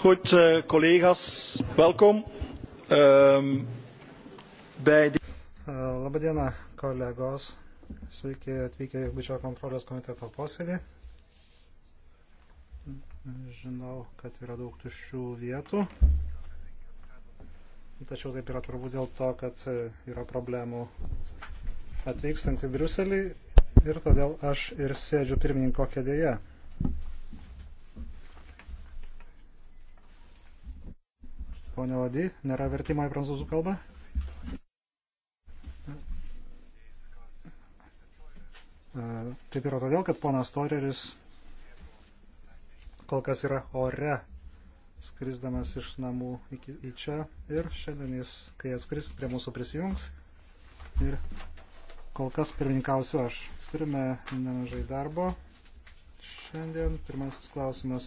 Goed, uh, collega's, welkom. Um, bij de... Uh, eh, Labadiena, kolegos. Sveiki atvykę į biudžeto kontrolės komiteto posėdį. Žinau, kad yra daug tuščių vietų. Tačiau taip yra turbūt dėl to, kad eh, yra problemų atvykstant į Briuselį ir todėl aš ir sėdžiu pirmininko kėdėje. Pone Odi, nėra vertimo į prancūzų kalbą? E, taip yra todėl, kad ponas Toreris kol kas yra ore, skrisdamas iš namų iki, į čia ir šiandien jis, kai atskris, prie mūsų prisijungs ir kol kas pirmininkausiu aš. Turime nemažai darbo šiandien. Pirmasis klausimas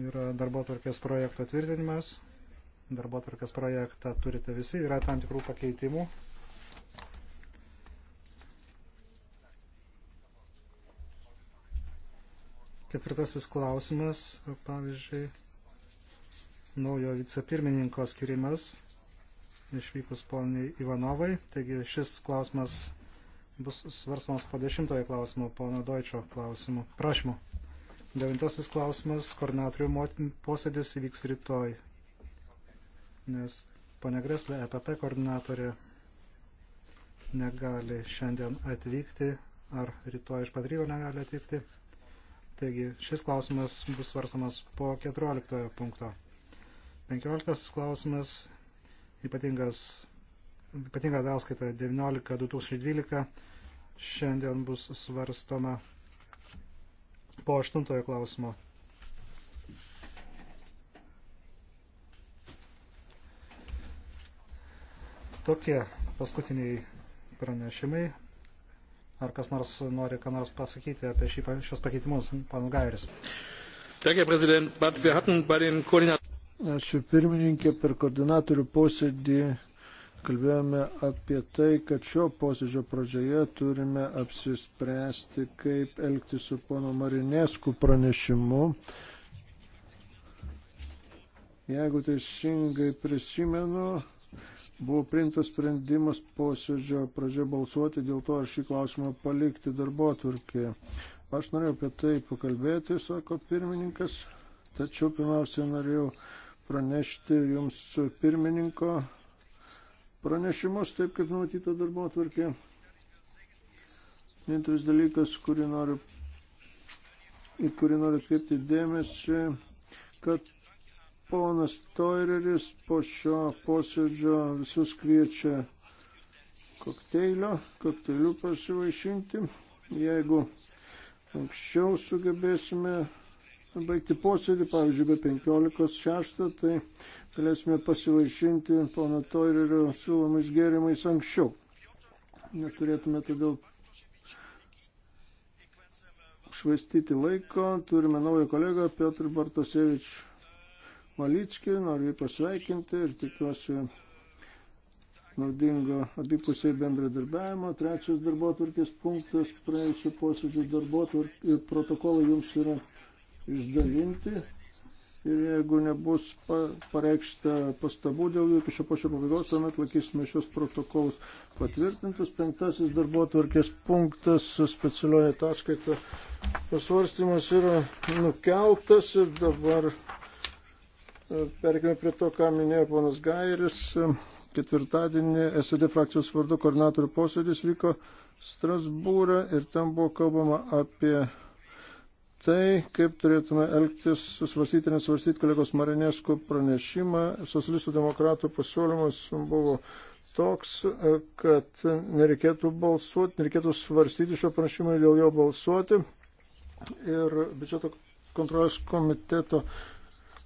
yra darbo tvarkės projekto tvirtinimas. Darbo tvarkės projektą turite visi, yra tam tikrų pakeitimų. Ketvirtasis klausimas, pavyzdžiui, naujo vicepirmininko skirimas išvykus poniai Ivanovai. Taigi šis klausimas bus svarstamas po dešimtojo klausimo, pono Doičio klausimų. Prašymu. Devintasis klausimas, koordinatorių posėdis įvyks rytoj, nes ponia Greslė, EPP koordinatorė, negali šiandien atvykti ar rytoj iš patrygo negali atvykti. Taigi šis klausimas bus svarstamas po 14 punkto. 15 klausimas, ypatingas, ypatinga ataskaita 19.2012 šiandien bus svarstoma po aštuntojo klausimo. Tokie paskutiniai pranešimai. Ar kas nors nori ką nors pasakyti apie šį, šios pakeitimus, panas Gairis? Ačiū pirmininkė, per koordinatorių posėdį kalbėjome apie tai, kad šio posėdžio pradžioje turime apsispręsti, kaip elgti su pono Marinėsku pranešimu. Jeigu teisingai prisimenu, buvo priimtas sprendimas posėdžio pradžioje balsuoti, dėl to aš šį klausimą palikti darbo atvarkėje. Aš norėjau apie tai pakalbėti, sako pirmininkas, tačiau pirmiausia norėjau pranešti jums pirmininko pranešimus, taip kaip numatyta darbo atvarkė. Vienintelis dalykas, kurį noriu, į kurį noriu atkreipti dėmesį, kad ponas Toireris po šio posėdžio visus kviečia kokteilio, kokteilių pasivaišinti. Jeigu anksčiau sugebėsime baigti posėdį, pavyzdžiui, be 15.6, tai galėsime pasivaišinti pono Toirerio siūlomais gėrimais anksčiau. Neturėtume todėl švaistyti laiko. Turime naują kolegą Piotr Bartosevič Malickį, noriu jį pasveikinti ir tikiuosi naudingo abipusiai bendradarbiavimo. Trečias darbo atvarkės punktas praėjusiu posėdžiu darbo atvarkės protokolai jums yra išdalinti. Ir jeigu nebus pareikšta pastabų dėl jų iki šio pačio pabaigos, tuomet laikysime šios protokolus patvirtintus. Penktasis darbo atvarkės punktas specialioje ataskaita pasvarstymas yra nukeltas ir dabar e, perkime prie to, ką minėjo ponas Gairis. Ketvirtadienį SED frakcijos vardu koordinatorių posėdis vyko Strasbūrą ir ten buvo kalbama apie tai, kaip turėtume elgtis, susvarsyti, nesvarstyti kolegos Marinėskų pranešimą. Socialistų demokratų pasiūlymas buvo toks, kad nereikėtų balsuoti, nereikėtų svarstyti šio pranešimo ir dėl jo balsuoti. Ir biudžeto kontrolės komiteto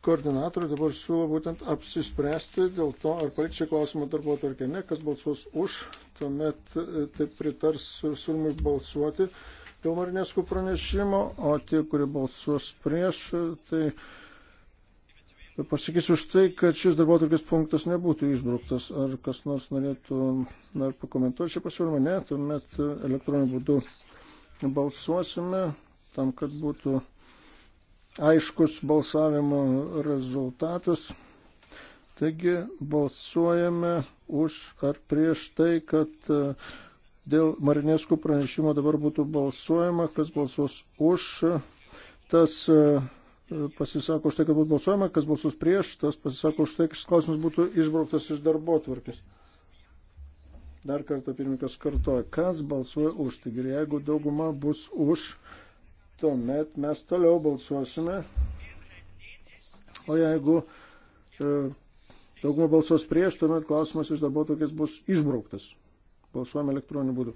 koordinatoriai dabar siūlo būtent apsispręsti dėl to, ar palikti šį klausimą darbo atvarkė, ne, kas balsuos už, tuomet e, taip pritars siūlymui balsuoti Pilmarneskų pranešimo, o tie, kurie balsuos prieš, tai pasakysiu už tai, kad šis darbotvarkės punktas nebūtų išbrauktas. Ar kas nors norėtų dar pakomentuoti šią pasiūlymą? Ne, tuomet elektroniniu būdu balsuosime tam, kad būtų aiškus balsavimo rezultatas. Taigi balsuojame už ar prieš tai, kad uh, Dėl Marinėskų pranešimo dabar būtų balsuojama, kas balsuos už, tas e, pasisako už tai, kad būtų balsuojama, kas balsuos prieš, tas pasisako už tai, kad šis klausimas būtų išbrauktas iš darbo tvarkės. Dar kartą pirmininkas kartoja, kas balsuoja už. Taigi jeigu dauguma bus už, tuomet mes toliau balsuosime. O jeigu e, dauguma balsuos prieš, tuomet klausimas iš darbo tokias bus išbrauktas. Balsuojame elektroniniu būdu.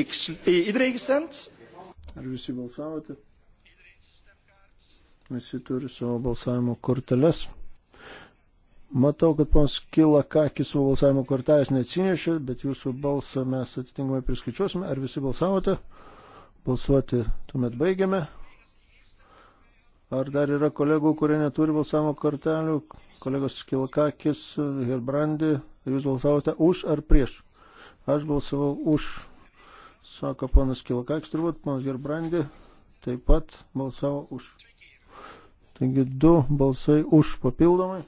Iedereen gestemd? Ar visi balsavote? Visi turi savo balsavimo korteles. Matau, kad pons Kila Kakis savo balsavimo kortelės neatsinešė, bet jūsų balsą mes atitinkamai priskaičiuosime. Ar visi balsavote? Balsuoti tuomet baigiame. Ar dar yra kolegų, kurie neturi balsavimo kortelių? Kolegos Kilkakis ir Brandi, jūs balsavote už ar prieš? Aš balsavau už, sako ponas Kilkakis, turbūt ponas Gerbrandi taip pat balsavo už. Taigi du balsai už papildomai.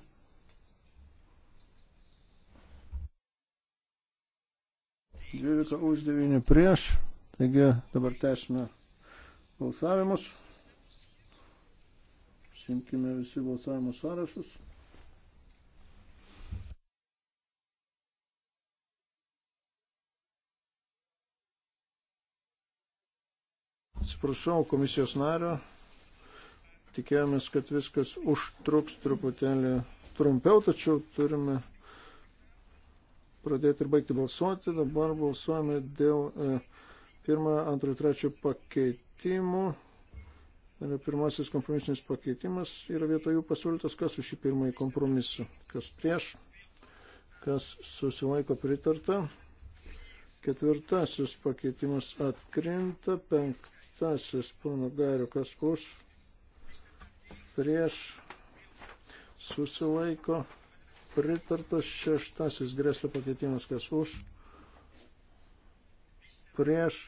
Dvylika už devyni prieš. Taigi dabar tęsime balsavimus. Pasimkime visi balsavimo sąrašus. Atsiprašau komisijos nario. Tikėjomės, kad viskas užtruks truputėlį trumpiau, tačiau turime pradėti ir baigti balsuoti. Dabar balsuojame dėl e, pirmojo, antrojo, trečiojo pakeitimų yra pirmasis kompromisinis pakeitimas, yra vietoj jų pasiūlytas, kas už šį pirmąjį kompromisą, kas prieš, kas susilaiko pritarta. Ketvirtasis pakeitimas atkrinta, penktasis pono gario, kas už, prieš, susilaiko, pritartas, šeštasis greslio pakeitimas, kas už, prieš,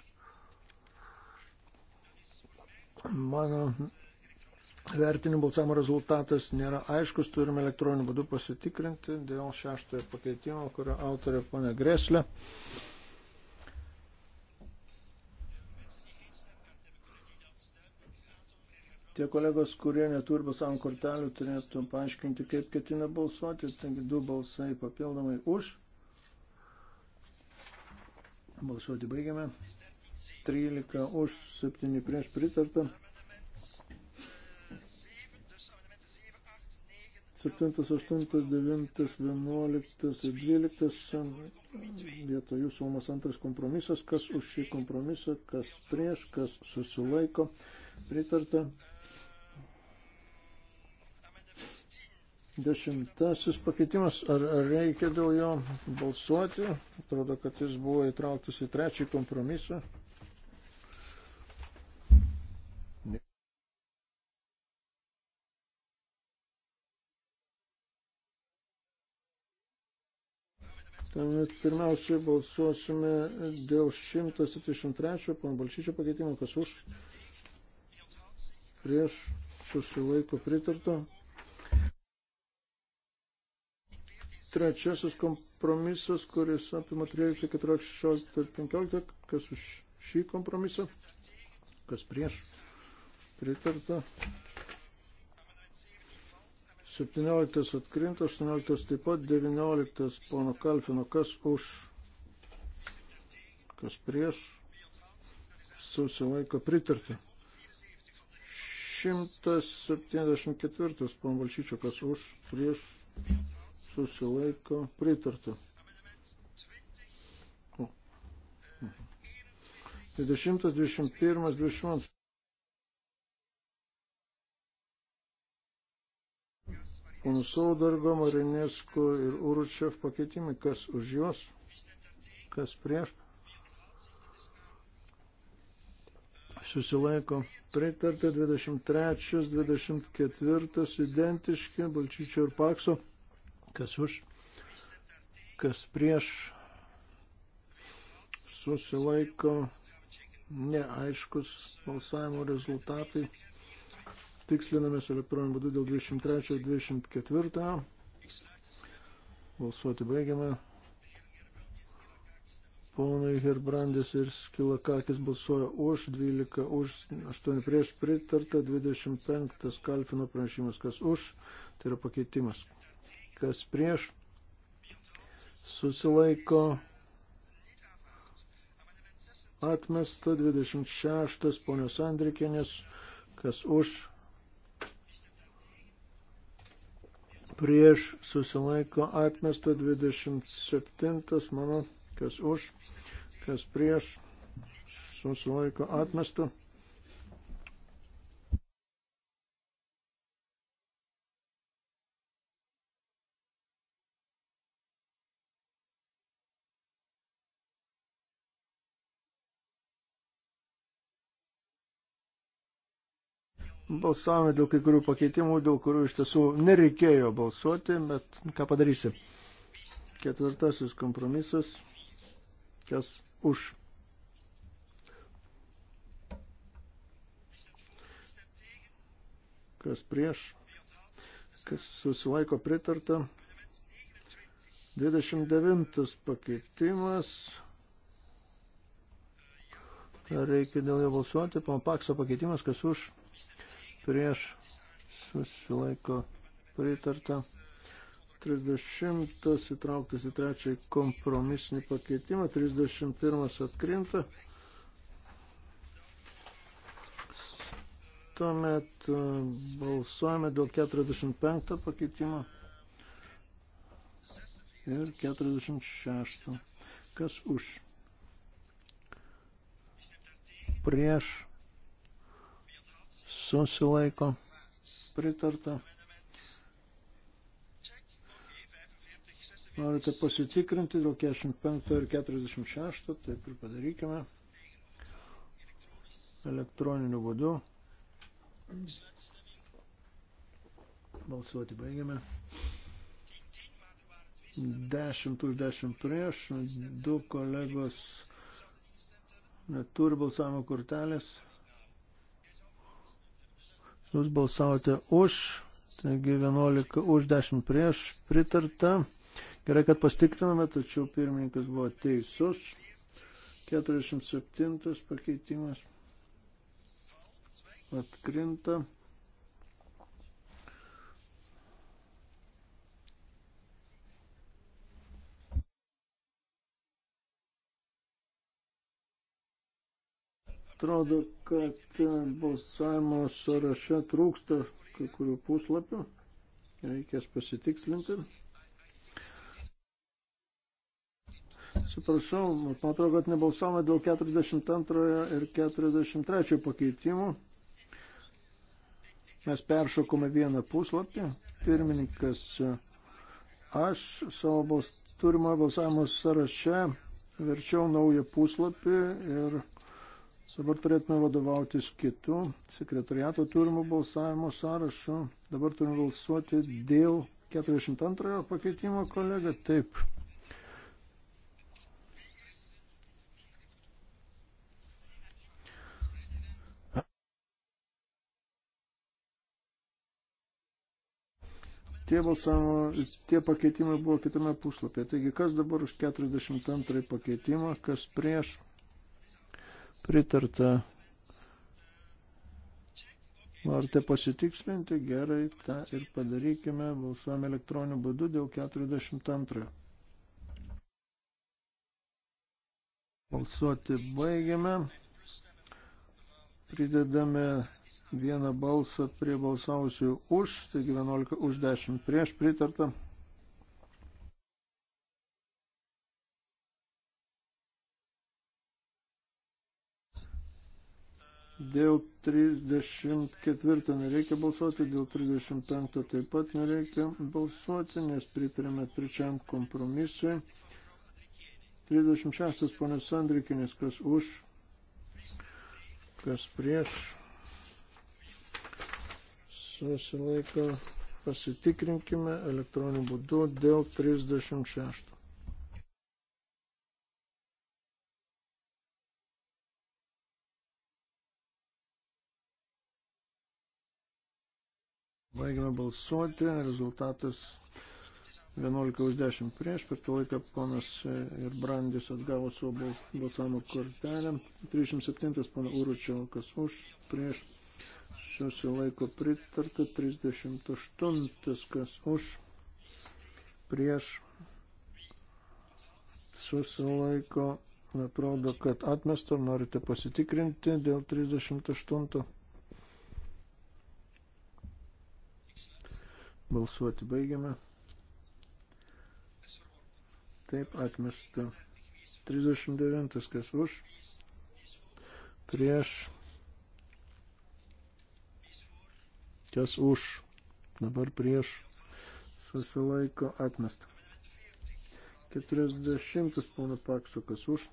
Mano vertinimų balsavimo rezultatas nėra aiškus, turime elektroniniu būdu pasitikrinti dėl šeštojo pakeitimo, kurio autorė ponė Greslė. Tie kolegos, kurie neturi balsavimo kortelių, turėtų paaiškinti, kaip ketina balsuoti, taigi du balsai papildomai už. Balsuoti baigiame. 13 už, 7 prieš pritarta. 7, 8, 9, 11 ir 12 vietoj jų sumas antras kompromisas, kas už šį kompromisą, kas prieš, kas susilaiko, pritarta. Dešimtasis pakeitimas, ar, ar reikia dėl jo balsuoti? Atrodo, kad jis buvo įtrauktas į trečią kompromisą. Tuomet pirmiausiai balsuosime dėl 173 pan Balšyčio pakeitimo, kas už prieš susilaiko pritarto. Trečiasis kompromisas, kuris apima 13, 14, 16 ir 15, kas už šį kompromisą, kas prieš pritarto. 17 atkrinta, 18 taip pat, 19 pono Kalfino, kas už, kas prieš, susilaiko pritarti. 174 pono Balšyčio, kas už, prieš, susilaiko pritarti. 20, 21, 22. ponų Saudargo, Marinesko ir Uručiev pakeitimai, kas už juos, kas prieš. Susilaiko pritarta 23, 24, identiški, Balčyčio ir Pakso, kas už, kas prieš. Susilaiko neaiškus balsavimo rezultatai. Tikslinamės elektroniniu būdu dėl 23 ir 24. Balsuoti baigiame. Ponai Herbrandis ir Skilakakis balsuoja už 12, už 8 prieš pritarta, 25 Kalfino pranešimas, kas už, tai yra pakeitimas. Kas prieš, susilaiko atmesta, 26 ponios Andrikinės, kas už, prieš susilaiko atmesta 27 mano, kas už, kas prieš susilaiko atmesta balsavome dėl kai kurių pakeitimų, dėl kurių iš tiesų nereikėjo balsuoti, bet ką padarysi. Ketvirtasis kompromisas. Kas už? Kas prieš? Kas susilaiko pritarta? 29 pakeitimas. Reikia dėl jo balsuoti. Pampakso pakeitimas, kas už? prieš susilaiko pritarta. 30 įtrauktas į trečiąjį kompromisinį pakeitimą, 31 atkrinta. Tuomet e, balsuojame dėl 45 pakeitimo ir 46. Kas už? Prieš susilaiko pritarta. Norite pasitikrinti dėl 45 ir 46, taip ir padarykime elektroniniu būdu. Balsuoti baigiame. 10 už 10 prieš, du kolegos neturi balsavimo kortelės. Jūs balsavote už, taigi 11 už 10 prieš pritarta. Gerai, kad pastikriname, tačiau pirmininkas buvo teisus. 47 pakeitimas atkrinta. Atrodo, kad balsavimo sąraše trūksta kai kurių puslapių. Reikės pasitikslinti. Atsiprašau, man atrodo, kad nebalsavome dėl 42 ir 43 pakeitimų. Mes peršokome vieną puslapį. Pirmininkas, aš savo bals, turimo balsavimo sąraše verčiau naują puslapį ir Dabar turėtume vadovautis kitų sekretariato turimų balsavimo sąrašų. Dabar turime balsuoti dėl 42 pakeitimo, kolega. Taip. Tie, balsavimo, tie pakeitimai buvo kitame puslapyje. Taigi, kas dabar už 42 pakeitimą, kas prieš pritarta. Norite pasitikslinti, gerai, tą ir padarykime, balsuojame elektroniniu būdu dėl 42. Balsuoti baigiame, pridedame vieną balsą prie balsavusių už, taigi 11 už 10 prieš pritarta. Dėl 34 nereikia balsuoti, dėl 35 taip pat nereikia balsuoti, nes pritarėme trečiam kompromisui. 36 ponas Sandrikinis, kas už, kas prieš, susilaiko, pasitikrinkime elektroniniu būdu dėl 36. Baigime balsuoti, rezultatas 11 už 10 prieš, per tą laiką ponas ir Brandis atgavo savo balsavimo kortelę. 307 pono Uručio, kas už, prieš, susilaiko pritarta, 38 kas už, prieš, susilaiko, atrodo, kad atmesta, norite pasitikrinti dėl 38. Balsuoti baigiame. Taip atmesta. 39. Kas už? Prieš. Kas už? Dabar prieš. Susilaiko atmesta. 40. Pono Pakso. Kas už?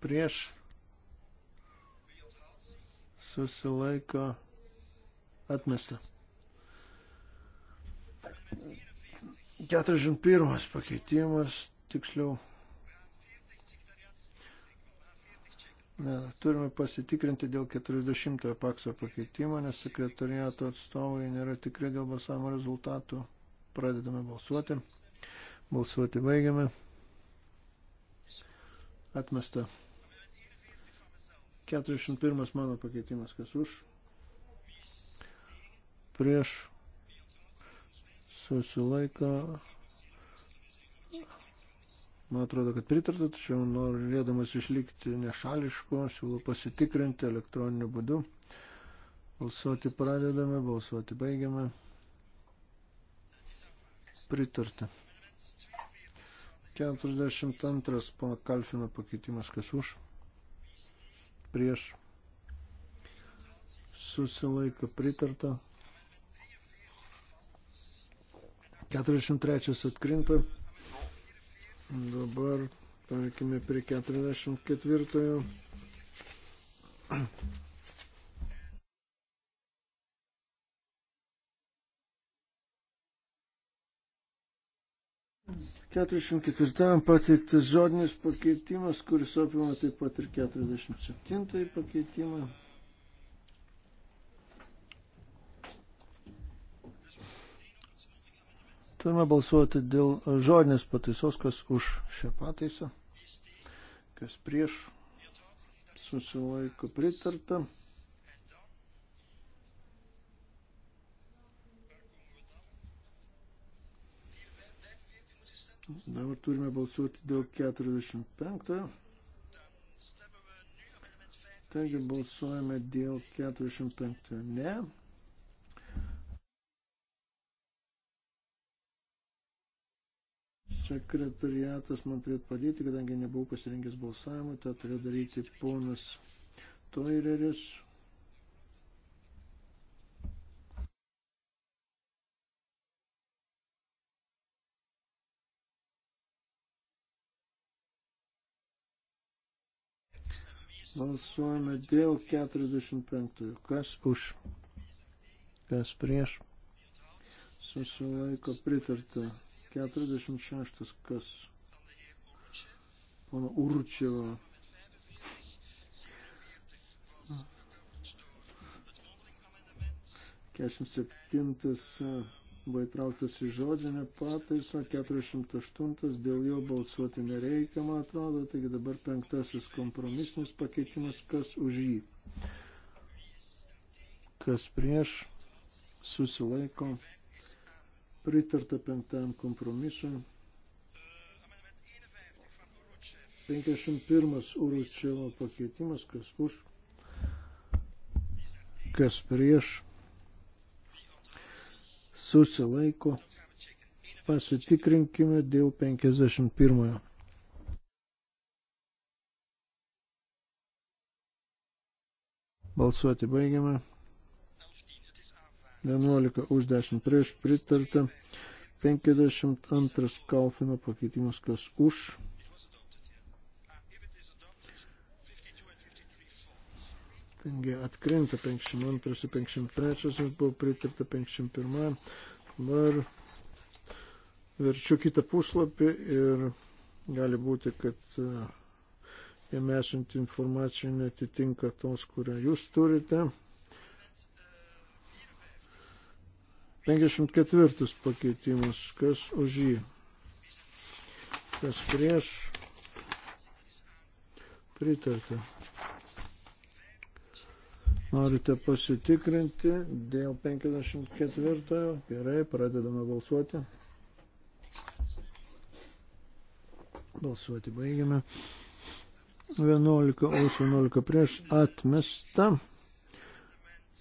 Prieš. Susilaiko atmesta Atmesta. 41 pakeitimas, tiksliau. Ne, turime pasitikrinti dėl 40 pakso pakeitimo, nes sekretariato atstovai nėra tikri dėl balsavimo rezultatų. Pradedame balsuoti. Balsuoti baigiame. Atmesta. 41 mano pakeitimas, kas už prieš susilaiko. Man atrodo, kad pritarta, tačiau norėdamas išlikti nešališko, siūlau pasitikrinti elektroniniu būdu. Balsuoti pradedame, balsuoti baigiame. Pritarta. 42 pana Kalfino pakeitimas, kas už. Prieš. Susilaiko pritarta. 43 atkrinta. Dabar tarkime prie 44. Keturiasdešimt ketvirtam pateiktas žodinis pakeitimas, kuris apima taip pat ir keturiasdešimt septintąjį pakeitimą. Turime balsuoti dėl žodinės pataisos, kas už šią pataisą, kas prieš susilaiko pritarta. Dabar turime balsuoti dėl 45. Taigi balsuojame dėl 45. Ne. sekretariatas man turėtų padėti, kadangi nebuvau pasirinkęs balsavimui, tą turėjo daryti ponas Toireris. Balsuojame dėl 45. Kas už? Kas prieš? Susilaiko pritarta. 46. Kas? Pono Určevo. Kešim septintas e, buvo įtrauktas į žodinę pataisą, 408 dėl jo balsuoti nereikia, man atrodo, taigi dabar penktasis kompromisinis pakeitimas, kas už jį. Kas prieš susilaiko Pritarta penktam kompromisui. 51 Uručevo pakeitimas, kas už, kas prieš, susilaiko. Pasitikrinkime dėl 51. Balsuoti baigiame. 11 už 10 prieš pritarta. 52 Kalfino pakeitimas, kas už. Taigi atkrinta 52, 53, buvo pritarta 51. Dabar verčiu kitą puslapį ir gali būti, kad e, jame esanti informacija netitinka tos, kurią jūs turite. 54 pakeitimas, kas už jį, kas prieš, pritarta. Norite pasitikrinti dėl 54, gerai, pradedame balsuoti. Balsuoti baigiame. 11 už 11 prieš atmestą.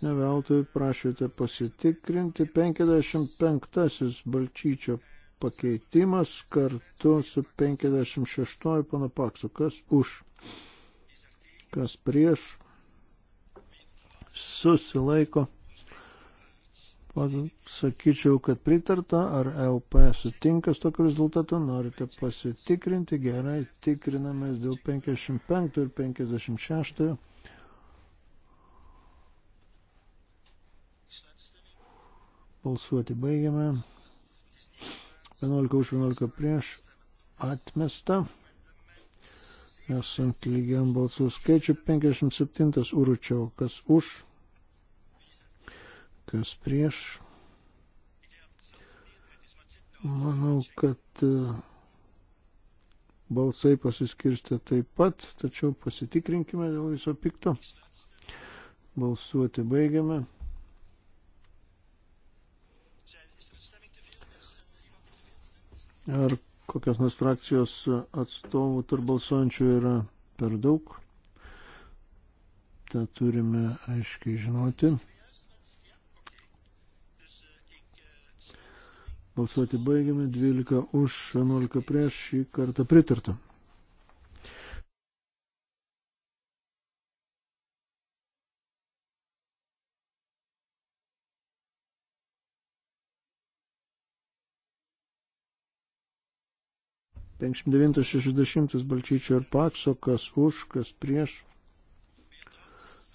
Neveltui prašėte pasitikrinti 55 balčyčio pakeitimas kartu su 56 pana Pakso. Kas už? Kas prieš? Susilaiko. Sakyčiau, kad pritarta, ar LP sutinka su tokiu rezultatu, norite pasitikrinti, gerai, tikrinamės dėl 55 ir 56. Balsuoti baigiame. 11 už 11 prieš atmesta. Esant lygiam balsų skaičiu 57 uručiau, kas už, kas prieš. Manau, kad e, balsai pasiskirstė taip pat, tačiau pasitikrinkime dėl viso pikto. Balsuoti baigiame. Ar kokios nors frakcijos atstovų tarp balsuojančių yra per daug? tą turime aiškiai žinoti. Balsuoti baigiame 12 už, 11 prieš šį kartą pritartą. 59-60 balčyčio ir pakso, kas už, kas prieš.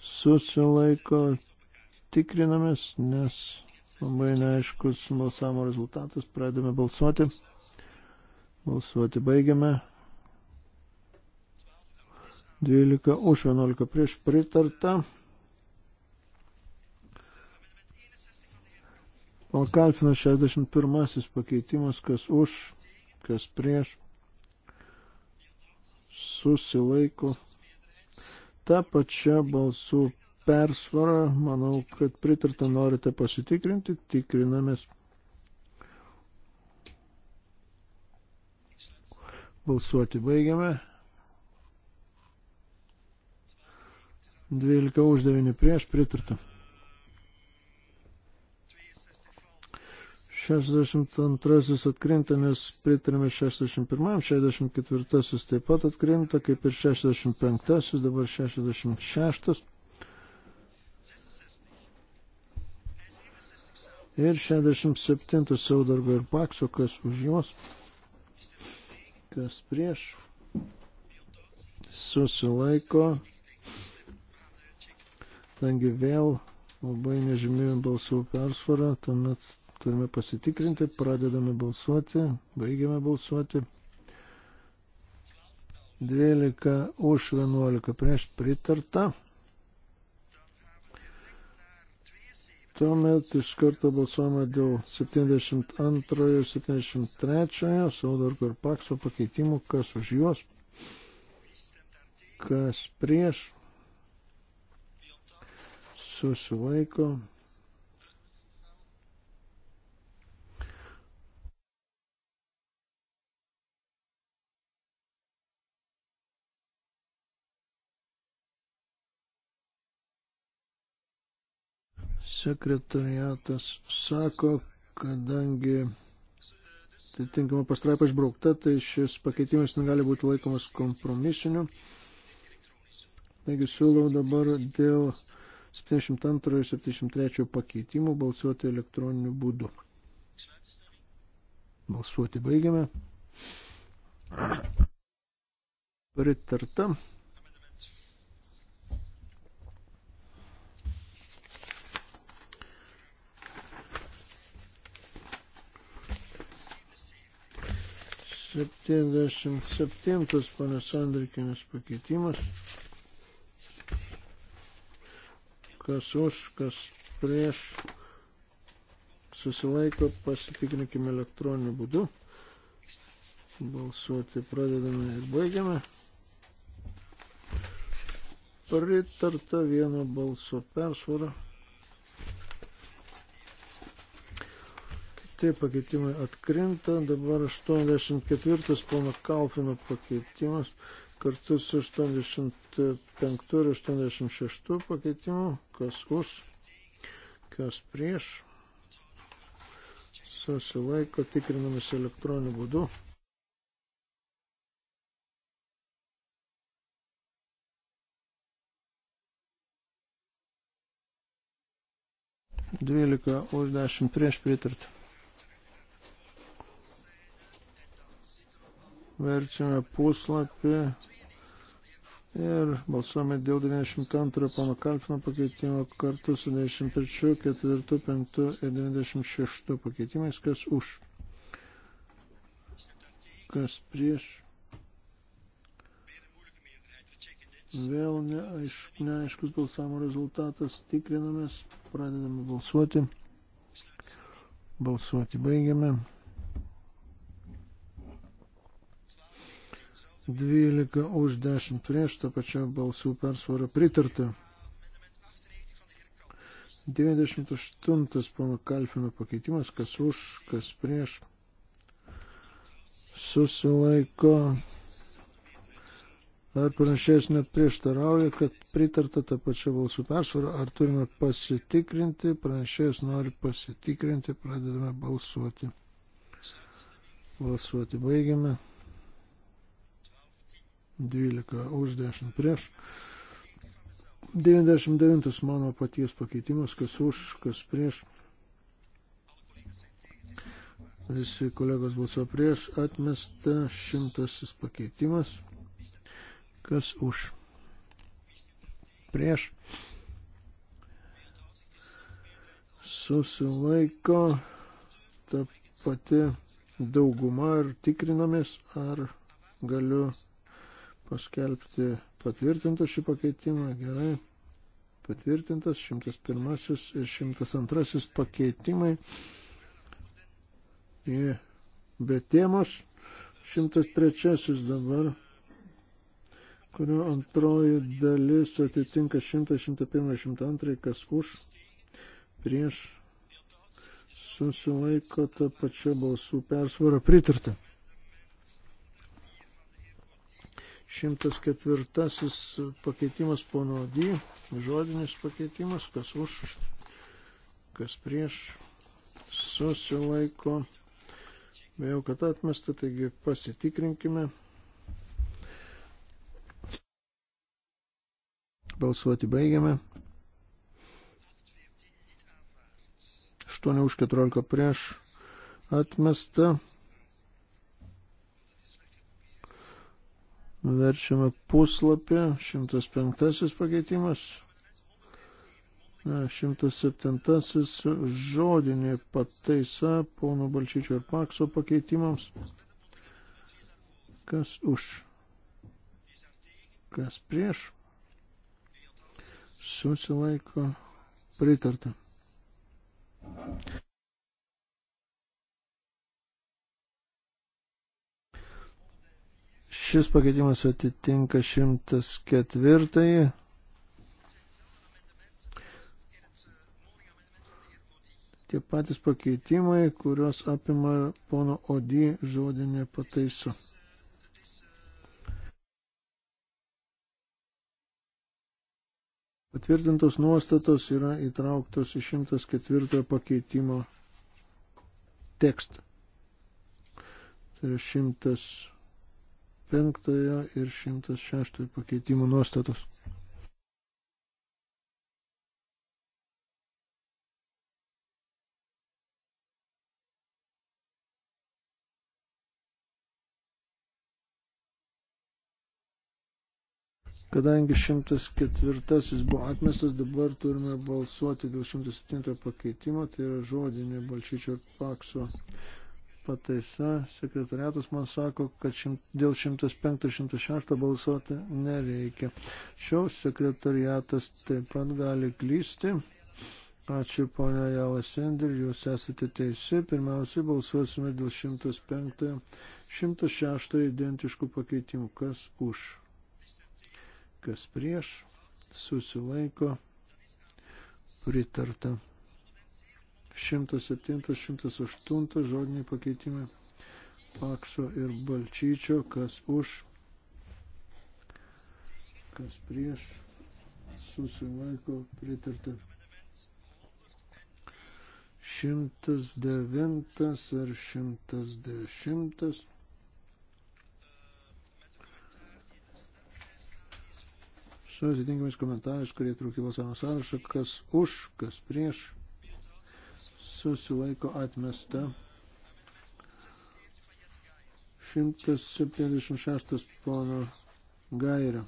Susilaiko tikrinamės, nes labai neaiškus balsavimo rezultatas. Pradame balsuoti. Balsuoti baigiame. 12 už 11 prieš pritarta. O Kalfino 61 pakeitimas, kas už, kas prieš susilaiko. Ta pačia balsų persvara, manau, kad pritarta norite pasitikrinti, tikrinamės. Balsuoti baigiame. 12 už 9 prieš pritarta. 62 atkrinta, nes pritarėme 61, 64 taip pat atkrinta, kaip ir 65, dabar 66. Ir 67 saudargo ir pakso, kas už juos, kas prieš, susilaiko, tangi vėl labai nežymėjo balsų persvarą, tuomet turime pasitikrinti, pradedame balsuoti, baigiame balsuoti. 12 už 11 prieš pritarta. Tuomet iš karto balsuojame dėl 72 ir 73 Saudarko ir Pakso pakeitimų, kas už juos, kas prieš, susilaiko. sekretariatas sako, kadangi atitinkama pastraipa išbraukta, tai šis pakeitimas negali būti laikomas kompromisiniu. Taigi siūlau dabar dėl 72 ir 73 pakeitimų balsuoti elektroniniu būdu. Balsuoti baigiame. Pritarta. 77 ponios Andrikinės pakeitimas. Kas už, kas prieš susilaiko, pasitikrinkime elektroniniu būdu. Balsuoti pradedame ir baigiame. Pritarta vieno balso persvara. kiti pakeitimai atkrinta. Dabar 84 pono Kalfino pakeitimas kartu su 85 ir 86 pakeitimu. Kas už, kas prieš. Susilaiko tikrinamas elektroniniu būdu. Dvylika už dešimt prieš pritartį. Verčiame puslapį ir balsuojame dėl 92 pono Kalfino pakeitimo kartu su 93, 4, 5 ir 96 pakeitimais, kas už, kas prieš. Vėl neaišk, neaiškus balsavimo rezultatas, tikrinamės, pradedame balsuoti. Balsuoti baigiame. 12 už 10 prieš, tą pačią balsų persvarą pritarta. 98 pono Kalfino pakeitimas, kas už, kas prieš. Susilaiko. Ar pranešėjas net prieštarauja, kad pritarta tą pačią balsų persvarą, ar turime pasitikrinti, pranešėjas nori pasitikrinti, pradedame balsuoti. Balsuoti baigiame. 12 už 10 prieš. 99 mano paties pakeitimas, kas už, kas prieš. Visi kolegos balsuo prieš, atmesta šimtasis pakeitimas. Kas už? Prieš. Susilaiko ta pati dauguma ir tikrinamės, ar galiu paskelbti patvirtintą šį pakeitimą. Gerai. Patvirtintas 101 ir 102 pakeitimai. Jie be temos. 103 dabar, kurio antroji dalis atitinka 100, 101, 102, kas už, prieš susilaiko tą pačią balsų persvarą pritartą. 104 pakeitimas pono D, žodinis pakeitimas, kas už, kas prieš, susilaiko. Vėjau, kad atmesta, taigi pasitikrinkime. Balsuoti baigiame. 8 už 14 prieš atmesta. Verčiame puslapį, 105 pakeitimas. 107 žodinė pataisa pono Balčyčio ir Pakso pakeitimams. Kas už? Kas prieš? Susilaiko pritarta. Šis pakeitimas atitinka 104. Tie patys pakeitimai, kuriuos apima pono Odį žodinė pataisa. Patvirtintos nuostatos yra įtrauktos į 104 pakeitimo tekstą. Tai yra 104. 105 ir 106 pakeitimų nuostatos. Kadangi 104 buvo atmestas, dabar turime balsuoti dėl 107 pakeitimo, tai yra žodinė Balčyčio pakso pataisa. Sekretariatas man sako, kad šimt, dėl 105-106 balsuoti nereikia. Šiaus sekretariatas taip pat gali klysti. Ačiū, ponia Jalasender, jūs esate teisi. Pirmiausiai balsuosime dėl 105, 106 identiškų pakeitimų. Kas už? Kas prieš? Susilaiko. Pritarta. 107-108 žodiniai pakeitimai Pakso ir Balčyčio, kas už, kas prieš, susilaiko pritarta. 109 ar 110. Su atitinkamais komentarais, kurie trūkė balsavimo sąrašą, kas už, kas prieš, susilaiko atmesta. 176 pono gairio.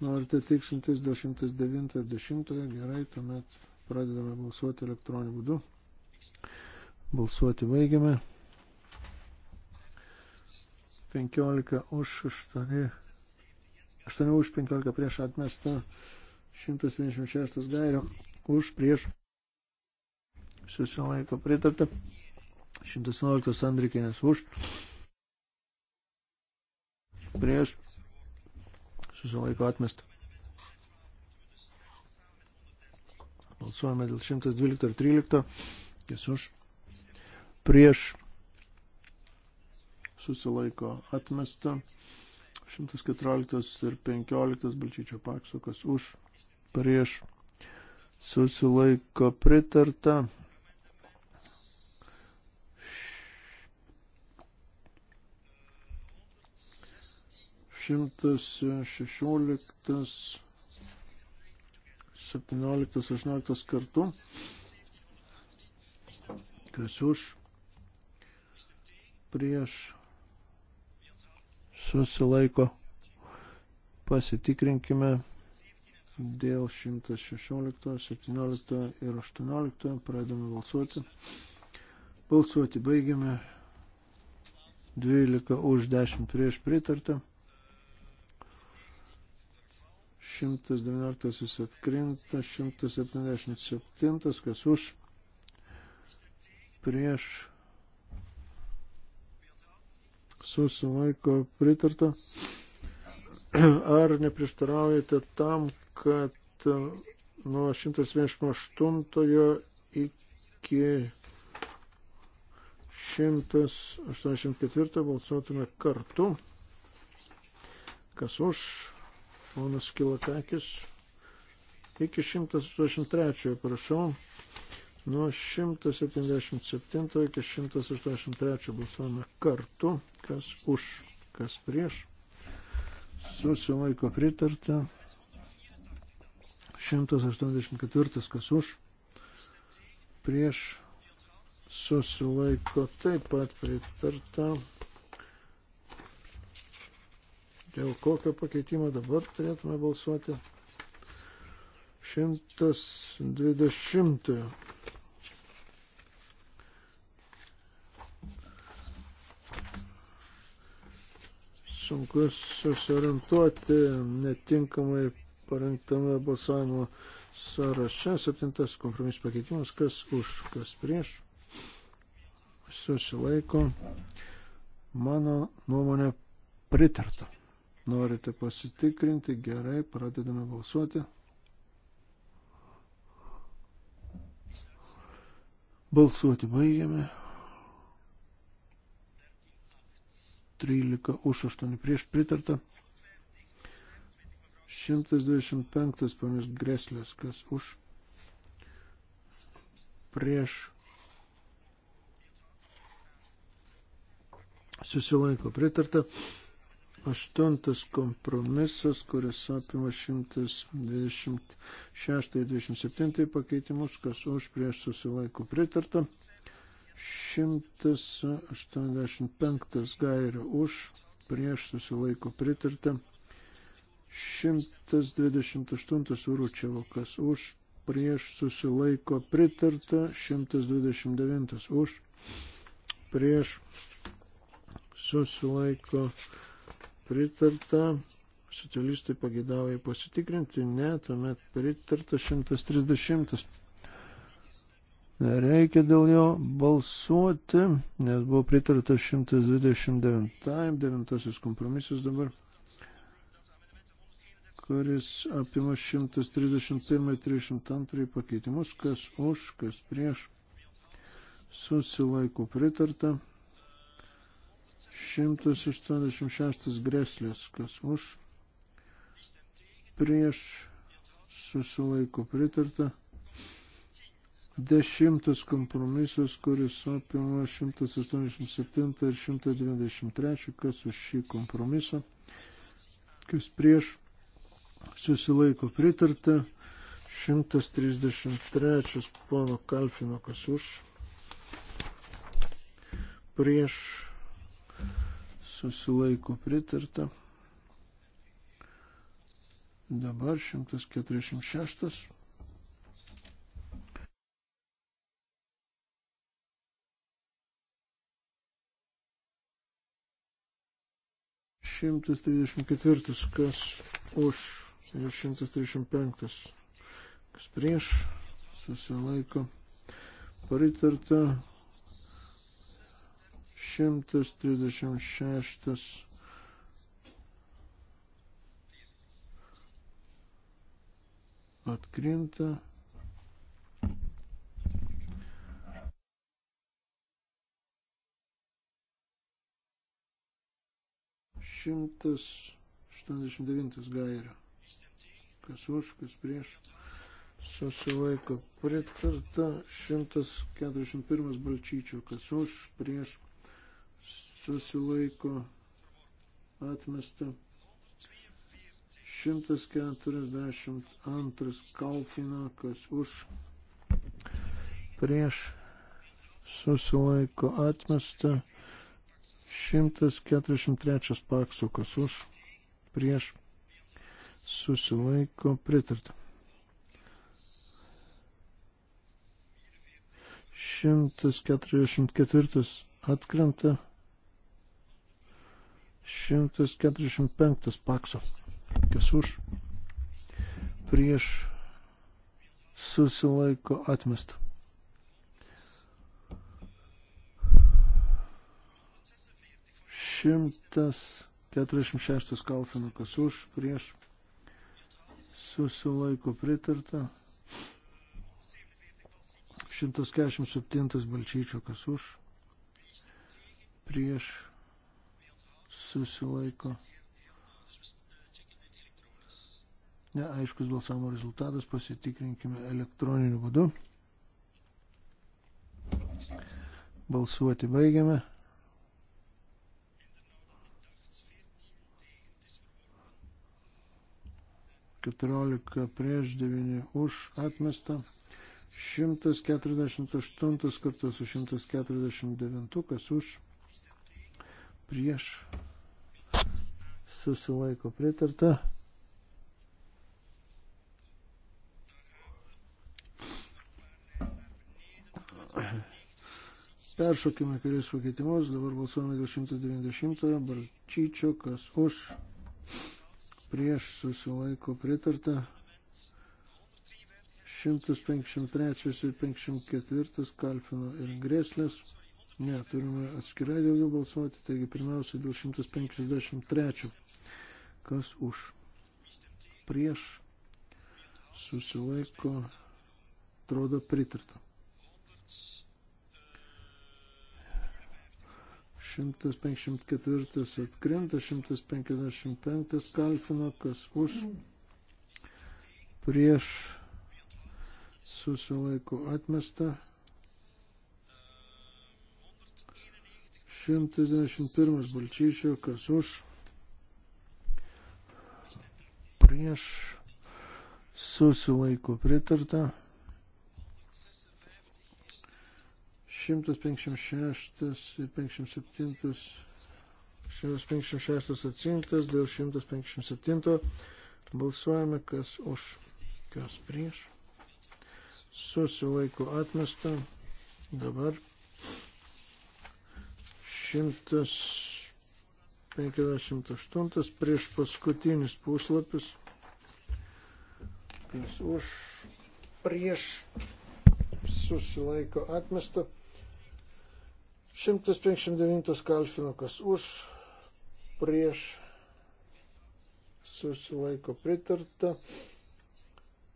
Norite tiksintis 109 ir 10, gerai, tuomet pradedame balsuoti elektroniniu būdu. Balsuoti baigiame. 15 už 8, 8 už 15 prieš atmestą 176 gairio už prieš susilaiko pritarta. 111 Andrikinės už. Prieš susilaiko atmestą. Balsuojame dėl 112 ir 13. Kas už? Prieš susilaiko atmestą. 114 ir 15 Balčyčio paksukas už. Prieš susilaiko pritarta. 116, 17, 18 kartų. Kas už, prieš, susilaiko. Pasitikrinkime dėl 116, 17 ir 18. Pradame balsuoti. Balsuoti baigiame. 12 už 10 prieš pritartą. 119 atkrinta, 177, kas už, prieš, susilaiko pritarta. Ar neprieštaraujate tam, kad nuo 178 iki 184 balsuotume kartu? Kas už? Ponas Kilakakis. Iki 183, prašau. Nuo 177 iki 183 balsuojame kartu, kas už, kas prieš. Susilaiko pritarta. 184, kas už, prieš. Susilaiko taip pat pritarta. Dėl kokio pakeitimo dabar turėtume balsuoti? 120. Sunku susiorientuoti netinkamai parengtame balsavimo sąraše. Septintas kompromis pakeitimas. Kas už, kas prieš. Susilaiko. Mano nuomonė pritarta. Norite pasitikrinti? Gerai, pradedame balsuoti. Balsuoti baigiame. 13 už 8 prieš pritarta. 125 panas Greslės, kas už prieš susilaiko pritarta. Aštuntas kompromisas, kuris apima 126-27 pakeitimus, kas už prieš susilaiko pritarta. 185 gairio už prieš susilaiko pritarta. 128 Uručiavo, kas už prieš susilaiko pritarta. 129 už prieš susilaiko pritarta pritarta. Socialistai pagėdavo pasitikrinti, ne, tuomet pritarta 130. Nereikia dėl jo balsuoti, nes buvo pritarta 129, 9 kompromisas dabar, kuris apima 131, 302 pakeitimus, kas už, kas prieš, susilaiko pritarta. 186 greslės, kas už, prieš, susilaiko pritarta. Dešimtas kompromisas, kuris apima 187 ir 193, kas už šį kompromisą, kas prieš, susilaiko pritarta. 133 pono Kalfino, kas už, prieš, susilaiko pritarta. Dabar 146. Šimtas trisdešimt ketvirtas, kas už ir šimtas trisdešimt penktas, kas prieš, susilaiko, pritarta, 136. Atkrinta. Šimtas aštuoniasdešimt devintas gairio. Kas už, kas prieš. Susilaiko pritarta 141 balčyčių, kas už, prieš susilaiko atmesta. 142 Kalfinakas už prieš susilaiko atmesta. 143 Paksukas už prieš susilaiko pritarta. 144 atkrenta. 145 pakso. Kas už? Prieš susilaiko atmestą. Šimtas 46 kalfinukas už, prieš susilaiko pritarta. 147 balčyčiukas už, prieš susilaiko. Neaiškus balsavimo rezultatas, pasitikrinkime elektroniniu būdu. Balsuoti baigiame. Keturiolika prieš devyni už atmestą. 148 kartu su 149, kas už prieš susilaiko pritarta. Peršokime kelius pakeitimus, dabar balsuojame dėl 190, Balčyčio, kas už, prieš susilaiko pritarta. 153 ir 54 Kalfino ir Grėslės. Ne, turime atskirai dėl jų balsuoti, taigi pirmiausia dėl 153. Kas už? Prieš susilaiko, atrodo pritarta. 154 atkrenta, 155 kalfino, kas už? Prieš susilaiko atmesta. 191 balčyčio, kas už, prieš, susilaiko pritarta. 156 ir 57, 156 atsinktas, dėl 157 balsuojame, kas už, kas prieš. Susilaiko atmesta. Dabar 158 prieš paskutinis puslapis. Kas už prieš susilaiko atmestą. 159 kalfinukas už prieš susilaiko pritarta.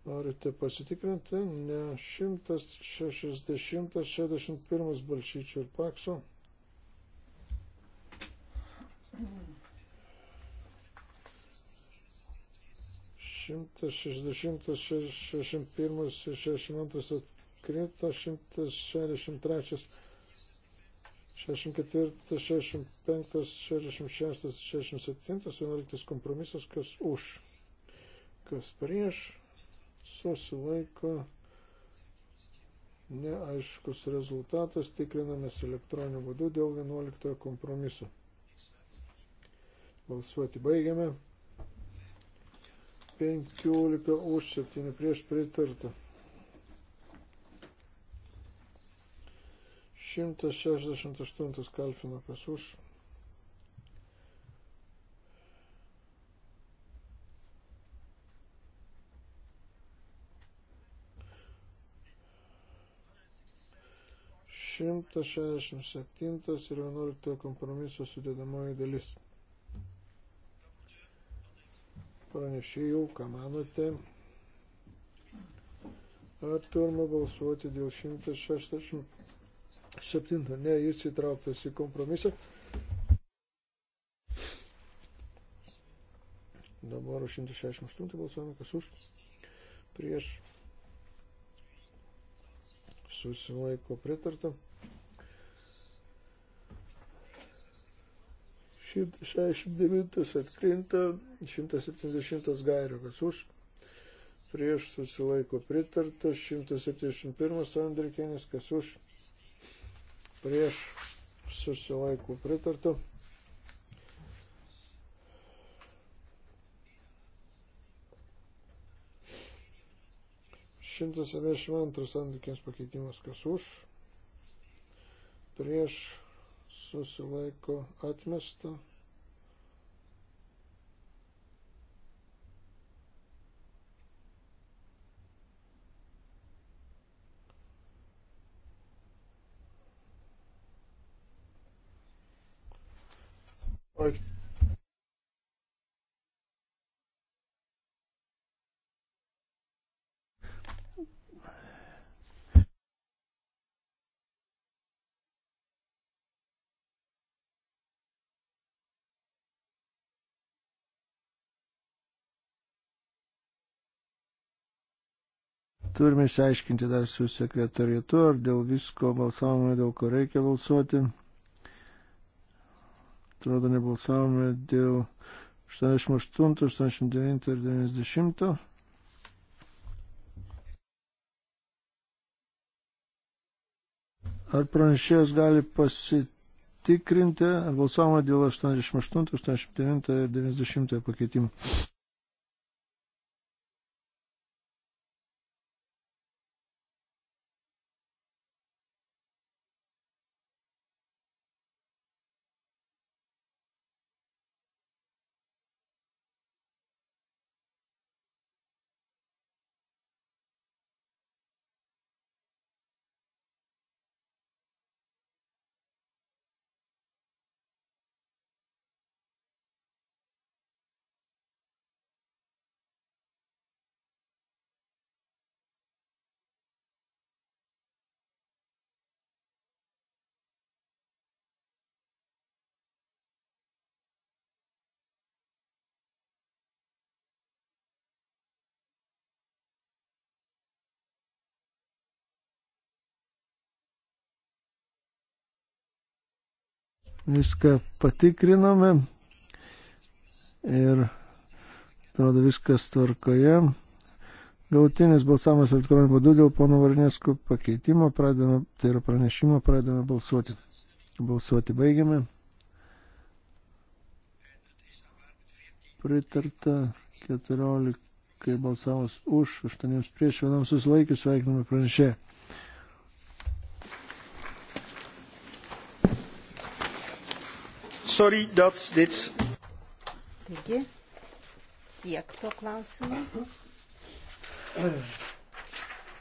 Norite pasitikrinti? Ne 160, 61 balšyčių ir pakso. 161-62 atkrito, 163, 64, 65, 66, 67, 11 kompromisas, kas už, kas prieš, susilaiko neaiškus rezultatas, tikrinamės elektroniniu būdu dėl 11 kompromiso. Balsuoti baigiame. 15 už 7 prieš pritarta. 168 kalfinakas už. Šimtas šešdešimt septintas ir vienuoliktojo kompromiso sudėdamoji dalis. pranešėjau, ką manote. Ar turime balsuoti dėl 167? Ne, jis įtrauktas į kompromisą. Dabar 168 balsuojame, kas už. Prieš susilaiko pritartą. 169 atkrinta, 170 gairio, kas už, prieš susilaiko pritarta, 171 Andrikinis, kas už, prieš susilaiko pritarta. Šimtas septyniasdešimt antras santykiams pakeitimas, kas už, prieš susilaiko atmesta. Baigti Turime išsiaiškinti dar su sekretariatu, ar dėl visko balsavome, dėl ko reikia balsuoti. Atrodo, nebalsavome dėl 88, 89 ir 90. Ar pranešėjas gali pasitikrinti, ar balsavome dėl 88, 89 ir 90 pakeitimų? viską patikrinome ir atrodo viskas tvarkoje. Galutinis balsavimas elektroniniu būdu dėl pono Varnėskų pakeitimo, pradėme, tai yra pranešimo, pradėme balsuoti. Balsuoti baigiame. Pritarta 14 balsavus už, 8 prieš, vienam susilaikius, sveikiname pranešėjai. sorry dat dit. Taigi, tiek to klausimu.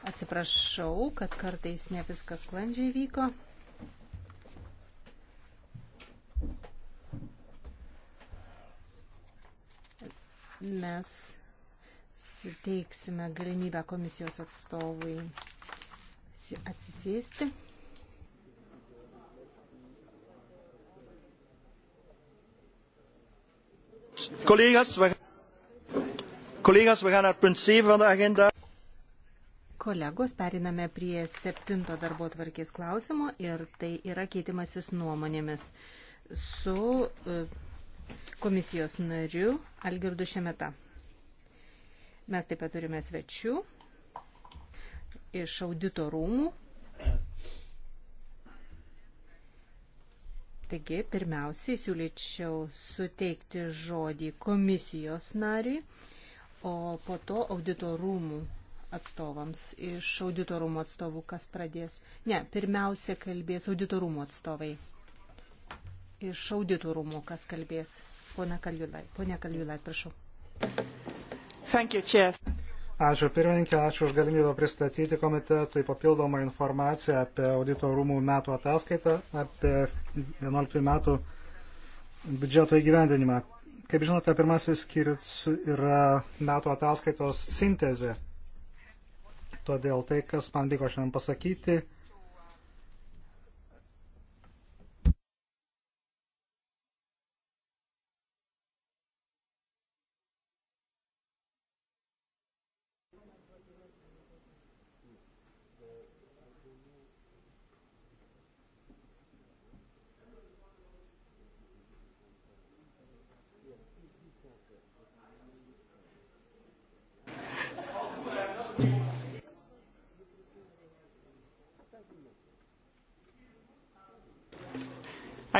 Atsiprašau, kad kartais ne viskas sklandžiai vyko. Mes suteiksime galimybę komisijos atstovui atsisėsti. Goed, collega's, we, collega's, we gaan naar punt 7 van de agenda. Kolegos, periname prie septinto darbo tvarkės klausimo ir tai yra keitimasis nuomonėmis su e, komisijos nariu Algirdu Šemeta. Mes taip pat turime svečių iš audito rūmų Taigi, pirmiausiai siūlyčiau suteikti žodį komisijos nariui, o po to auditorumų atstovams. Iš auditorumų atstovų kas pradės? Ne, pirmiausia kalbės auditorumų atstovai. Iš auditorumų kas kalbės? Pone Kaljulai, Pone Kaljulai prašau. Thank you, Chair. Ačiū pirmininkė, ačiū už galimybę pristatyti komitetui papildomą informaciją apie audito rūmų metų ataskaitą, apie 11 metų biudžeto įgyvendinimą. Kaip žinote, pirmasis skyrius yra metų ataskaitos sintezė. Todėl tai, kas man liko šiandien pasakyti,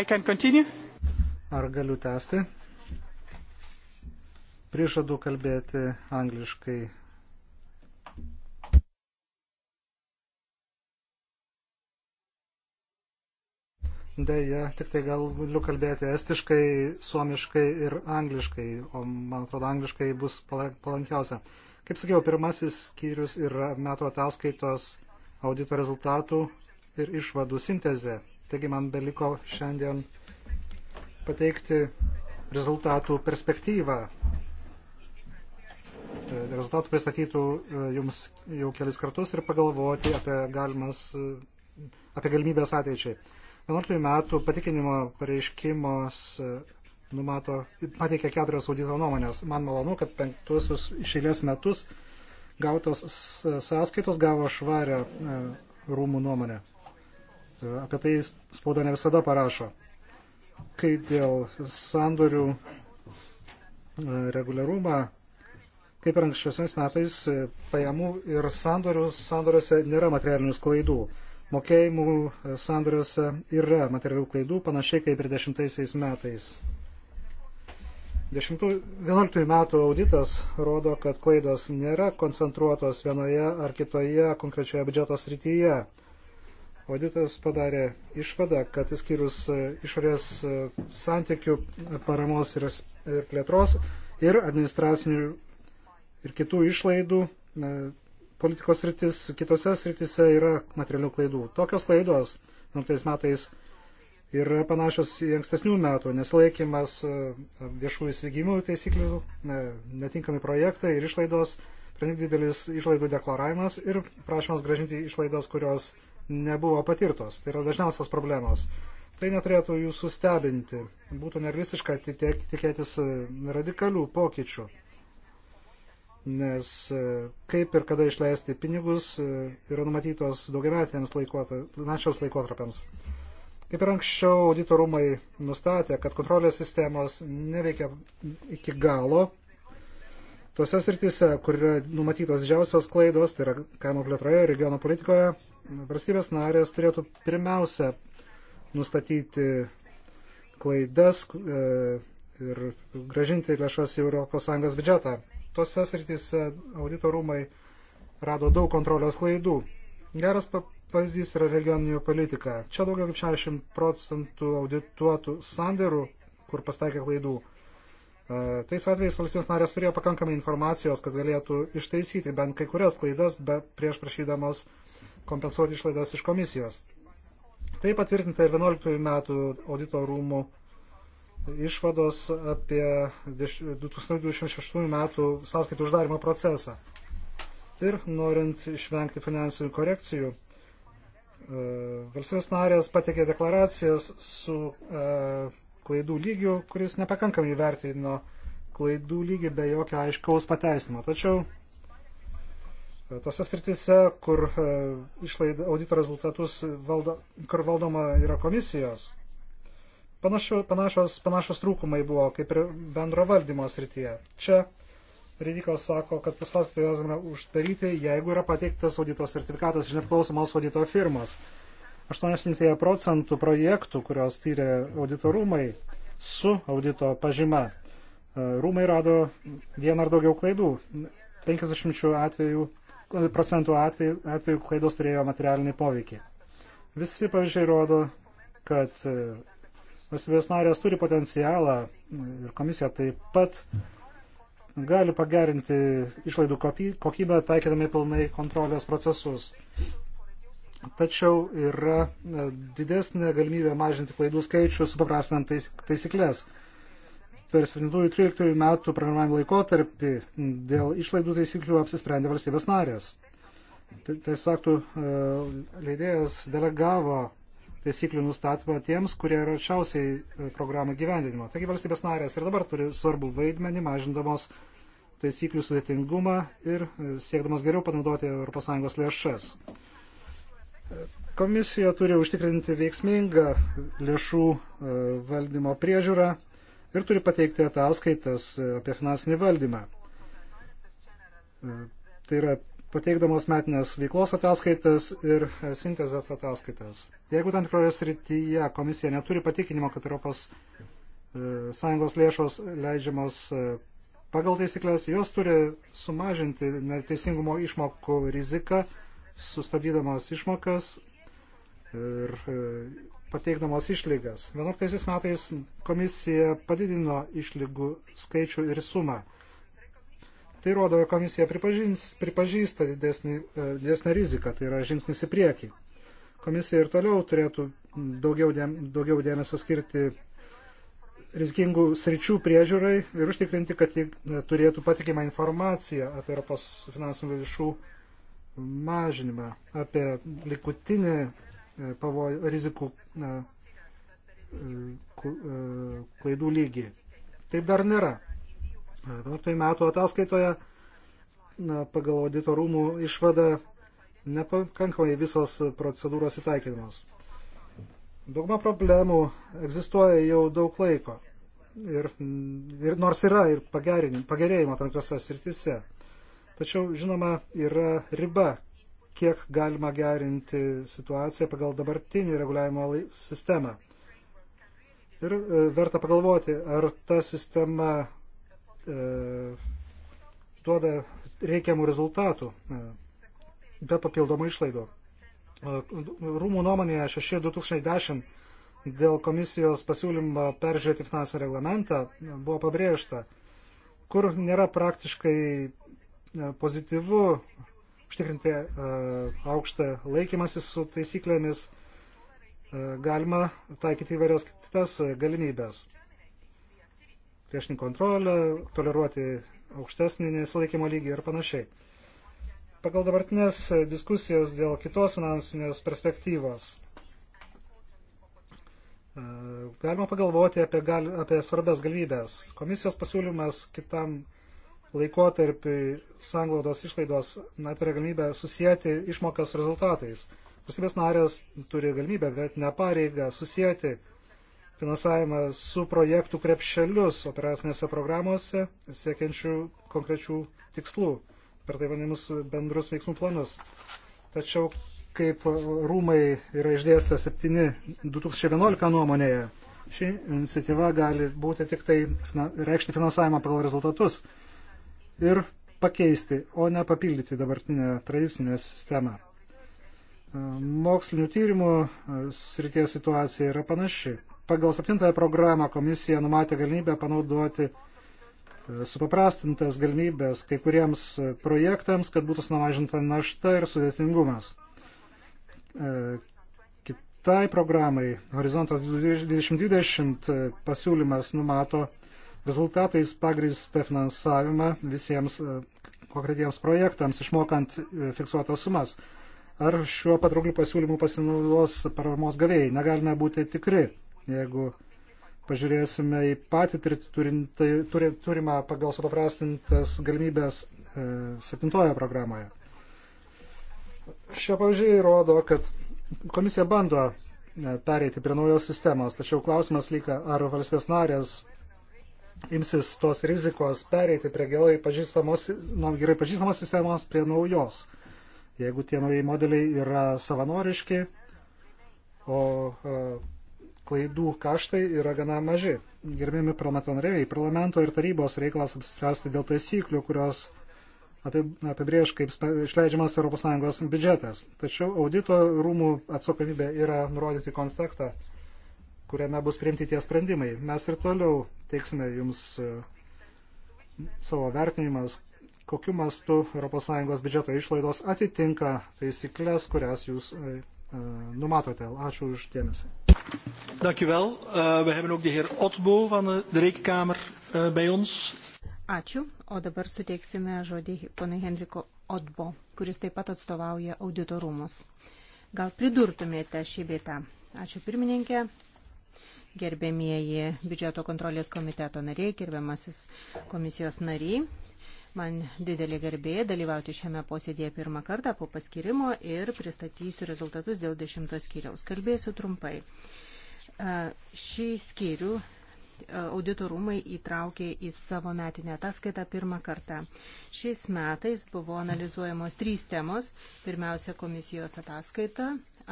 I can continue? Ar galiu tęsti? Prižadu kalbėti angliškai Deja, tik tai galiu kalbėti estiškai, suomiškai ir angliškai, o man atrodo, angliškai bus palankiausia. Kaip sakiau, pirmasis skyrius yra metų ataskaitos audito rezultatų ir išvadų sintezė. Taigi man beliko šiandien pateikti rezultatų perspektyvą. E, rezultatų pristatytų e, jums jau kelis kartus ir pagalvoti apie, galimas, e, apie galimybės ateičiai. 11 metų patikinimo pareiškimos e, numato, pateikia keturios audito nuomonės. Man malonu, kad penktusius išėlės metus gautos sąskaitos gavo švarę e, rūmų nuomonę. E, apie tai spauda ne visada parašo. Kai dėl sandorių reguliarumą, kaip ir anksčiosiams metais, pajamų ir sandorių sandoriuose nėra materialinių klaidų mokėjimų e, sandoriuose yra materialių klaidų, panašiai kaip ir 10 metais. 2011 metų auditas rodo, kad klaidos nėra koncentruotos vienoje ar kitoje konkrečioje biudžeto srityje. Auditas padarė išvadą, kad įskyrus e, išorės e, santykių paramos ir plėtros ir administracinių ir kitų išlaidų politikos sritis, kitose sritise yra materialių klaidų. Tokios klaidos 11 metais yra panašios į ankstesnių metų nesilaikimas e, viešųjų įsigymų taisyklių, e, netinkami projektai ir išlaidos, pernelyg didelis išlaidų deklaravimas ir prašymas gražinti išlaidas, kurios nebuvo patirtos. Tai yra dažniausios problemos. Tai neturėtų jūsų stebinti. Būtų nerealistiška tikėtis e, radikalių pokyčių nes e, kaip ir kada išleisti pinigus e, yra numatytos daugiametėms laikotarpiams. Kaip ir anksčiau auditorumai nustatė, kad kontrolės sistemos neveikia iki galo. Tuose srityse, kur yra numatytos didžiausios klaidos, tai yra kaimo plėtroje, regiono politikoje, valstybės narės turėtų pirmiausia nustatyti klaidas e, ir gražinti lėšas į ES biudžetą tose srityse auditorumai rado daug kontrolės klaidų. Geras pavyzdys yra regioninė politika. Čia daugiau kaip 60 procentų audituotų sandėrų, kur pastakė klaidų. E, tais atvejais valstybės narės turėjo pakankamai informacijos, kad galėtų ištaisyti bent kai kurias klaidas, bet prieš prašydamos kompensuoti išlaidas iš komisijos. Tai patvirtinta ir 11 metų audito rūmų išvados apie 2028 metų sąskaitų uždarimo procesą. Ir norint išvengti finansinių korekcijų, e, valstybės narės patekė deklaracijas su e, klaidų lygiu, kuris nepakankamai vertino klaidų lygį be jokio aiškaus pateisnimo. Tačiau e, tose sritise, kur išlaida audito rezultatus valdo, kur valdoma yra komisijos, Panašu, panašos, panašos trūkumai buvo kaip ir bendro valdymo srityje. Čia Reidiklas sako, kad visas tai galima uždaryti, jeigu yra pateiktas audito sertifikatas iš nepriklausomos audito firmos. 80 procentų projektų, kurios tyrė auditorumai su audito pažyma, e, rūmai rado vieną ar daugiau klaidų. 50 atvejų, procentų atvejų, atvejų klaidos turėjo materialinį poveikį. Visi pavyzdžiai rodo, kad e, Valstybės narės turi potencialą ir komisija taip pat gali pagerinti išlaidų kokybę, taikydami pilnai kontrolės procesus. Tačiau yra e, didesnė galimybė mažinti klaidų skaičių, supaprastinant taisyklės. Per 7-13 metų programavimo laikotarpį dėl išlaidų taisyklių apsisprendė valstybės narės. Teisės aktų e, leidėjas delegavo taisyklių nustatymą tiems, kurie yra arčiausiai e, programų gyvendinimo. Taigi valstybės narės ir dabar turi svarbų vaidmenį, mažindamos taisyklių sudėtingumą ir e, siekdamas geriau panaudoti ES lėšas. E, komisija turi užtikrinti veiksmingą lėšų valdymo priežiūrą ir turi pateikti ataskaitas apie finansinį valdymą. Tai yra pateikdamas metinės veiklos ataskaitas ir e, sintezės ataskaitas. Jeigu tam tikroje srityje komisija neturi patikinimo, kad Europos e, Sąjungos lėšos leidžiamos e, pagal taisyklės, jos turi sumažinti neteisingumo išmokų riziką, sustabdydamos išmokas ir pateikdamos išlygas. 11 metais komisija padidino išlygų skaičių ir sumą. Tai rodo, jog komisija pripažįsta didesnį, e, didesnę riziką, tai yra žingsnis į priekį. Komisija ir toliau turėtų daugiau, dėm, daugiau dėmesio skirti rizikingų sričių priežiūrai ir užtikrinti, kad jie turėtų patikimą informaciją apie Europos finansinių lėšų mažinimą, apie likutinį e, pavoj, rizikų e, klaidų lygį. Taip dar nėra. 11 metų ataskaitoje na, pagal audito rūmų išvadą nepakankamai visos procedūros įtaikinamos. Dauguma problemų egzistuoja jau daug laiko. Ir, ir nors yra ir pagerėjimo tam tikrose srityse. Tačiau, žinoma, yra riba, kiek galima gerinti situaciją pagal dabartinį reguliavimo sistemą. Ir e, verta pagalvoti, ar ta sistema E, duoda reikiamų rezultatų e, be papildomų išlaidų. E, Rūmų nuomonėje 6.2010 dėl komisijos pasiūlymo peržiūrėti finansinį reglamentą buvo pabrėžta, kur nėra praktiškai pozityvu užtikrinti aukštą laikymasi su taisyklėmis, galima taikyti įvairias kitas galimybės priešinį kontrolę, toleruoti aukštesnį nesilaikymo lygį ir panašiai. Pagal dabartinės diskusijas dėl kitos finansinės perspektyvos e, galima pagalvoti apie, gal, apie svarbės galimybės. Komisijos pasiūlymas kitam laikotarpiui sanglaudos išlaidos atveria galimybę susijęti išmokas su rezultatais. Valstybės narės turi galimybę, bet ne pareigą susijęti finansavimą su projektų krepšelius operacinėse programuose, siekiančių konkrečių tikslų per tai vadinamus bendrus veiksmų planus. Tačiau kaip rūmai yra išdėsta 7 2011 nuomonėje, ši iniciatyva gali būti tik tai na, reikšti finansavimą pagal rezultatus ir pakeisti, o ne papildyti dabartinę tradicinę sistemą. Mokslinių tyrimų srityje situacija yra panaši pagal septintąją programą komisija numatė galimybę panaudoti e, supaprastintas galimybės kai kuriems e, projektams, kad būtų sumažinta našta ir sudėtingumas. E, kitai programai Horizontas 2020 pasiūlymas numato rezultatais pagrįstą finansavimą visiems konkretiems projektams, išmokant fiksuotas sumas. Ar šiuo patraukliu pasiūlymu pasinaudos paramos gavėjai? Negalime būti tikri. Jeigu pažiūrėsime į patį turintai, turi, turimą pagal supaprastintas galimybės e, septintoje programoje. Šie pavyzdžiai rodo, kad komisija bando e, pereiti prie naujos sistemos, tačiau klausimas lyga, ar valstybės narės imsis tos rizikos pereiti prie gerai pažįstamos, nu, gerai pažįstamos sistemos prie naujos, jeigu tie naujai modeliai yra savanoriški, o, o e, klaidų kaštai yra gana maži. Gerbėmi parlamento nariai, parlamento ir tarybos reikalas apsispręsti dėl taisyklių, kurios apibrėž kaip išleidžiamas ES biudžetas. Tačiau audito rūmų atsakomybė yra nurodyti kontekstą, kuriame bus priimti tie sprendimai. Mes ir toliau teiksime jums e, savo vertinimas, kokiu mastu ES biudžeto išlaidos atitinka taisyklės, kurias jūs e, e, numatote. Ačiū už dėmesį. Dank u wel. Uh, we hebben ook de heer Otbo van de, eh, de Rekenkamer uh, bij ons. Ačiū. O dabar suteiksime žodį ponai Henriko Otbo, kuris taip pat atstovauja auditorumus. Gal pridurtumėte šį beitą? Ačiū pirmininkė gerbėmieji biudžeto kontrolės komiteto nariai, gerbiamasis komisijos nariai. Man didelė garbė dalyvauti šiame posėdėje pirmą kartą po paskirimo ir pristatysiu rezultatus dėl dešimtos skyriaus. Kalbėsiu trumpai. Šį skyrių auditorumai įtraukė į savo metinę ataskaitą pirmą kartą. Šiais metais buvo analizuojamos trys temos. Pirmiausia, komisijos ataskaita.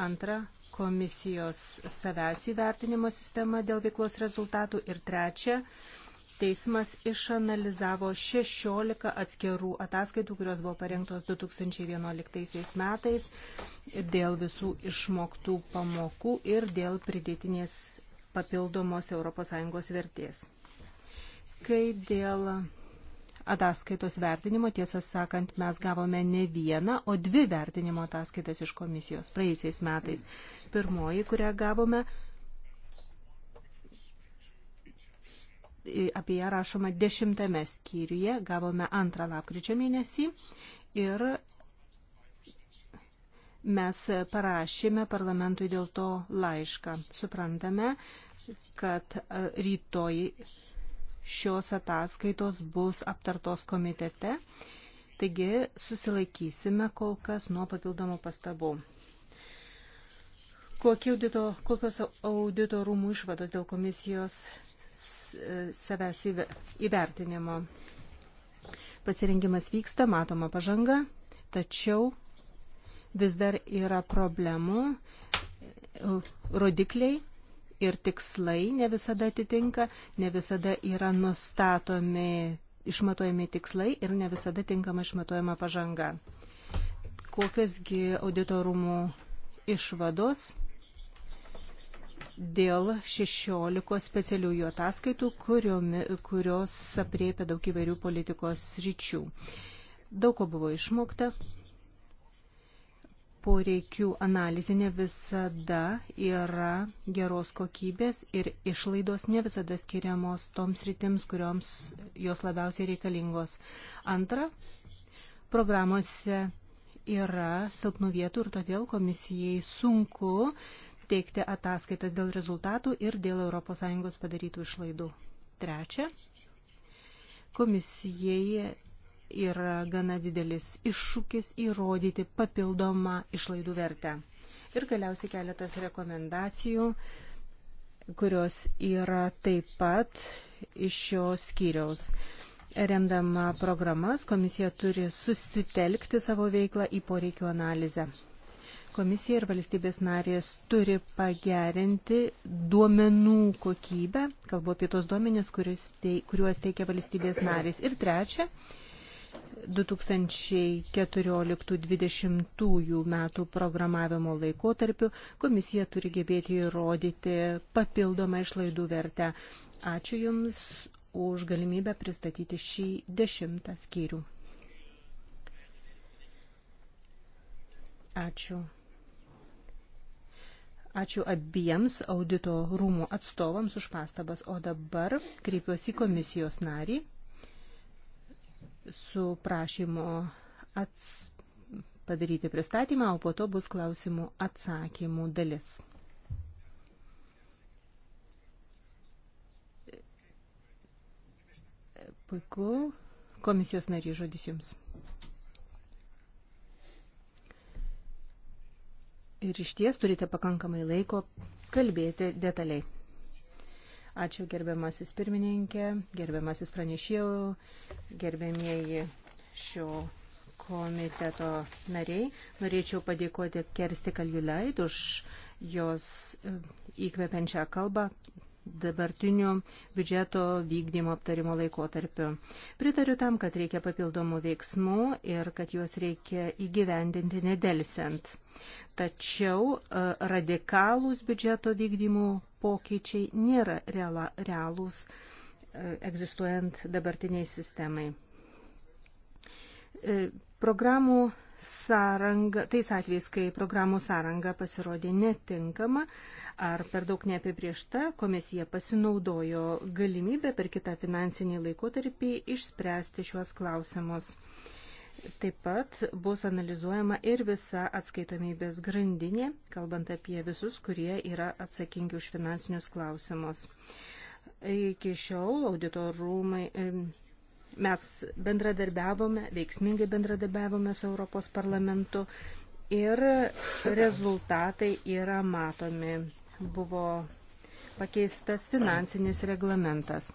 Antra, komisijos savęs įvertinimo sistema dėl veiklos rezultatų. Ir trečia, uh, teismas išanalizavo 16 atskirų ataskaitų, kurios buvo parengtos 2011 metais dėl visų išmoktų pamokų ir dėl pridėtinės papildomos ES vertės. Kai dėl ataskaitos vertinimo, tiesą sakant, mes gavome ne vieną, o dvi vertinimo ataskaitas iš komisijos praėjusiais metais. Pirmoji, kurią gavome, apie ją rašoma dešimtame skyriuje, gavome antrą lapkričio mėnesį ir mes parašėme parlamentui dėl to laišką. Suprantame, kad e, rytoj šios ataskaitos bus aptartos komitete, taigi susilaikysime kol kas nuo papildomų pastabų. Kokie audito, kokios audito rūmų išvados dėl komisijos savęs įvertinimo. Pasirengimas vyksta, matoma pažanga, tačiau vis dar yra problemų, rodikliai ir tikslai ne visada atitinka, ne visada yra nustatomi išmatuojami tikslai ir ne visada tinkama išmatuojama pažanga. Kokiosgi auditorumų išvados? dėl 16 specialiųjų ataskaitų, kuriomi, kurios apriepia daug įvairių politikos ryčių. Daug ko buvo išmokta. Poreikių analizė ne visada yra geros kokybės ir išlaidos ne visada skiriamos toms rytims, kurioms jos labiausiai reikalingos. Antra, programuose yra silpnų vietų ir todėl komisijai sunku teikti ataskaitas dėl rezultatų ir dėl ES padarytų išlaidų. Trečia, komisijai yra gana didelis iššūkis įrodyti papildomą išlaidų vertę. Ir galiausiai keletas rekomendacijų, kurios yra taip pat iš šio skyriaus. Remdama programas, komisija turi susitelkti savo veiklą į poreikių analizę. Komisija ir valstybės narės turi pagerinti duomenų kokybę, kalbu apie tos duomenys, kuriuos teikia valstybės narės. Ir trečia, 2014-2020 metų programavimo laikotarpiu komisija turi gebėti įrodyti papildomą išlaidų vertę. Ačiū Jums už galimybę pristatyti šį dešimtą skyrių. Ačiū. Ačiū abiems audito rūmų atstovams už pastabas, o dabar kreipiuosi į komisijos narį su prašymu ats... padaryti pristatymą, o po to bus klausimų atsakymų dalis. Puiku, komisijos narį žodis jums. ir iš ties turite pakankamai laiko kalbėti detaliai. Ačiū gerbiamasis pirmininkė, gerbiamasis pranešėjau, gerbėmieji šio komiteto nariai. Norėčiau padėkoti Kersti Kaljulait už jos e, įkvepiančią kalbą, dabartiniu biudžeto vykdymo aptarimo laikotarpiu. Pritariu tam, kad reikia papildomų veiksmų ir kad juos reikia įgyvendinti nedelsiant. Tačiau e, radikalūs biudžeto vykdymų pokyčiai nėra reala, realūs e, egzistuojant dabartiniai sistemai. E, programų sąranga, tais atvejais, kai programų sąranga pasirodė netinkama ar per daug neapibriešta, komisija pasinaudojo galimybę per kitą finansinį laikotarpį išspręsti šiuos klausimus. Taip pat bus analizuojama ir visa atskaitomybės grandinė, kalbant apie visus, kurie yra atsakingi už finansinius klausimus. Iki šiol auditorumai Mes bendradarbiavome, veiksmingai bendradarbiavome su Europos parlamentu ir rezultatai yra matomi. Buvo pakeistas finansinis reglamentas.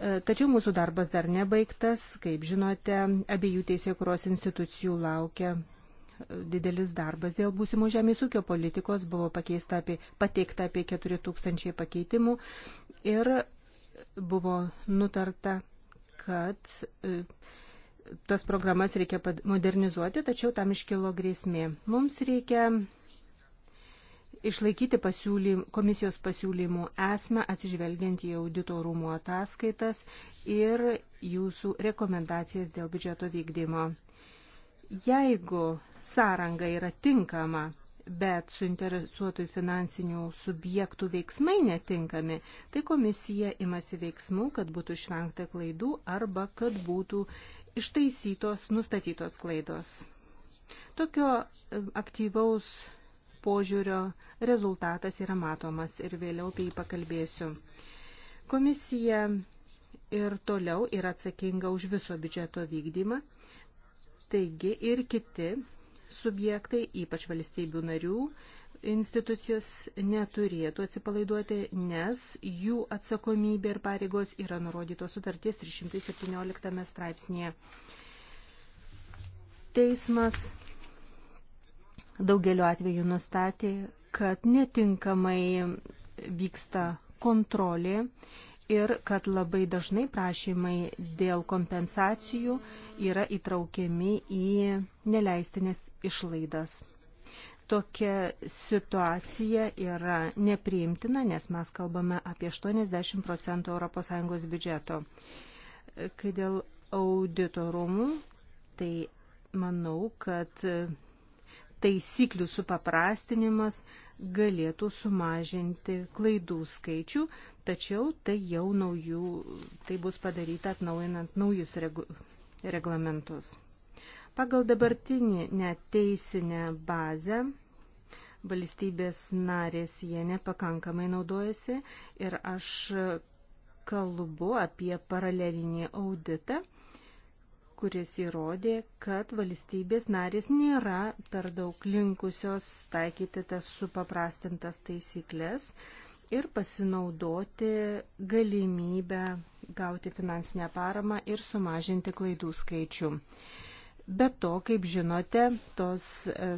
E, tačiau mūsų darbas dar nebaigtas. Kaip žinote, abiejų teisėkuros institucijų laukia e, didelis darbas. Dėl būsimo žemės ūkio politikos buvo pakeista apie, pateikta apie 4000 pakeitimų ir buvo nutarta kad e, tas programas reikia modernizuoti, tačiau tam iškilo grėsmė. Mums reikia išlaikyti pasiūlym, komisijos pasiūlymų esmę, atsižvelgiant į audito rūmų ataskaitas ir jūsų rekomendacijas dėl biudžeto vykdymo. Jeigu sąranga yra tinkama, bet suinteresuotų finansinių subjektų veiksmai netinkami, tai komisija imasi veiksmų, kad būtų išvengta klaidų arba kad būtų ištaisytos nustatytos klaidos. Tokio e, aktyvaus požiūrio rezultatas yra matomas ir vėliau apie jį pakalbėsiu. Komisija ir toliau yra atsakinga už viso biudžeto vykdymą, taigi ir kiti subjektai, ypač valstybių narių, institucijos neturėtų atsipalaiduoti, nes jų atsakomybė ir pareigos yra nurodytos sutarties 317 straipsnėje. Teismas daugeliu atveju nustatė, kad netinkamai vyksta kontrolė ir kad labai dažnai prašymai dėl kompensacijų yra įtraukiami į neleistinės išlaidas. Tokia situacija yra nepriimtina, nes mes kalbame apie 80 procentų ES biudžeto. Kai dėl auditorumų, tai manau, kad taisyklių supaprastinimas galėtų sumažinti klaidų skaičių, Tačiau tai jau naujų, tai bus padaryta atnaujinant naujus regu, reglamentus. Pagal dabartinį neteisinę bazę valstybės narės jie nepakankamai naudojasi ir aš kalbu apie paralelinį auditą, kuris įrodė, kad valstybės narės nėra per daug linkusios taikyti tas supaprastintas taisyklės, ir pasinaudoti galimybę gauti finansinę paramą ir sumažinti klaidų skaičių. Be to, kaip žinote, tos e,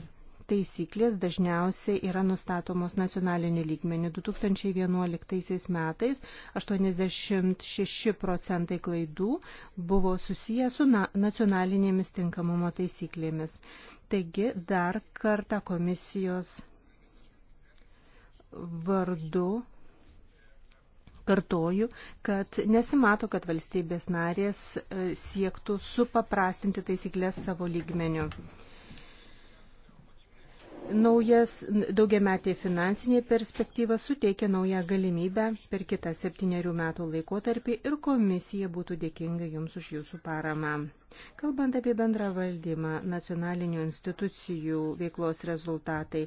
taisyklės dažniausiai yra nustatomos nacionaliniu lygmeniu. 2011 metais 86 procentai klaidų buvo susiję su nacionalinėmis tinkamumo taisyklėmis. Taigi dar kartą komisijos vardu kartoju, kad nesimato, kad valstybės narės e, siektų supaprastinti taisyklės savo lygmeniu. Naujas daugiametė finansinė perspektyva suteikia naują galimybę per kitą septyniarių metų laikotarpį ir komisija būtų dėkinga Jums už Jūsų paramą. Kalbant apie bendrą valdymą, nacionalinių institucijų veiklos rezultatai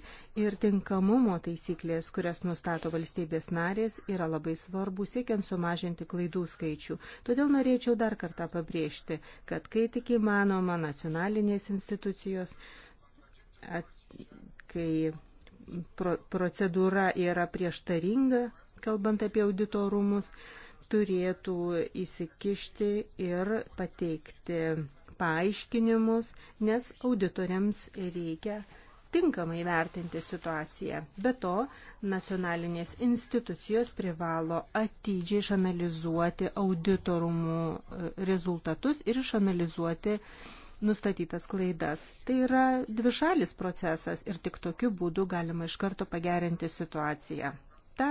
ir tinkamumo taisyklės, kurias nustato valstybės narės, yra labai svarbu siekiant sumažinti klaidų skaičių. Todėl norėčiau dar kartą pabrėžti, kad kai tik įmanoma nacionalinės institucijos, kai pro, procedūra yra prieštaringa, kalbant apie auditorumus, turėtų įsikišti ir pateikti paaiškinimus, nes auditoriams reikia tinkamai vertinti situaciją. Be to, nacionalinės institucijos privalo atidžiai išanalizuoti auditorumų e, rezultatus ir išanalizuoti uh, nustatytas klaidas. Tai yra dvišalis procesas ir tik tokiu būdu galima iš karto pagerinti situaciją. Ta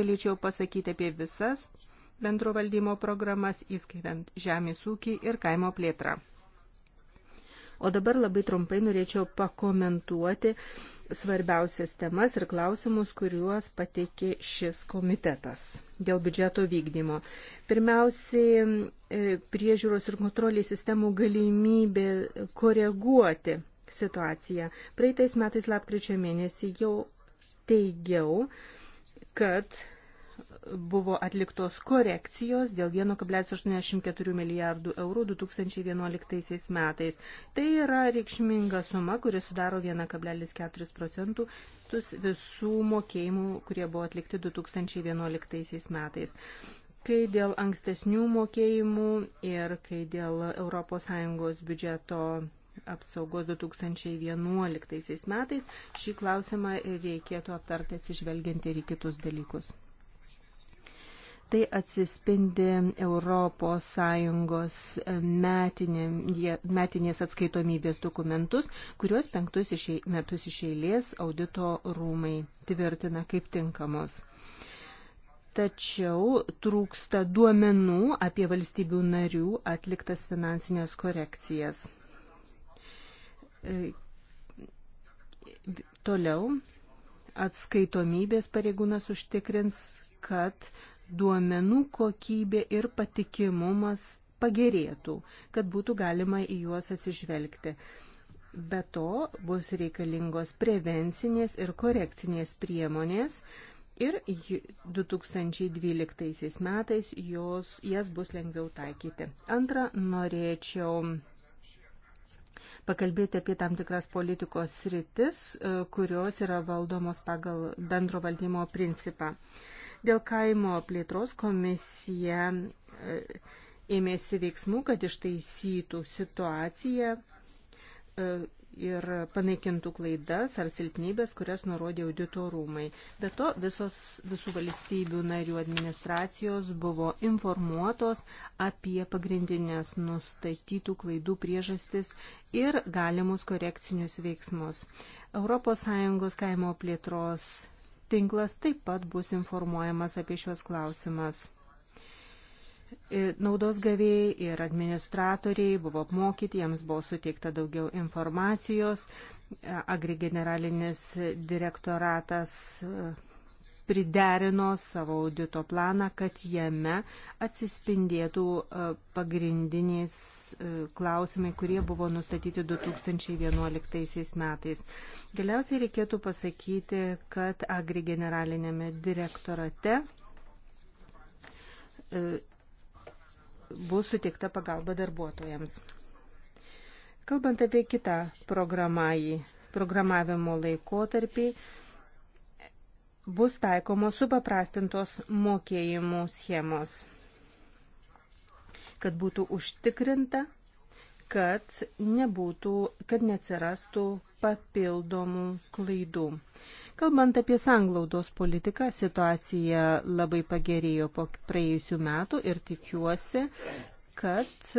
galėčiau pasakyti apie visas bendro valdymo programas, įskaitant žemės ūkį ir kaimo plėtrą. O dabar labai trumpai norėčiau pakomentuoti svarbiausias temas ir klausimus, kuriuos pateikė šis komitetas dėl biudžeto vykdymo. Pirmiausiai, e, priežiūros ir kontrolės sistemų galimybė koreguoti situaciją. Praeitais metais lapkričio mėnesį jau teigiau, kad buvo atliktos korekcijos dėl 1,84 milijardų eurų 2011 metais. Tai yra reikšminga suma, kuri sudaro 1,4 procentų visų mokėjimų, kurie buvo atlikti 2011 metais. Kai dėl ankstesnių mokėjimų ir kai dėl ES biudžeto apsaugos 2011 metais, šį klausimą reikėtų aptarti atsižvelgiant ir į kitus dalykus. Tai atsispindi ES metinė, metinės atskaitomybės dokumentus, kuriuos penktus iš, metus iš eilės audito rūmai tvirtina kaip tinkamos. Tačiau trūksta duomenų apie valstybių narių atliktas finansinės korekcijas. E, toliau atskaitomybės pareigūnas užtikrins, kad duomenų kokybė ir patikimumas pagerėtų, kad būtų galima į juos atsižvelgti. Be to bus reikalingos prevencinės ir korekcinės priemonės ir 2012 metais jos, jas bus lengviau taikyti. Antra, norėčiau pakalbėti apie tam tikras politikos sritis, e, kurios yra valdomos pagal bendro valdymo principą. Dėl kaimo plėtros komisija e, ėmėsi veiksmų, kad ištaisytų situaciją e, ir panaikintų klaidas ar silpnybės, kurias nurodė audito rūmai. Be to, visos, visų valstybių narių administracijos buvo informuotos apie pagrindinės nustatytų klaidų priežastis ir galimus korekcinius veiksmus. ES kaimo plėtros tinklas taip pat bus informuojamas apie šios klausimas. E, naudos gavėjai ir administratoriai buvo apmokyti, jiems buvo suteikta daugiau informacijos. E, Agri generalinis direktoratas priderino savo audito planą, kad jame atsispindėtų e, pagrindiniais e, klausimai, kurie buvo nustatyti 2011 metais. Galiausiai reikėtų pasakyti, kad Agri generalinėme direktorate e, bus sutikta pagalba darbuotojams. Kalbant apie kitą programavimo laikotarpį, bus taikomos supaprastintos mokėjimų schemos, kad būtų užtikrinta, kad, nebūtų, kad neatsirastų papildomų klaidų. Kalbant apie sanglaudos politiką, situacija labai pagerėjo po praėjusių metų ir tikiuosi, kad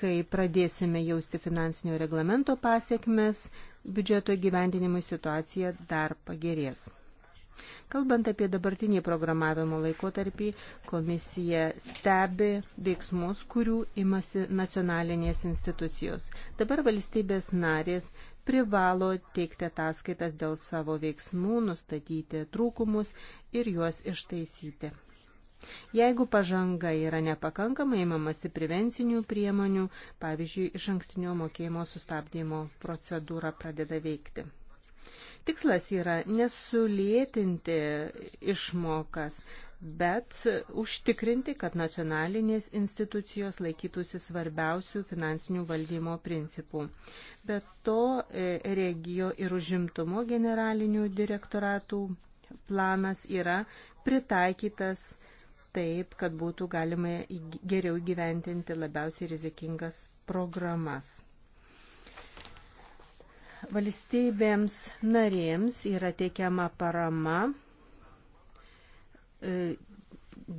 kai pradėsime jausti finansinio reglamento pasiekmes, biudžeto gyvendinimui situacija dar pagerės. Kalbant apie dabartinį programavimo laikotarpį, komisija stebi veiksmus, kurių imasi nacionalinės institucijos. Dabar valstybės narės privalo teikti ataskaitas dėl savo veiksmų, nustatyti trūkumus ir juos ištaisyti. Jeigu pažanga yra nepakankama, įmamasi prevencinių priemonių, pavyzdžiui, iš ankstinio mokėjimo sustabdymo procedūra pradeda veikti. Tikslas yra nesulėtinti išmokas, bet užtikrinti, kad nacionalinės institucijos laikytųsi svarbiausių finansinių valdymo principų. Be to e, regio ir užimtumo generalinių direktoratų planas yra pritaikytas taip, kad būtų galima geriau gyventinti labiausiai rizikingas programas valstybėms narėms yra teikiama parama, e,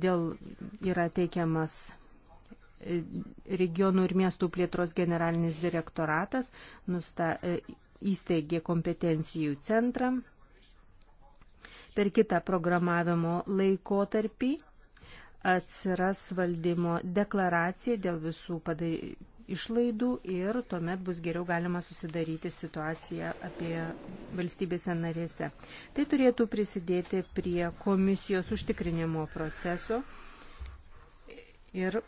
dėl yra teikiamas e, regionų ir miestų plėtros generalinis direktoratas, nusta, e, įsteigė kompetencijų centrą per kitą programavimo laikotarpį atsiras valdymo deklaracija dėl visų išlaidų ir tuomet bus geriau galima susidaryti situaciją apie valstybėse narėse. Tai turėtų prisidėti prie komisijos užtikrinimo proceso ir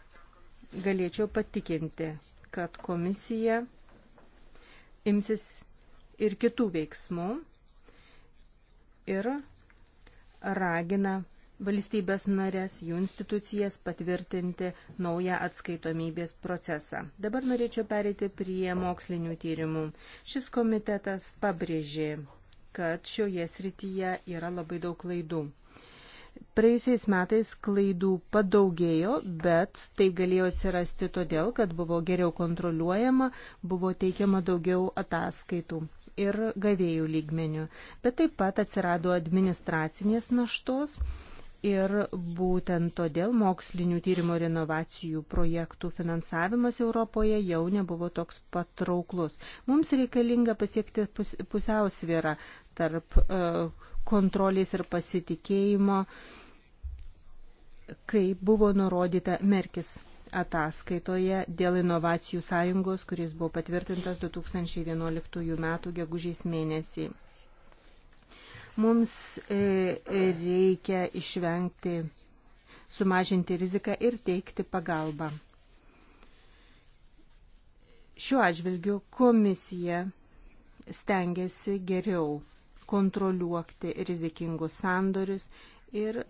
galėčiau patikinti, kad komisija imsis ir kitų veiksmų ir ragina valstybės narės, jų institucijas patvirtinti naują atskaitomybės procesą. Dabar norėčiau pereiti prie mokslinių tyrimų. Šis komitetas pabrėžė, kad šioje srityje yra labai daug klaidų. Praėjusiais metais klaidų padaugėjo, bet tai galėjo atsirasti todėl, kad buvo geriau kontroliuojama, buvo teikiama daugiau ataskaitų ir gavėjų lygmenių. Bet taip pat atsirado administracinės naštos Ir būtent todėl mokslinių tyrimų ir inovacijų projektų finansavimas Europoje jau nebuvo toks patrauklus. Mums reikalinga pasiekti pusiausvyrą tarp e, kontrolės ir pasitikėjimo, kai buvo nurodyta Merkis ataskaitoje dėl inovacijų sąjungos, kuris buvo patvirtintas 2011 m. gegužės mėnesį. Mums e, e, reikia išvengti, sumažinti riziką ir teikti pagalbą. Šiuo atžvilgiu komisija stengiasi geriau kontroliuoti rizikingus sandorius ir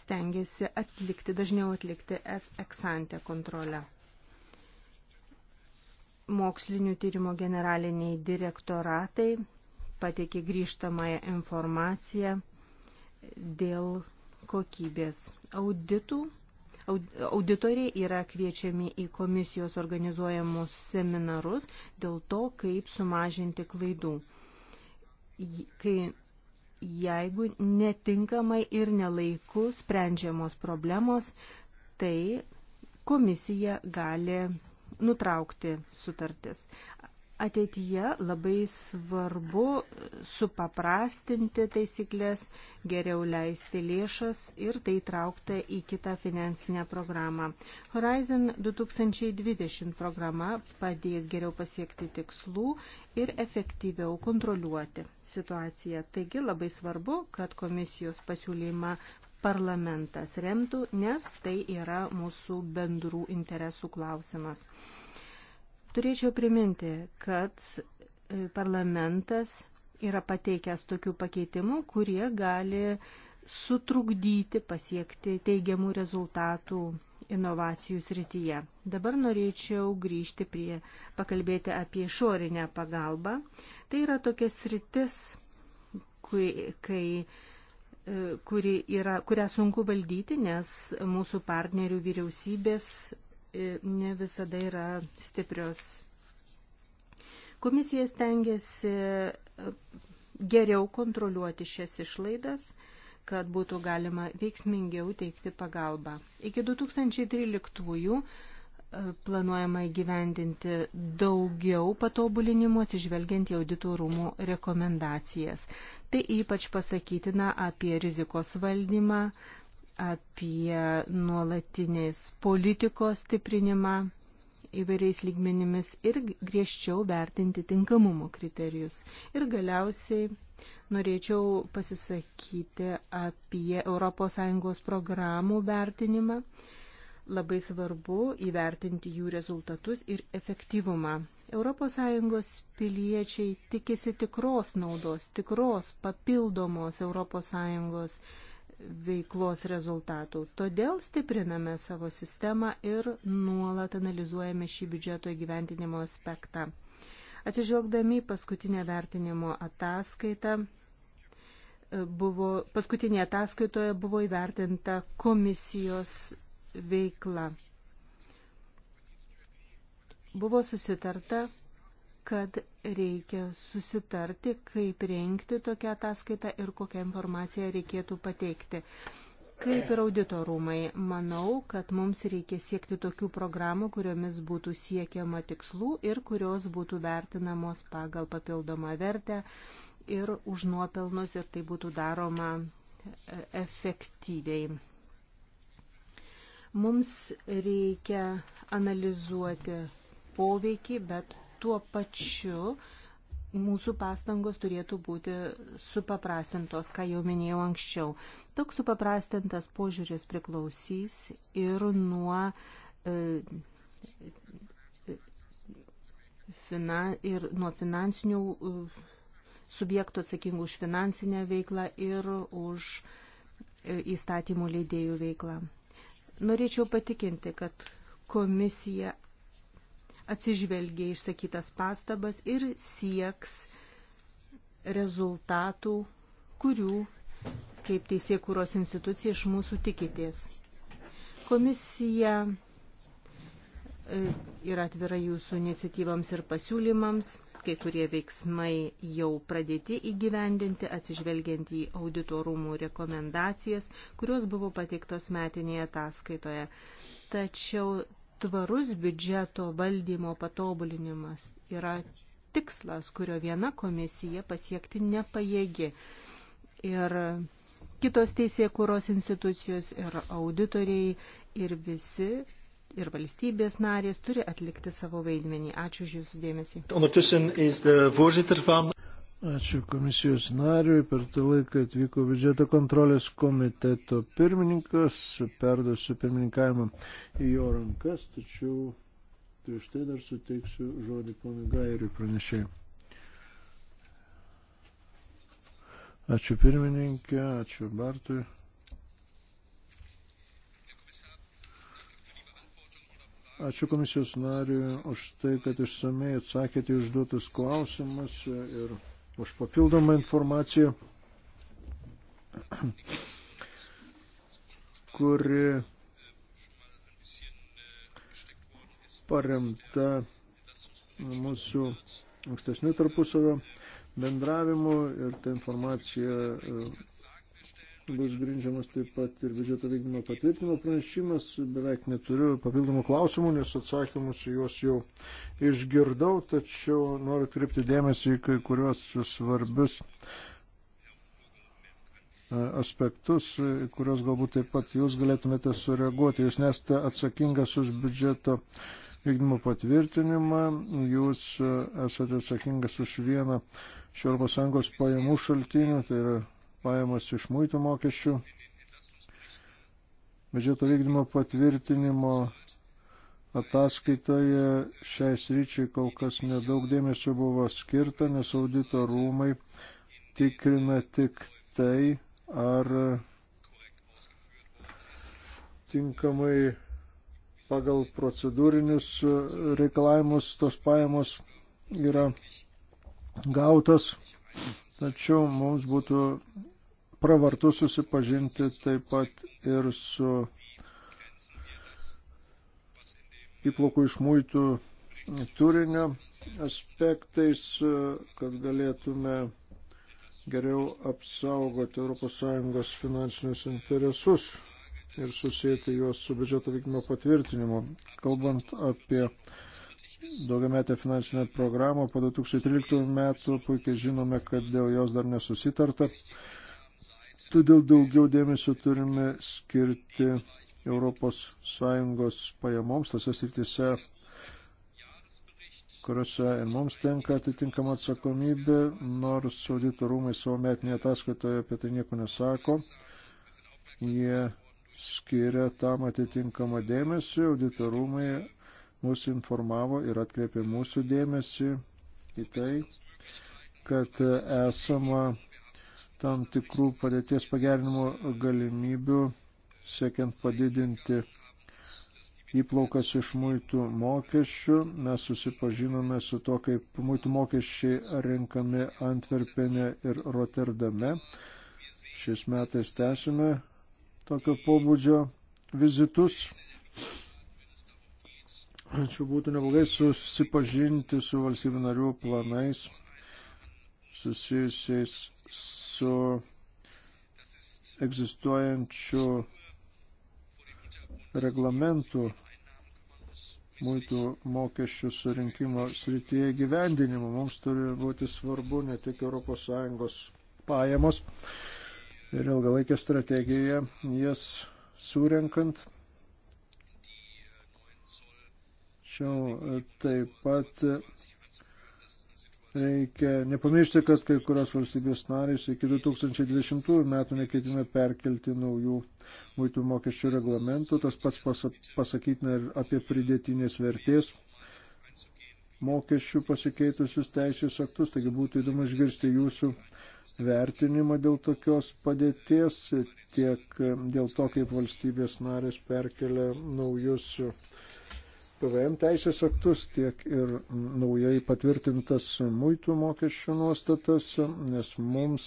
stengiasi atlikti, dažniau atlikti ex-ante kontrolę mokslinių tyrimo generaliniai direktoratai pateikė grįžtamąją informaciją dėl kokybės auditų. Auditoriai yra kviečiami į komisijos organizuojamus seminarus dėl to, kaip sumažinti klaidų. Kai jeigu netinkamai ir nelaiku sprendžiamos problemos, tai komisija gali nutraukti sutartis. Ateityje labai svarbu supaprastinti taisyklės, geriau leisti lėšas ir tai traukta į kitą finansinę programą. Horizon 2020 programa padės geriau pasiekti tikslų ir efektyviau kontroliuoti situaciją. Taigi labai svarbu, kad komisijos pasiūlymą parlamentas remtų, nes tai yra mūsų bendrų interesų klausimas. Turėčiau priminti, kad e, parlamentas yra pateikęs tokių pakeitimų, kurie gali sutrukdyti pasiekti teigiamų rezultatų inovacijų srityje. Dabar norėčiau grįžti prie, pakalbėti apie išorinę pagalbą. Tai yra tokia sritis, kai, kai e, kuri yra, kurią sunku valdyti, nes mūsų partnerių vyriausybės E, ne visada yra stiprios. Komisija stengiasi e, geriau kontroliuoti šias išlaidas, kad būtų galima veiksmingiau teikti pagalbą. Iki 2013 e, planuojama įgyvendinti daugiau patobulinimų atsižvelgiant į audito rūmų rekomendacijas. Tai ypač pasakytina apie rizikos valdymą, apie nuolatinės politikos stiprinimą įvairiais lygmenimis ir griežčiau vertinti tinkamumo kriterijus. Ir galiausiai norėčiau pasisakyti apie ES programų vertinimą. Labai svarbu įvertinti jų rezultatus ir efektyvumą. ES piliečiai tikisi tikros naudos, tikros papildomos ES veiklos rezultatų. Todėl stipriname savo sistemą ir nuolat analizuojame šį biudžeto įgyventinimo aspektą. Atsižvelgdami paskutinę vertinimo ataskaitą, buvo, paskutinėje ataskaitoje buvo įvertinta komisijos veikla. Buvo susitarta, kad reikia susitarti, kaip rengti tokią ataskaitą ir kokią informaciją reikėtų pateikti. Kaip ir auditorumai, manau, kad mums reikia siekti tokių programų, kuriomis būtų siekiama tikslų ir kurios būtų vertinamos pagal papildomą vertę ir už nuopelnus ir tai būtų daroma e, efektyviai mums reikia analizuoti poveikį, bet tuo pačiu mūsų pastangos turėtų būti supaprastintos, ką jau minėjau anksčiau. Toks supaprastintas požiūris priklausys ir nuo e, fina, ir nuo finansinių e, subjektų atsakingų už finansinę veiklą ir už e, įstatymų leidėjų veiklą. Norėčiau patikinti, kad komisija atsižvelgia išsakytas pastabas ir sieks rezultatų, kurių kaip teisėkūros institucija iš mūsų tikitės. Komisija e, yra atvira jūsų iniciatyvams ir pasiūlymams. Kai kurie veiksmai jau pradėti įgyvendinti, atsižvelgiant į auditorumų rekomendacijas, kurios buvo pateiktos metinėje ataskaitoje. Tačiau tvarus biudžeto valdymo patobulinimas yra tikslas, kurio viena komisija pasiekti nepajėgi. Ir kitos teisėkūros institucijos ir auditoriai ir visi ir valstybės narės turi atlikti savo vaidmenį. Ačiū už Jūsų dėmesį. Ačiū komisijos nariui. Per tą laiką atvyko biudžeto kontrolės komiteto pirmininkas. Perduosiu pirmininkavimą į jo rankas, tačiau prieš tai dar suteiksiu žodį ponui Gairiui pranešėjai. Ačiū pirmininkė, ačiū Bartui. Ačiū komisijos nariui už tai, kad išsamei atsakėte užduotus klausimus ir už papildomą informaciją, kuri paremta mūsų ankstesnių tarpusavio bendravimu ir ta informacija kuris grindžiamas taip pat ir biudžeto vykdymo patvirtinimo pranešimas. Beveik neturiu papildomų klausimų, nes atsakymus juos jau išgirdau, tačiau noriu atkreipti dėmesį į kai kuriuos svarbius e, aspektus, kuriuos galbūt taip pat jūs galėtumėte sureaguoti. Jūs nesate atsakingas už biudžeto vykdymo patvirtinimą, jūs e, esate atsakingas už vieną. Šios ES pajamų šaltinių, tai yra pajamas iš muitų mokesčių. Biudžeto vykdymo patvirtinimo ataskaitoje šiai sryčiai kol kas nedaug dėmesio buvo skirta, nes audito rūmai tikrina tik tai, ar tinkamai pagal procedūrinius reikalavimus tos pajamos yra gautas. Tačiau mums būtų pravartu susipažinti taip pat ir su įplaukų iš muitų turinio aspektais, kad galėtume geriau apsaugoti ES finansinius interesus ir susijęti juos su biudžeto vykdymo patvirtinimu. Kalbant apie daugiametę finansinę programą po 2013 metų, puikiai žinome, kad dėl jos dar nesusitarta. Todėl daugiau dėmesio turime skirti ES pajamoms, tose srityse, kuriuose ir mums tenka atitinkama atsakomybė, nors audito rūmai savo metinėje ataskaitoje apie tai nieko nesako. Jie skiria tam atitinkamą dėmesį, audito rūmai mūsų informavo ir atkreipė mūsų dėmesį į tai, kad esama tam tikrų padėties pagerinimo galimybių, siekiant padidinti įplaukas iš muitų mokesčių. Mes susipažinome su to, kaip muitų mokesčiai renkami Antverpenė ir Rotterdame. Šiais metais tęsime tokio pobūdžio vizitus. Čia būtų neblogai susipažinti su valstybių narių planais susijusiais su egzistuojančių reglamentų muitų mokesčių surinkimo srityje gyvendinimu. Mums turi būti svarbu ne tik ES pajamos ir ilgalaikė strategija jas surenkant. Šiau taip pat Reikia nepamiršti, kad kai kurios valstybės narys iki 2020 metų neketina perkelti naujų muitų mokesčių reglamentų. Tas pats pasakytina ir apie pridėtinės vertės mokesčių pasikeitusius teisės aktus. Taigi būtų įdomu išgirsti jūsų vertinimą dėl tokios padėties, tiek dėl to, kaip valstybės narės perkelia naujus PVM teisės aktus, tiek ir naujai patvirtintas muitų mokesčių nuostatas, nes mums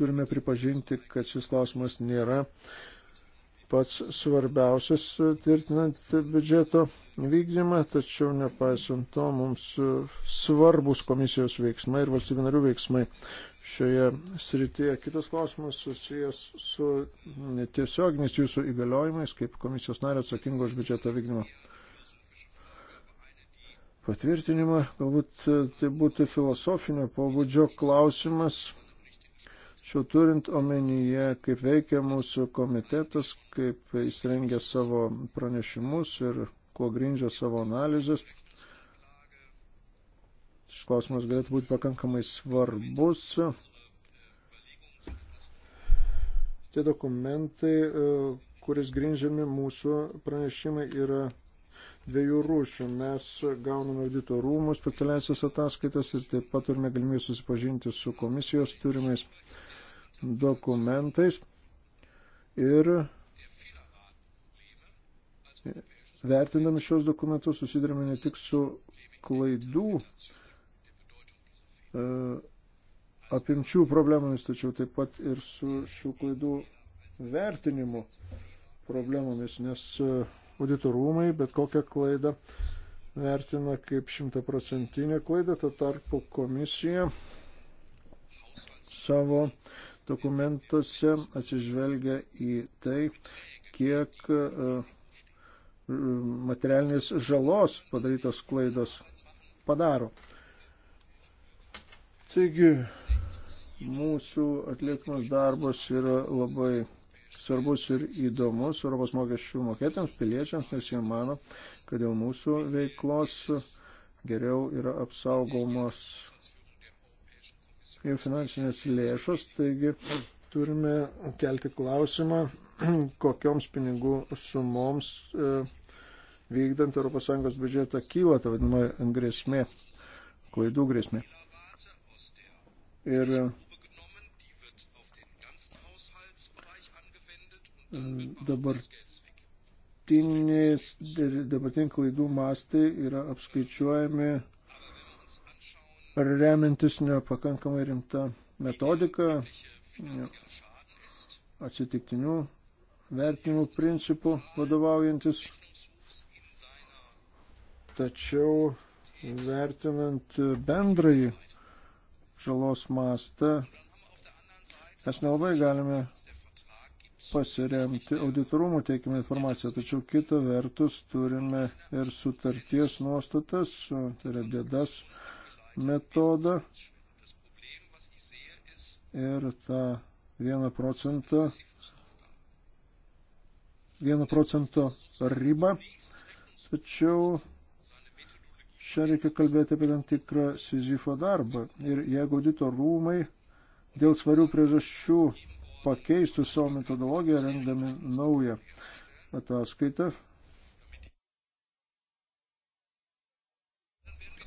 turime pripažinti, kad šis klausimas nėra pats svarbiausias tvirtinant biudžeto vykdymą, tačiau nepaisant to mums svarbus komisijos veiksmai ir valstybinarių veiksmai šioje srityje. Kitas klausimas susijęs su tiesioginiais jūsų įgaliojimais, kaip komisijos nario atsakingo už biudžeto vykdymą. Patvirtinimą, galbūt e, tai būtų filosofinio pobūdžio klausimas, Šiuo turint omenyje, kaip veikia mūsų komitetas, kaip įsirengia savo pranešimus ir kuo grindžia savo analizės, Šis klausimas galėtų būti pakankamai svarbus. Tie dokumentai, e, kuris grindžiami mūsų pranešimai, yra dviejų rūšių. Mes gauname audito rūmų specialiasias ataskaitas ir taip pat turime galimybę susipažinti su komisijos turimais dokumentais ir vertindami šios dokumentus susidurime ne tik su klaidų E, apimčių problemomis, tačiau taip pat ir su šių klaidų vertinimu problemomis, nes e, auditorumai bet kokią klaidą vertina kaip šimtaprocentinę klaidą, to tarpu komisija savo dokumentuose atsižvelgia į tai, kiek e, materialinės žalos padarytos klaidos padaro. Taigi, mūsų atliekamas darbas yra labai svarbus ir įdomus Europos mokesčių mokėtėms, piliečiams, nes jie mano, kad dėl mūsų veiklos geriau yra apsaugomos ir finansinės lėšos. Taigi turime kelti klausimą, kokioms pinigų sumoms e, vykdant ES biudžetą kyla ta vadinama grėsmė, klaidų grėsmė ir äh, dabartinės, dabartiniai klaidų mastai yra apskaičiuojami remintis nepakankamai rimta metodika, atsitiktinių vertinimų principų vadovaujantis. Tačiau vertinant bendrąjį žalos mastą, mes nelabai galime pasiremti auditorumų teikimą informaciją, tačiau kita vertus turime ir sutarties nuostatas, tai yra dėdas metodą ir tą vieną procentą, vieną procento ribą, tačiau Čia reikia kalbėti apie tam tikrą Sizifo darbą. Ir jeigu audito rūmai dėl svarių priežasčių pakeistų savo metodologiją, rengdami naują ataskaitą,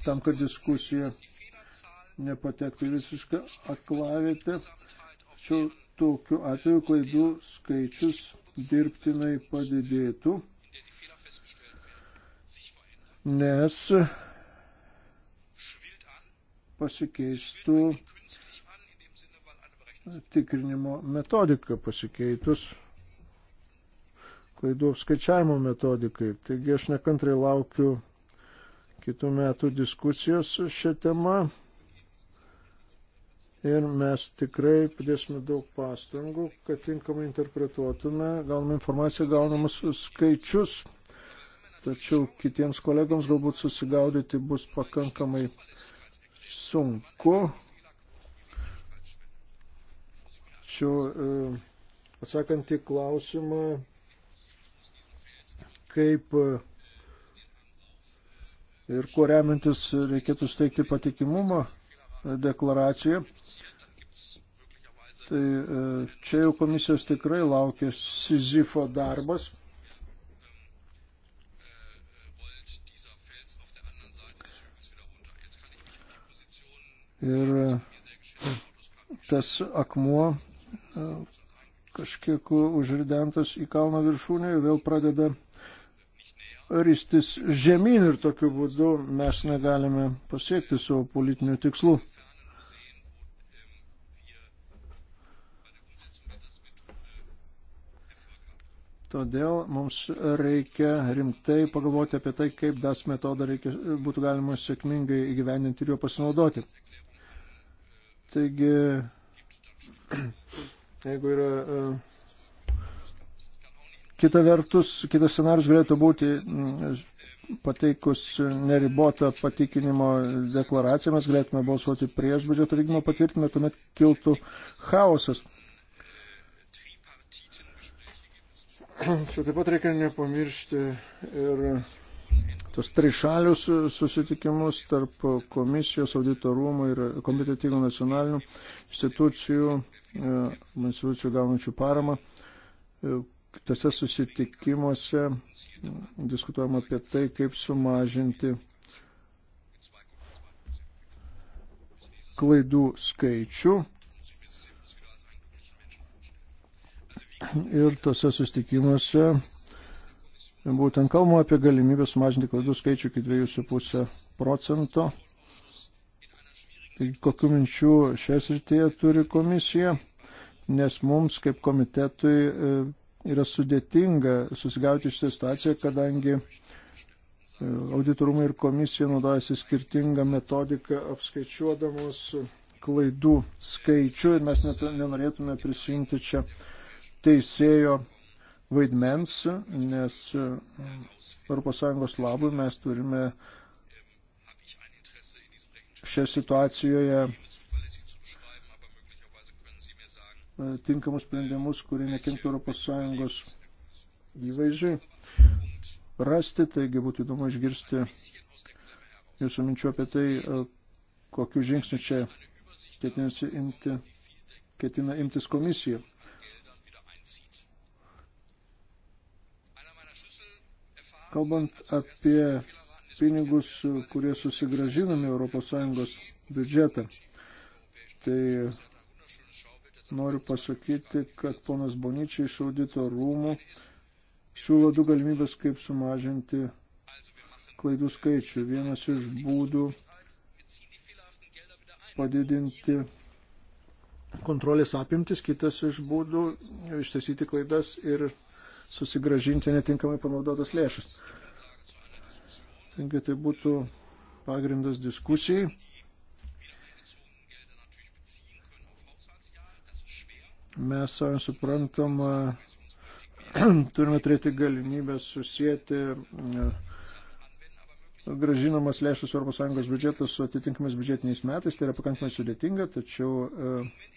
tam, kad diskusija nepatektų į visišką aklavietę, tačiau tokiu atveju klaidų skaičius dirbtinai padidėtų, nes pasikeistų tikrinimo metodika pasikeitus klaidų apskaičiavimo metodikai. Taigi aš nekantrai laukiu kitų metų diskusijos šią temą ir mes tikrai padėsime daug pastangų, kad tinkamai interpretuotume, gauname informaciją, gaunamus skaičius, tačiau kitiems kolegams galbūt susigaudyti bus pakankamai sunku. Čia e, atsakant į klausimą, kaip e, ir kuo remintis reikėtų steigti patikimumo deklaraciją. Tai e, čia jau komisijos tikrai laukia Sizifo darbas. Ir e, tas akmuo e, kažkiek užridentas į kalno viršūnę ir vėl pradeda ristis žemyn ir tokiu būdu mes negalime pasiekti savo politinių tikslų. Todėl mums reikia rimtai pagalvoti apie tai, kaip DAS metodą reikia, būtų galima sėkmingai įgyveninti ir juo pasinaudoti. Taigi, jeigu yra e, kita vertus, kitas scenarius galėtų būti mm, pateikus neribotą patikinimo deklaraciją, mes galėtume balsuoti prieš biudžeto vykdymo patvirtinimą, tuomet kiltų chaosas. Čia taip pat reikia nepamiršti ir tos trišalius e, susitikimus tarp komisijos, auditorumų ir kompetitingų nacionalinių institucijų, e, institucijų gaunančių paramą. E, tose susitikimuose diskutuojama apie tai, kaip sumažinti klaidų skaičių. Ir tose sustikimuose Būtent kalbama apie galimybę sumažinti klaidų skaičių iki 2,5 procento. Tai kokiu minčiu šią srityje turi komisija, nes mums kaip komitetui e, yra sudėtinga susigauti iš situaciją, kadangi e, auditorumai ir komisija naudojasi skirtingą metodiką apskaičiuodamos klaidų skaičių ir mes nenorėtume prisimti čia teisėjo vaidmens, nes ES labui mes turime šią situacijoje e, tinkamus sprendimus, kurie nekenktų ES įvaizdžiui rasti, taigi būtų įdomu išgirsti jūsų minčių apie tai, e, kokiu žingsniu čia ketinasi imti, ketina imtis komisija. Kalbant apie pinigus, kurie susigražinami ES biudžetą, tai noriu pasakyti, kad ponas Boničiai iš audito rūmų siūlo du galimybės, kaip sumažinti klaidų skaičių. Vienas iš būdų padidinti kontrolės apimtis, kitas iš būdų ištaisyti klaidas ir susigražinti netinkamai panaudotas lėšas. Taigi tai būtų pagrindas diskusijai. Mes, savai suprantam, turime turėti galimybę susijęti e, gražinamas lėšas ES biudžetas su atitinkamais biudžetiniais metais. Tai yra pakankamai sudėtinga, tačiau, e,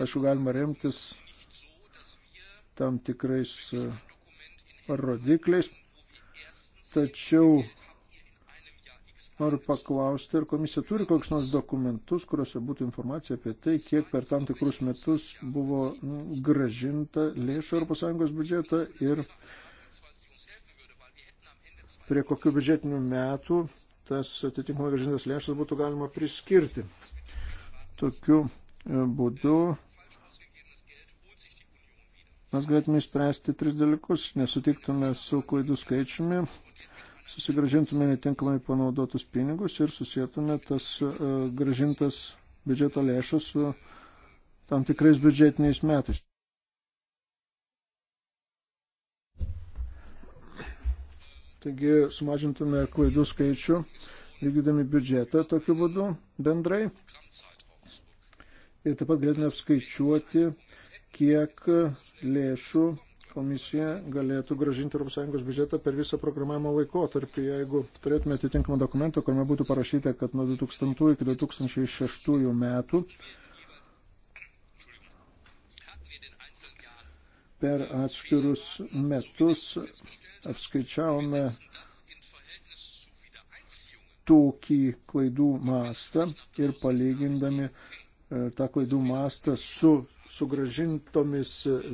aišku, galima remtis tam tikrais e, rodikliais. Tačiau noriu paklausti, ar komisija turi kokius nors dokumentus, kuriuose būtų informacija apie tai, kiek per tam tikrus metus buvo nu, gražinta lėšų ES biudžetą ir prie kokių biudžetinių metų tas atitinkamai gražintas lėšas būtų galima priskirti. Tokiu e, būdu mes galėtume išspręsti tris dalykus. Nesutiktume su klaidų skaičiumi, susigražintume netinkamai panaudotus pinigus ir susijėtume tas e, gražintas biudžeto lėšas su tam tikrais biudžetiniais metais. Taigi sumažintume klaidų skaičių, vykdydami biudžetą tokiu būdu bendrai. Ir taip pat galėtume apskaičiuoti uh, kiek lėšų komisija galėtų gražinti ES biudžetą per visą programavimo laikotarpį, jeigu turėtume atitinkamą dokumentą, kuriame būtų parašyta, kad nuo 2000 iki 2006 metų per atskirus metus apskaičiavome tokį klaidų mastą ir palygindami e, tą klaidų mastą su sugražintomis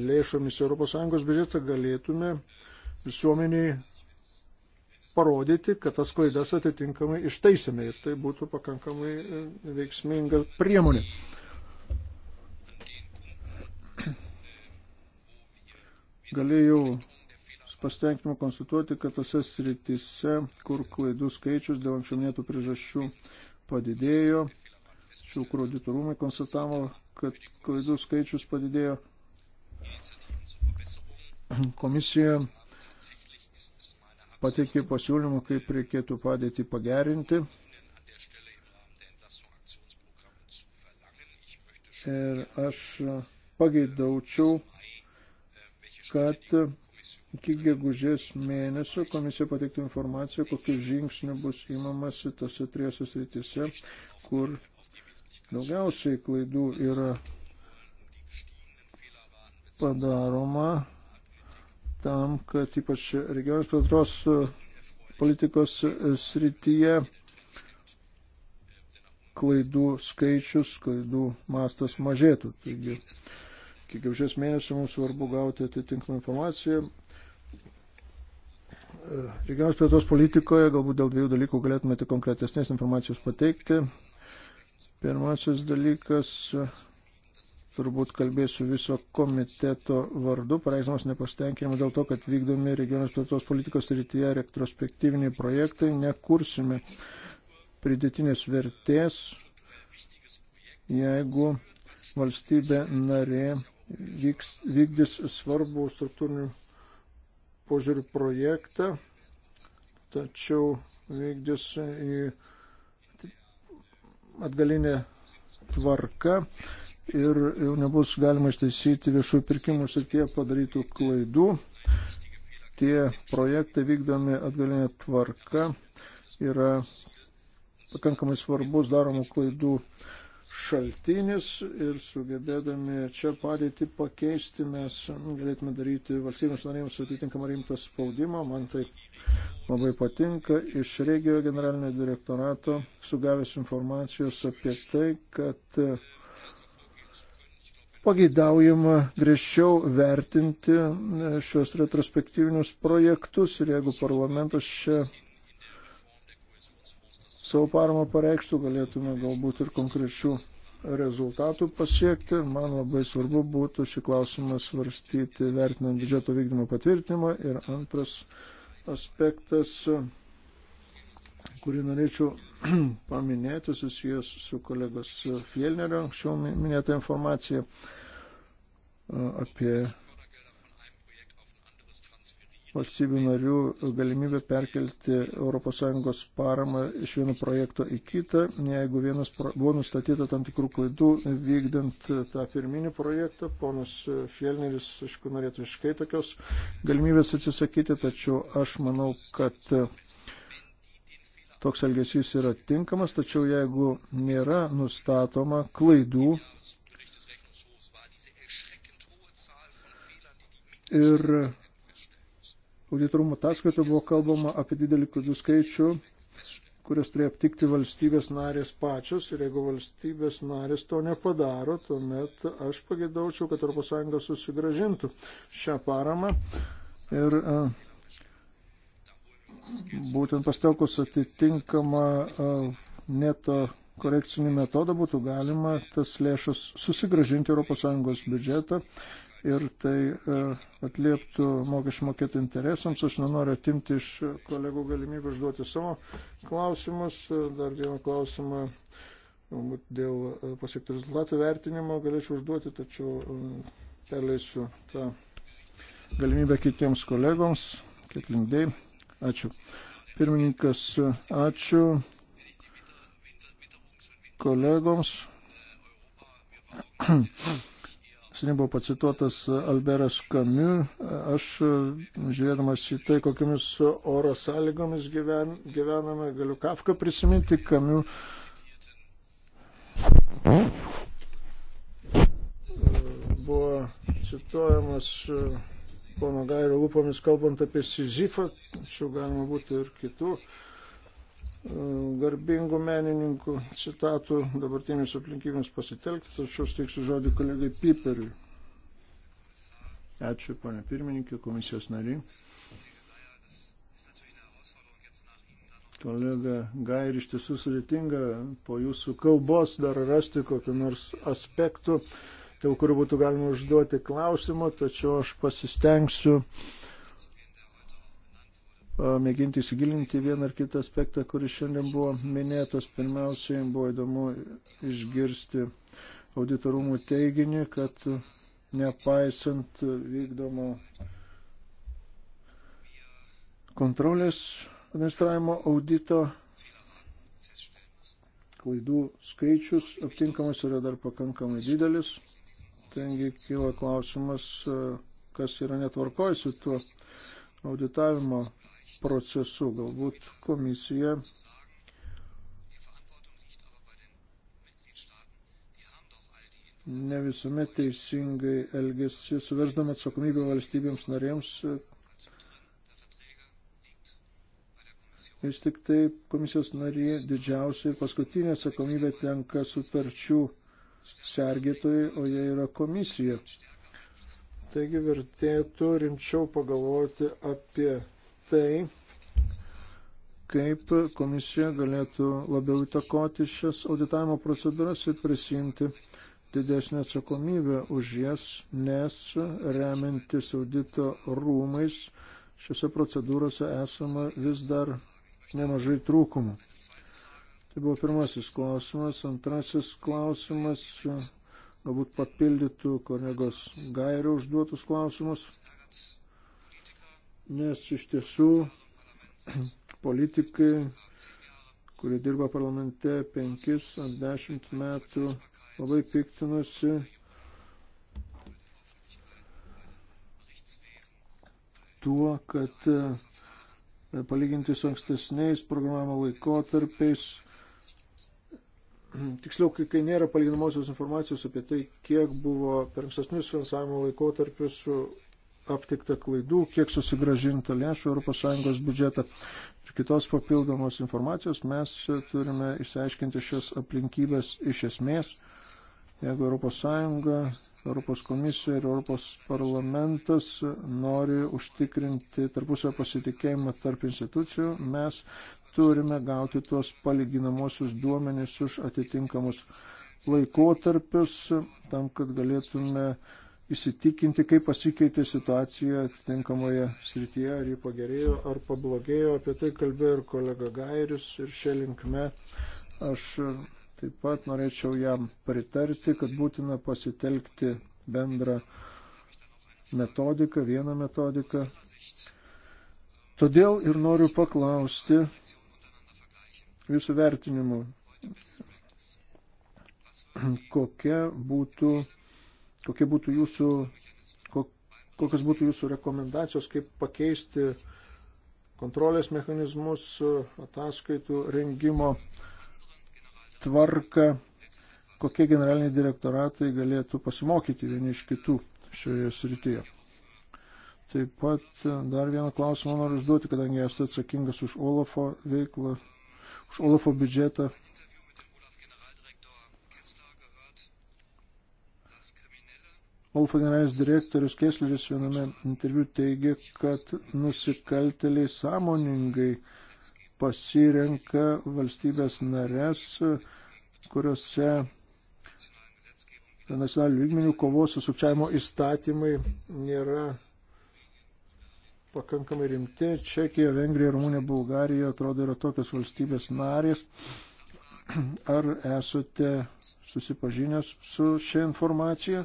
lėšomis ES biudžetą galėtume visuomeniai parodyti, kad tas klaidas atitinkamai ištaisėme ir tai būtų pakankamai e, veiksminga priemonė. Galėjau pasitenkinimą konstatuoti, kad tose sritise, kur klaidų skaičius dėl anksčiau minėtų priežasčių padidėjo, šių kreditorumai konstatavo kad klaidų skaičius padidėjo. Komisija pateikė pasiūlymų, kaip reikėtų padėtį pagerinti. Ir aš pageidaučiau, kad iki gegužės mėnesio komisija pateiktų informaciją, kokiu žingsniu bus įmamasi tose trijose srityse, kur Daugiausiai klaidų yra padaroma tam, kad ypač regionės plėtros politikos srityje klaidų skaičius, klaidų mastas mažėtų. Taigi, kiek jau šias mėnesį mums svarbu gauti atitinkamą informaciją. E, regionės plėtros politikoje galbūt dėl dviejų dalykų galėtumėte konkretesnės informacijos pateikti. Pirmasis dalykas, turbūt kalbėsiu viso komiteto vardu, pareikšdamas nepastenkinimą dėl to, kad vykdomi regionės plėtros politikos rytyje retrospektyviniai projektai, nekursime pridėtinės vertės, jeigu valstybė narė vyks, vykdys svarbų struktūrinių požiūrių projektą, tačiau vykdys į atgalinė tvarka ir jau nebus galima ištaisyti viešųjų pirkimų srityje padarytų klaidų. Tie projektai vykdomi atgalinė tvarka yra pakankamai svarbus daromų klaidų šaltinis ir sugebėdami čia padėti pakeisti mes galėtume daryti valstybės narėms atitinkamą rimtą spaudimą. Man tai labai patinka. Iš regio generalinio direktorato sugavęs informacijos apie tai, kad e, pageidaujama griežčiau vertinti e, šios retrospektyvinius projektus ir jeigu parlamentas čia savo paramą pareikštų, galėtume galbūt ir konkrečių rezultatų pasiekti. Man labai svarbu būtų šį klausimą svarstyti vertinant biudžeto vykdymo patvirtinimą ir antras aspektas, kurį norėčiau paminėti, susijęs su kolegos Fielnerio anksčiau minėta informacija apie valstybių narių galimybę perkelti ES paramą iš vieno projekto į kitą, jeigu vienas pro, buvo nustatyta tam tikrų klaidų vykdant tą pirminį projektą. Ponas Fielneris, aišku, norėtų visiškai tokios galimybės atsisakyti, tačiau aš manau, kad toks elgesys yra tinkamas, tačiau jeigu nėra nustatoma klaidų, Ir auditorumo ataskaitoje buvo kalbama apie didelį klaidų skaičių, kurias turėjo aptikti valstybės narės pačios ir jeigu valstybės narės to nepadaro, tuomet aš pagėdaučiau, kad ES susigražintų šią paramą ir e, būtent pastelkus atitinkamą e, neto korekcinį metodą būtų galima tas lėšas susigražinti ES biudžetą ir tai e, atlieptų mokesčių mokėtų interesams. Aš nenoriu atimti iš kolegų galimybę užduoti savo klausimus. E, dar vieną klausimą galbūt dėl e, pasiektų rezultatų vertinimo galėčiau užduoti, tačiau perleisiu tą galimybę kitiems kolegoms. Ketlindai. Ačiū. Pirmininkas, ačiū kolegoms. Seniai buvo pacituotas Alberas Kamiu. Aš, žiūrėdamas į tai, kokiamis oro sąlygomis gyven, gyvename, galiu Kafką prisiminti, Kamiu. Buvo cituojamas pono Gairio lūpomis kalbant apie Sizifą, tačiau galima būtų ir kitų garbingų menininkų citatų dabartinius aplinkybėms pasitelkti, tačiau steiksiu žodį kolegai Piperiui. Ačiū, ponė pirmininkė, komisijos nariai. Kolega Gair, iš tiesų sudėtinga po jūsų kalbos dar rasti kokiu nors aspektu, dėl kurių būtų galima užduoti klausimą, tačiau aš pasistengsiu uh, mėginti įsigilinti vieną ar kitą aspektą, kuris šiandien buvo minėtas. Pirmiausiai buvo įdomu išgirsti auditorumų teiginį, kad nepaisant vykdomo kontrolės administravimo audito klaidų skaičius aptinkamas yra dar pakankamai didelis. Tengi kyla klausimas, kas yra netvarkoj su tuo auditavimo procesu. Galbūt komisija ne visuomet teisingai elgesi, suversdama atsakomybę valstybėms narėms. Vis tik tai komisijos narė didžiausia ir paskutinė atsakomybė tenka sutarčių sergėtojai, o jie yra komisija. Taigi vertėtų rimčiau pagalvoti apie tai, kaip komisija galėtų labiau įtakoti šias auditavimo procedūras ir prisimti didesnį atsakomybę už jas, nes remiantis audito rūmais šiuose procedūrose esama vis dar nemažai trūkumų. Tai buvo pirmasis klausimas. Antrasis klausimas galbūt papildytų kolegos gairio užduotus klausimus nes iš tiesų politikai, kurie dirba parlamente 5-10 metų, labai piktinusi tuo, kad e, palyginti su ankstesniais programavimo laikotarpiais, tiksliau, kai, kai nėra palyginamosios informacijos apie tai, kiek buvo per ankstesnius finansavimo laikotarpius aptikta klaidų, kiek susigražinta lėšų ES biudžetą ir kitos papildomos informacijos, mes turime išsiaiškinti šias aplinkybės iš esmės. Jeigu ES, ES komisija ir ES parlamentas nori užtikrinti tarpusio pasitikėjimą tarp institucijų, mes turime gauti tuos palyginamosius duomenys už atitinkamus laikotarpius, tam, kad galėtume uh, įsitikinti, kaip pasikeitė situacija atitinkamoje srityje, ar jį pagerėjo, ar pablogėjo. Apie tai kalbėjo ir kolega Gairis ir šią linkme aš taip pat norėčiau jam pritarti, kad būtina pasitelkti bendrą metodiką, vieną metodiką. Todėl ir noriu paklausti jūsų vertinimu, kokia būtų kokie būtų jūsų, kokios būtų jūsų rekomendacijos, kaip pakeisti kontrolės mechanizmus, ataskaitų rengimo tvarką, kokie generaliniai direktoratai galėtų pasimokyti vieni iš kitų šioje srityje. Taip pat dar vieną klausimą noriu užduoti, kadangi esu atsakingas už Olafo veiklą, už Olafo biudžetą Olfa generalinis direktorius Kesleris viename interviu teigia, kad nusikalteliai sąmoningai pasirenka valstybės narės, kuriuose nacionalinių lygmenių kovos su sukčiavimo įstatymai nėra pakankamai rimti. Čekija, Vengrija, Rumunija, Bulgarija atrodo yra tokios valstybės narės. Ar esate susipažinęs su šia informacija?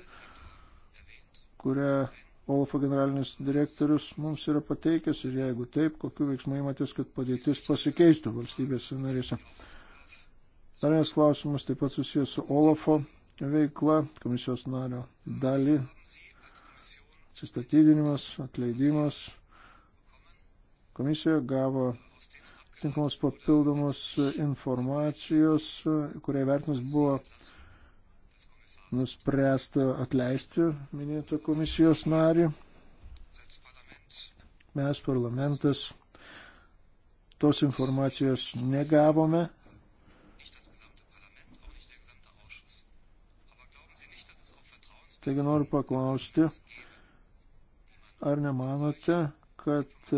kurią Olafo generalinis direktorius mums yra pateikęs ir jeigu taip, kokiu veiksmu įmatės, kad padėtis pasikeistų valstybėse narėse. Dar vienas klausimas taip pat susijęs su Olafo veikla, komisijos nario dalį, atsistatydinimas, atleidimas. Komisija gavo tinkamos papildomos informacijos, kuriai vertinus buvo nuspręsta atleisti minėtą komisijos narį. Mes parlamentas tos informacijos negavome. Taigi noriu paklausti, ar nemanote, kad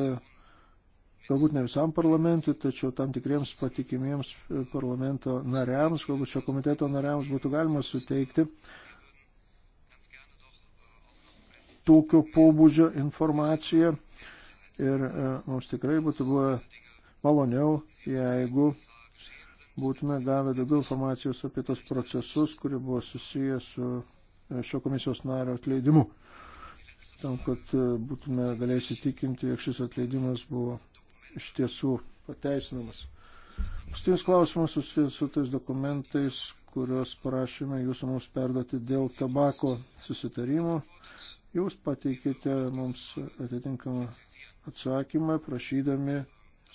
galbūt ne visam parlamentui, tačiau tam tikriems patikimiems e, parlamento nariams, galbūt šio komiteto nariams būtų galima suteikti tokio pobūdžio informaciją ir e, mums tikrai būtų buvę maloniau, jeigu būtume gavę daugiau informacijos apie tos procesus, kurie buvo susiję su e, šio komisijos nario atleidimu. Tam, kad būtume galėję įsitikinti, jog šis atleidimas buvo iš tiesų pateisinamas. Paskutinis klausimas susijęs su tais dokumentais, kuriuos parašėme jūsų mums perduoti dėl tabako susitarimo. Jūs pateikite mums atitinkamą atsakymą, prašydami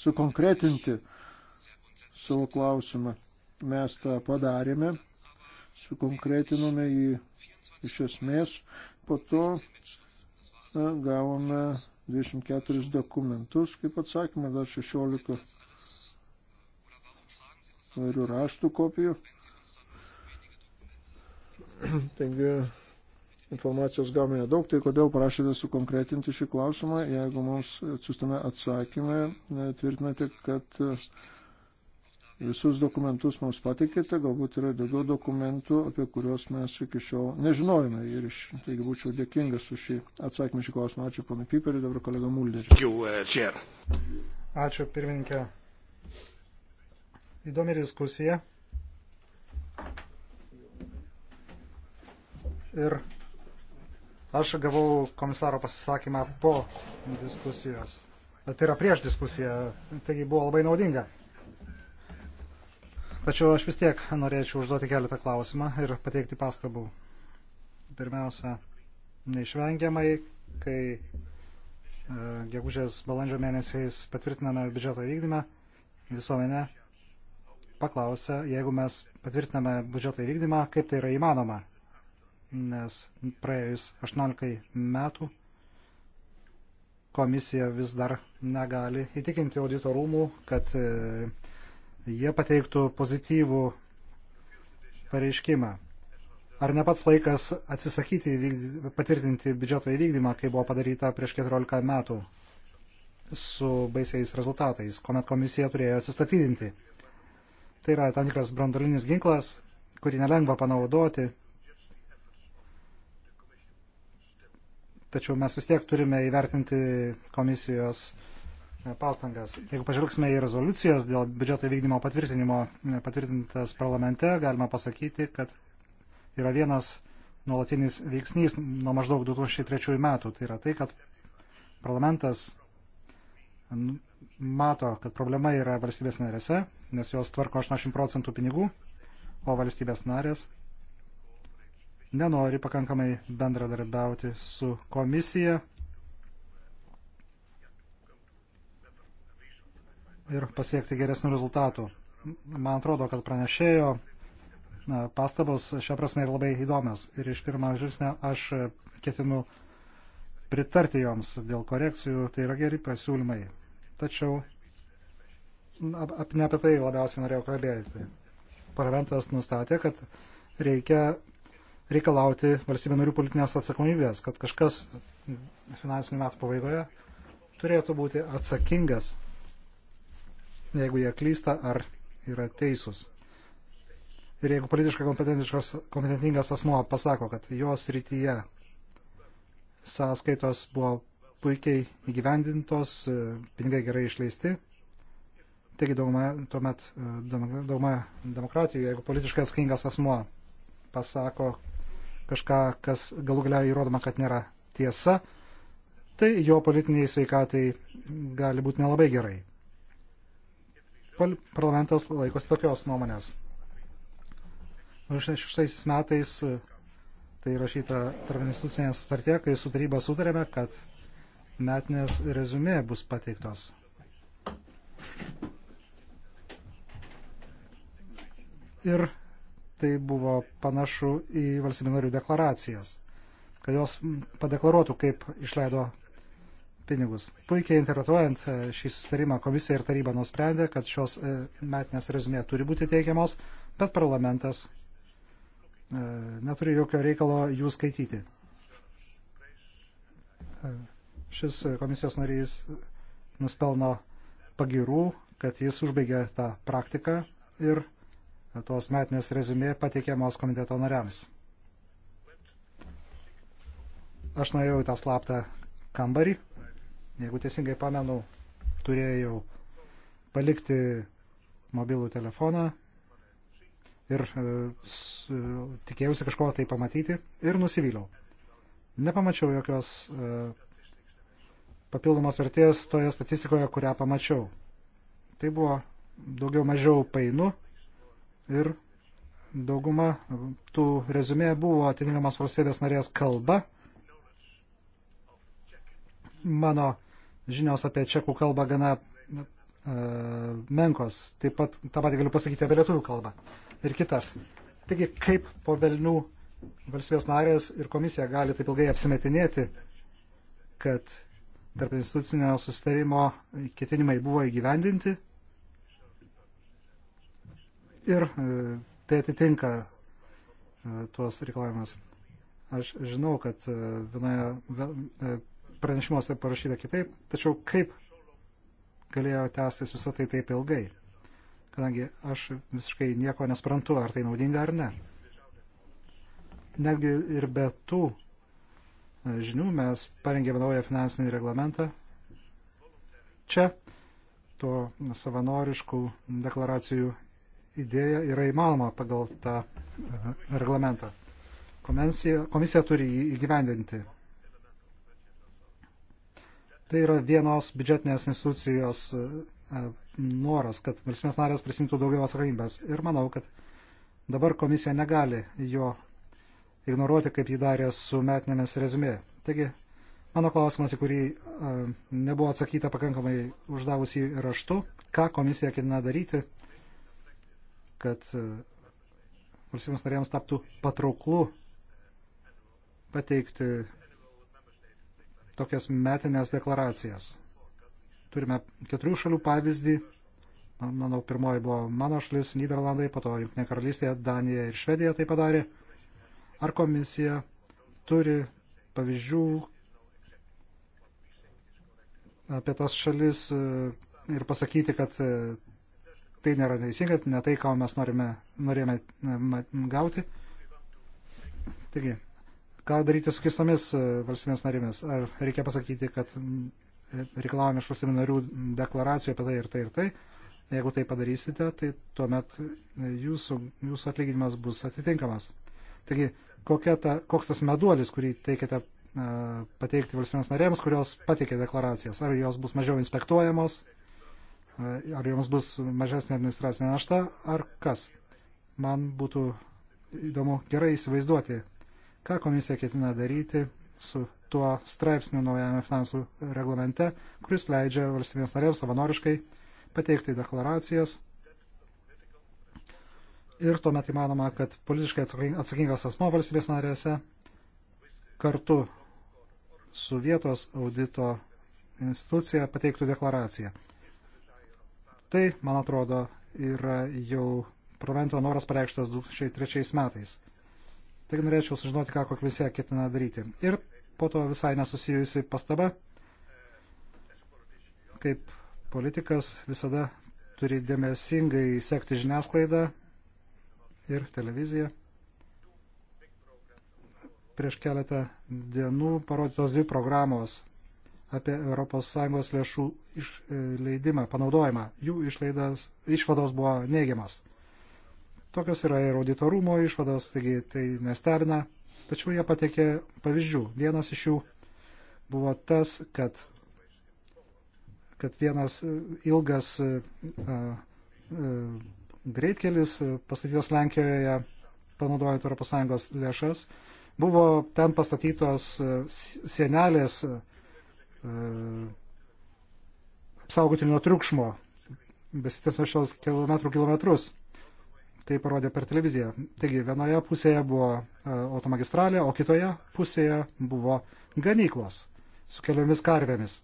sukonkretinti savo klausimą. Mes tą padarėme, sukonkretinome jį iš esmės, po to na, gavome 24 dokumentus, kaip atsakymą, dar 16 varių raštų kopijų. Taigi informacijos gavome nedaug, tai kodėl prašėte sukonkretinti šį klausimą, jeigu mums atsistume atsakymą, tvirtinate, kad Visus dokumentus mums patikėte, galbūt yra daugiau dokumentų, apie kuriuos mes iki šiol nežinojame. Ir iš, taigi būčiau dėkingas už šį atsakymą šį klausimą. Ačiū ponui Piperiui, dabar kolega Mulderį. Uh, Ačiū pirmininkė. Įdomi diskusija. Ir aš gavau komisaro pasisakymą po diskusijos. Tai yra prieš diskusiją, taigi buvo labai naudinga. Tačiau aš vis tiek norėčiau užduoti keletą klausimą ir pateikti pastabų. Pirmiausia, neišvengiamai, kai e, gegužės balandžio mėnesiais patvirtiname biudžeto vykdymą, visuomenė paklausė, jeigu mes patvirtiname biudžeto įvykdymą, kaip tai yra įmanoma, nes praėjus 18 metų komisija vis dar negali įtikinti auditorumų, kad e, jie pateiktų pozityvų pareiškimą. Ar ne pats laikas atsisakyti patvirtinti biudžeto įvykdymą, kai buvo padaryta prieš 14 metų su baisiais rezultatais, kuomet komisija turėjo atsistatydinti? Tai yra tam tikras brandolinis ginklas, kurį nelengva panaudoti, tačiau mes vis tiek turime įvertinti komisijos uh, pastangas. Jeigu pažvelgsime į rezoliucijas dėl biudžeto įvykdymo patvirtinimo e, patvirtintas parlamente, galima pasakyti, kad yra vienas nuolatinis veiksnys nuo maždaug 2003 metų. Tai yra tai, kad parlamentas mato, kad problema yra valstybės narėse, nes jos tvarko 80 procentų pinigų, o valstybės narės nenori pakankamai bendradarbiauti su komisija ir pasiekti geresnių rezultatų. Man atrodo, kad pranešėjo pastabos šią prasme yra labai įdomios ir iš pirmą žingsnį aš ketinu pritarti joms dėl korekcijų, tai yra geri pasiūlymai. Tačiau ap, ne apie tai labiausiai norėjau kalbėti. Parlamentas nustatė, kad reikia reikalauti valstybė narių politinės atsakomybės, kad kažkas finansinių metų pabaigoje turėtų būti atsakingas jeigu jie klysta ar yra teisūs. Ir jeigu politiškai kompetentingas asmo pasako, kad jos rytyje sąskaitos buvo puikiai įgyvendintos, pinigai gerai išleisti, taigi dauguma, tuomet e, dauguma demokratijų, jeigu politiškai atsakingas asmo pasako kažką, kas galų galia įrodoma, kad nėra tiesa, tai jo politiniai sveikatai gali būti nelabai gerai. Parlamentas laikosi tokios nuomonės. 2006 metais e, tai rašyta tarpinstitucinėje sutartėje, kai su taryba sutarėme, kad metinės rezumė bus pateiktos. Ir tai buvo panašu į valstybinarių deklaracijas, kad jos padeklaruotų, kaip išleido pinigus. Puikiai interpretuojant e, šį sustarimą, komisija ir taryba nusprendė, kad šios e, metinės rezumė turi būti teikiamos, bet parlamentas e, neturi jokio reikalo jų skaityti. Šis komisijos narys nuspelno pagirų, kad jis užbaigė tą praktiką ir tuos metinės rezumė pateikiamos komiteto nariams. Aš nuėjau į tą slaptą kambarį Jeigu teisingai pamenu, turėjau palikti mobilų telefoną ir e, tikėjausi kažko tai pamatyti ir nusivyliau. Nepamačiau jokios e, papildomos vertės toje statistikoje, kurią pamačiau. Tai buvo daugiau mažiau painu ir dauguma tų rezumė buvo atitinkamas valstybės narės kalba. Mano žinios apie čekų kalbą gana e, menkos. Taip pat tą patį galiu pasakyti apie lietuvių kalbą ir kitas. Taigi, kaip po velnių valstybės narės ir komisija gali taip ilgai apsimetinėti, kad tarp institucinio sustarimo ketinimai buvo įgyvendinti ir e, tai atitinka e, tuos reikalavimus. Aš žinau, kad e, vienoje pranešimuose parašyta kitaip, tačiau kaip galėjo tęstis visą tai taip ilgai, kadangi aš visiškai nieko nesprantu, ar tai naudinga ar ne. Netgi ir be tų e, žinių mes parengėme naują finansinį reglamentą. Čia to savanoriškų deklaracijų idėja yra įmanoma pagal tą e, reglamentą. Komisija, komisija turi jį įgyvendinti. Tai yra vienos biudžetinės institucijos e, noras, kad valstybės narės prisimtų daugiau atsakomybės. Ir manau, kad dabar komisija negali jo ignoruoti, kaip jį darė su metinėmis rezumė. Taigi, mano klausimas, į kurį e, nebuvo atsakyta pakankamai uždavus jį raštu, ką komisija ketina daryti, kad e, valstybės narėms taptų patrauklu pateikti tokias metinės deklaracijas. Turime keturių šalių pavyzdį. Manau, pirmoji buvo mano šalis, Niderlandai, po to Junktinė karalystė, Danija ir Švedija tai padarė. Ar komisija turi pavyzdžių apie tas šalis e, ir pasakyti, kad e, tai nėra teisinga, ne tai, ką mes norime, norėjome e, gauti. Taigi, ką daryti su kistomis e, valstybės narėmis? Ar reikia pasakyti, kad e, reikalavome iš valstybių narių deklaracijų apie tai ir tai ir tai? Jeigu tai padarysite, tai tuomet e, jūsų, jūsų atlyginimas bus atitinkamas. Taigi, ta, koks tas meduolis, kurį teikite pateikti valstybės narėms, kurios pateikė deklaracijas? Ar jos bus mažiau inspektuojamos? Ar joms bus mažesnė administracinė našta? Ar kas? Man būtų įdomu gerai įsivaizduoti, Ką komisija ketina daryti su tuo straipsniu naujame finansų reglamente, kuris leidžia valstybės narėms savanoriškai pateikti deklaracijas ir tuomet įmanoma, kad politiškai atsakingas asmo valstybės narėse kartu su vietos audito institucija pateiktų deklaraciją. Tai, man atrodo, yra jau parlamento noras pareikštas 2003 metais. Tik norėčiau sužinoti, ką kokvisė ketina daryti. Ir po to visai nesusijusi pastaba, kaip politikas visada turi dėmesingai sekti žiniasklaidą ir televiziją. Prieš keletą dienų parodytos dvi programos apie ES lėšų išleidimą, e, panaudojimą. Jų išlaidas, išvados buvo neigiamas. Tokios yra ir auditorumo išvados, taigi tai nestebina. Tačiau jie patekė pavyzdžių. Vienas iš jų buvo tas, kad, kad vienas ilgas a, e, a, e, greitkelis pastatytas Lenkijoje, panaudojant ES lėšas, buvo ten pastatytos e, sienelės a, apsaugoti nuo triukšmo, besitęsančios kilometrų kilometrus. kilometrus tai parodė per televiziją. Taigi vienoje pusėje buvo e, automagistralė, o kitoje pusėje buvo ganyklos su keliomis karvėmis.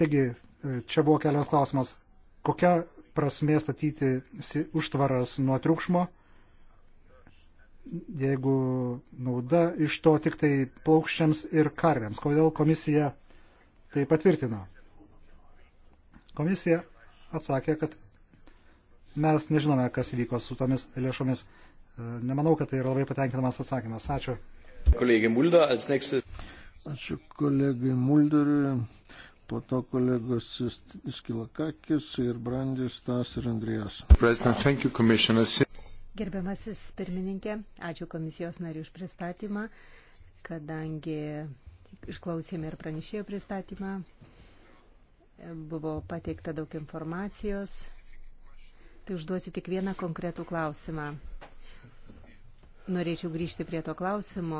Taigi e, čia buvo kelias klausimas, kokia prasmė statyti užtvaras nuo triukšmo, jeigu nauda iš to tik tai paukščiams ir karvėms. Kodėl komisija tai patvirtino? Komisija atsakė, kad Mes nežinome, kas įvyko su tomis lėšomis. E, nemanau, kad tai yra labai patenkinamas atsakymas. Ačiū. Kolegė Mulda, atsneksi. Ačiū kolegai Mulderiui, po to kolegos Skilakakis ir Brandis Tas ir Andrijas. Gerbiamasis pirmininkė, ačiū komisijos narių už pristatymą, kadangi išklausėme ir pranešėjo pristatymą, buvo pateikta daug informacijos tai užduosiu tik vieną konkretų klausimą. Norėčiau grįžti prie to klausimo,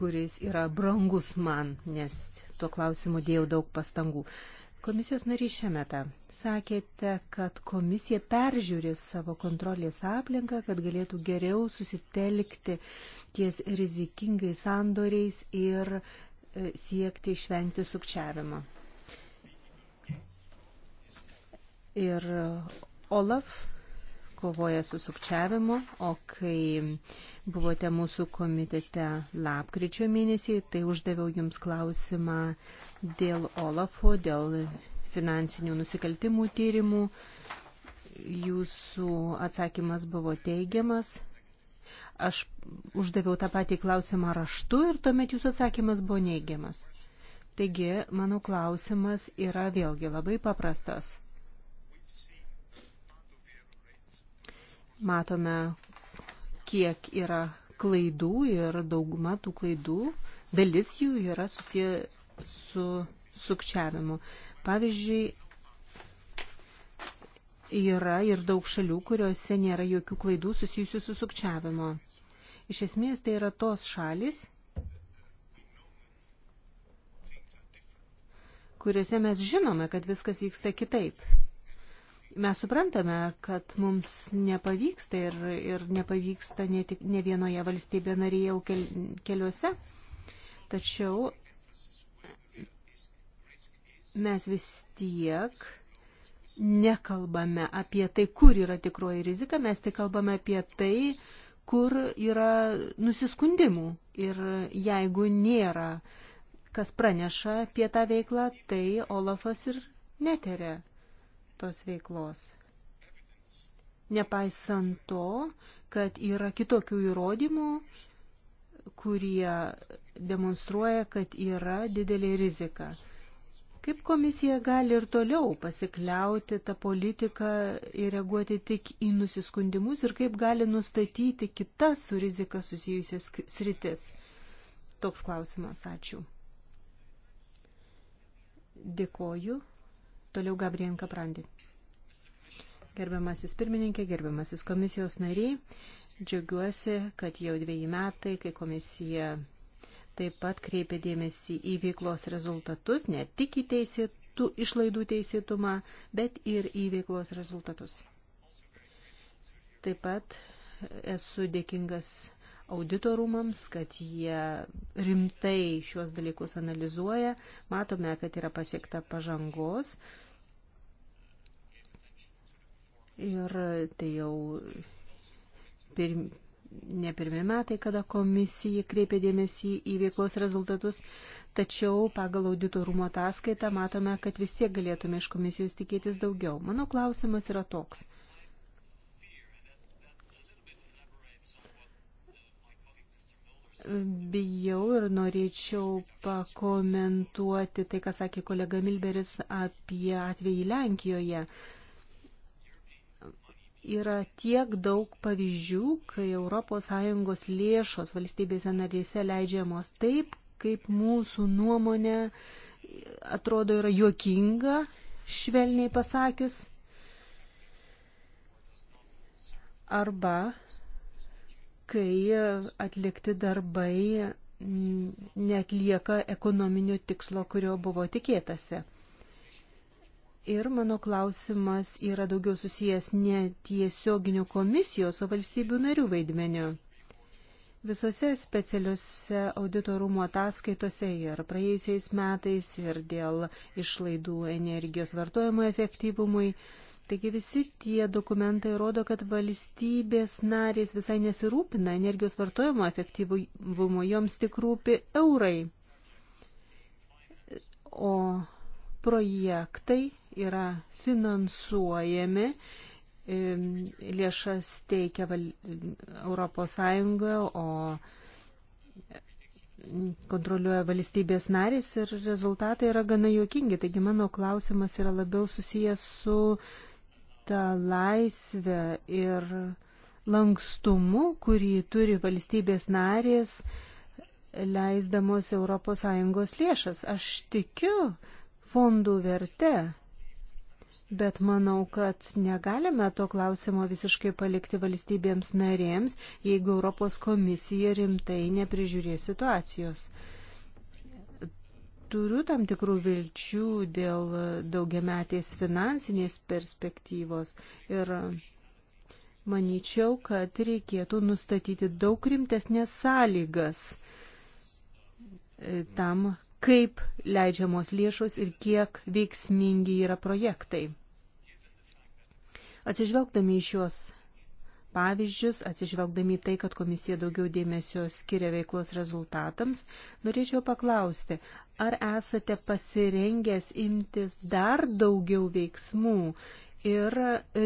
kuris yra brangus man, nes tuo klausimu dėjau daug pastangų. Komisijos narys šiametą sakėte, kad komisija peržiūrės savo kontrolės aplinką, kad galėtų geriau susitelkti ties rizikingais sandoriais ir e, siekti išvengti sukčiavimo. Ir OLAF kovoja su sukčiavimu, o kai buvote mūsų komitete lapkričio mėnesį, tai uždaviau Jums klausimą dėl OLAFO, dėl finansinių nusikaltimų tyrimų. Jūsų atsakymas buvo teigiamas. Aš uždaviau tą patį klausimą raštu ir tuomet jūsų atsakymas buvo neigiamas. Taigi, mano klausimas yra vėlgi labai paprastas. matome, kiek yra klaidų ir dauguma tų klaidų, dalis jų yra susiję su sukčiavimu. Pavyzdžiui, yra ir daug šalių, kuriuose nėra jokių klaidų susijusių su sukčiavimo. Iš esmės tai yra tos šalis, kuriuose mes žinome, kad viskas vyksta kitaip. Mes suprantame, kad mums nepavyksta ir, ir nepavyksta ne, tik, ne vienoje valstybė narėje, o kel, keliuose. Tačiau mes vis tiek nekalbame apie tai, kur yra tikroji rizika, mes tik kalbame apie tai, kur yra nusiskundimų. Ir jeigu nėra, kas praneša apie tą veiklą, tai Olafas ir neteria tos veiklos. Nepaisant to, kad yra kitokių įrodymų, kurie demonstruoja, kad yra didelė rizika. Kaip komisija gali ir toliau pasikliauti tą politiką ir reaguoti tik į nusiskundimus ir kaip gali nustatyti kitas su rizika susijusias sritis? Toks klausimas. Ačiū. Dėkoju. Toliau Gabrien Kaprandi. Gerbiamasis pirmininkė, gerbiamasis komisijos nariai, džiaugiuosi, kad jau dviejį metai, kai komisija taip pat kreipia dėmesį į veiklos rezultatus, ne tik į teisėtų, išlaidų teisėtumą, bet ir į veiklos rezultatus. Taip pat esu dėkingas auditorumams, kad jie rimtai šiuos dalykus analizuoja. Matome, kad yra pasiekta pažangos. Ir tai jau pirm, ne pirmie metai, kada komisija kreipė dėmesį į veiklos rezultatus, tačiau pagal auditorumo ataskaitą matome, kad vis tiek galėtume iš komisijos tikėtis daugiau. Mano klausimas yra toks. Bijau ir norėčiau pakomentuoti tai, ką sakė kolega Milberis apie atvejį Lenkijoje. Yra tiek daug pavyzdžių, kai ES lėšos valstybėse narėse leidžiamos taip, kaip mūsų nuomonė atrodo yra juokinga, švelniai pasakius. Arba kai atlikti darbai netlieka ekonominio tikslo, kurio buvo tikėtasi. Ir mano klausimas yra daugiau susijęs ne tiesioginių komisijos, o valstybių narių vaidmeniu. Visose specialiuose auditorumo ataskaitose ir praėjusiais metais ir dėl išlaidų energijos vartojimo efektyvumui Taigi visi tie dokumentai rodo, kad valstybės narės visai nesirūpina energijos vartojimo efektyvumu, joms tik rūpi eurai. O projektai yra finansuojami, lėšas teikia Europos Sąjunga, o kontroliuoja valstybės narys ir rezultatai yra gana juokingi. Taigi mano klausimas yra labiau susijęs su ta laisvė ir lankstumu, kurį turi valstybės narės, leisdamos ES lėšas. Aš tikiu fondų verte, bet manau, kad negalime to klausimo visiškai palikti valstybėms narėms, jeigu Europos komisija rimtai neprižiūrės situacijos turiu tam tikrų vilčių dėl daugiametės finansinės perspektyvos ir manyčiau, kad reikėtų nustatyti daug rimtesnės sąlygas e, tam, kaip leidžiamos lėšos ir kiek veiksmingi yra projektai. Atsižvelgdami į šios pavyzdžius, atsižvelgdami į tai, kad komisija daugiau dėmesio skiria veiklos rezultatams, norėčiau paklausti, ar esate pasirengęs imtis dar daugiau veiksmų ir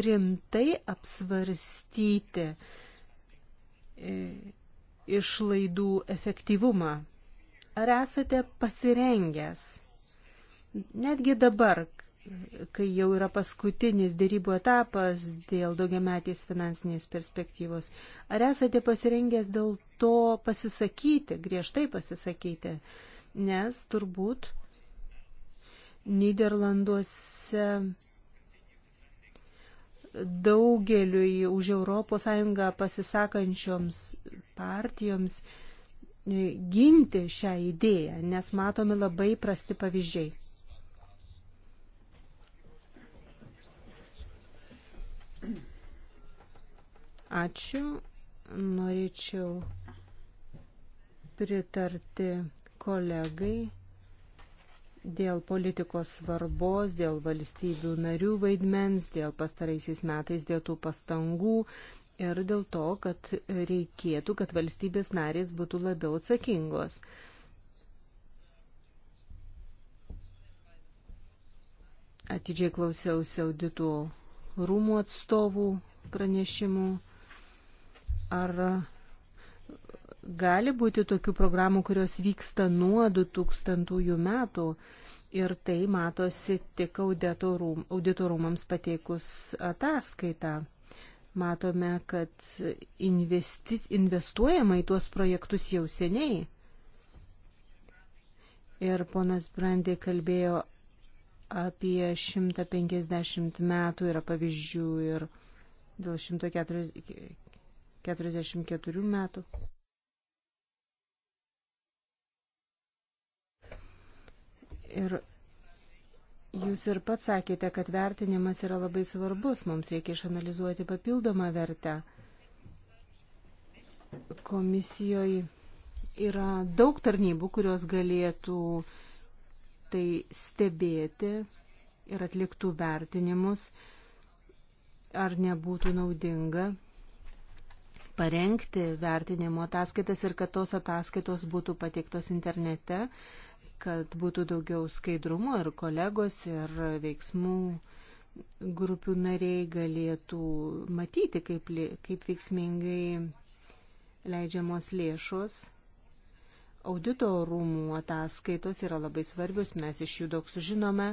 rimtai apsvarstyti e, išlaidų efektyvumą? Ar esate pasirengęs? Netgi dabar, kai jau yra paskutinis dėrybų etapas dėl daugiametės finansinės perspektyvos, ar esate pasirengęs dėl to pasisakyti, griežtai pasisakyti? nes turbūt Niderlanduose daugeliui už ES pasisakančioms partijoms e, ginti šią idėją, nes matomi labai prasti pavyzdžiai. Ačiū. Norėčiau pritarti kolegai dėl politikos svarbos, dėl valstybių narių vaidmens, dėl pastaraisiais metais dėtų pastangų ir dėl to, kad reikėtų, kad valstybės narės būtų labiau atsakingos. Atidžiai klausiausi auditų rūmų atstovų pranešimų. Ar gali būti tokių programų, kurios vyksta nuo 2000 metų ir tai matosi tik auditorum, auditorumams pateikus ataskaitą. Matome, kad investi, investuojama į tuos projektus jau seniai. Ir ponas Brandė kalbėjo apie 150 metų, yra pavyzdžių ir dėl 144 metų. Ir jūs ir pats sakėte, kad vertinimas yra labai svarbus, mums reikia išanalizuoti papildomą vertę. Komisijoje yra daug tarnybų, kurios galėtų tai stebėti ir atliktų vertinimus, ar nebūtų naudinga parengti vertinimo ataskaitas ir kad tos ataskaitos būtų pateiktos internete, kad būtų daugiau skaidrumo ir kolegos ir veiksmų grupių nariai galėtų matyti, kaip, kaip veiksmingai leidžiamos lėšos. Audito rūmų ataskaitos yra labai svarbios, mes iš jų daug sužinome.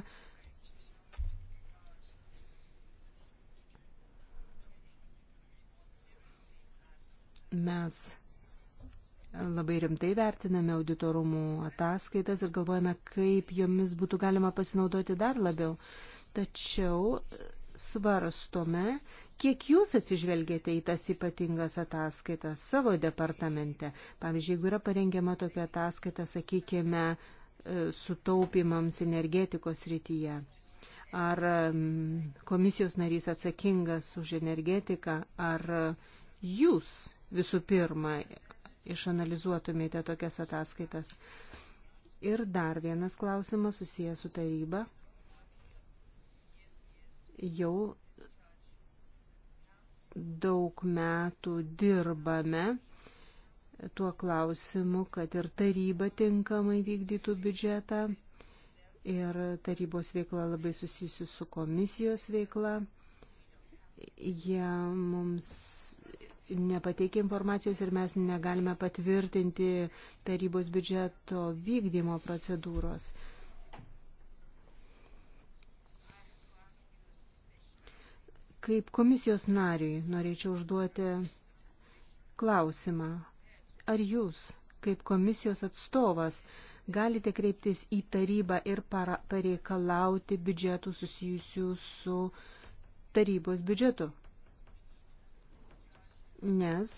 Mes labai rimtai vertiname auditorumų ataskaitas ir galvojame, kaip jomis būtų galima pasinaudoti dar labiau. Tačiau svarstome, kiek jūs atsižvelgėte į tas ypatingas ataskaitas savo departamente. Pavyzdžiui, jeigu yra parengiama tokia ataskaita, sakykime, e, sutaupimams energetikos rytyje. Ar komisijos narys atsakingas už energetiką, ar jūs visų pirma išanalizuotumėte tokias ataskaitas. Ir dar vienas klausimas susijęs su taryba. Jau daug metų dirbame tuo klausimu, kad ir taryba tinkamai vykdytų biudžetą ir tarybos veikla labai susijusi su komisijos veikla. Jie mums nepateikė informacijos ir mes negalime patvirtinti tarybos biudžeto vykdymo procedūros. Kaip komisijos nariui norėčiau užduoti klausimą. Ar jūs, kaip komisijos atstovas, galite kreiptis į tarybą ir pareikalauti biudžetų susijusių su tarybos biudžetu? nes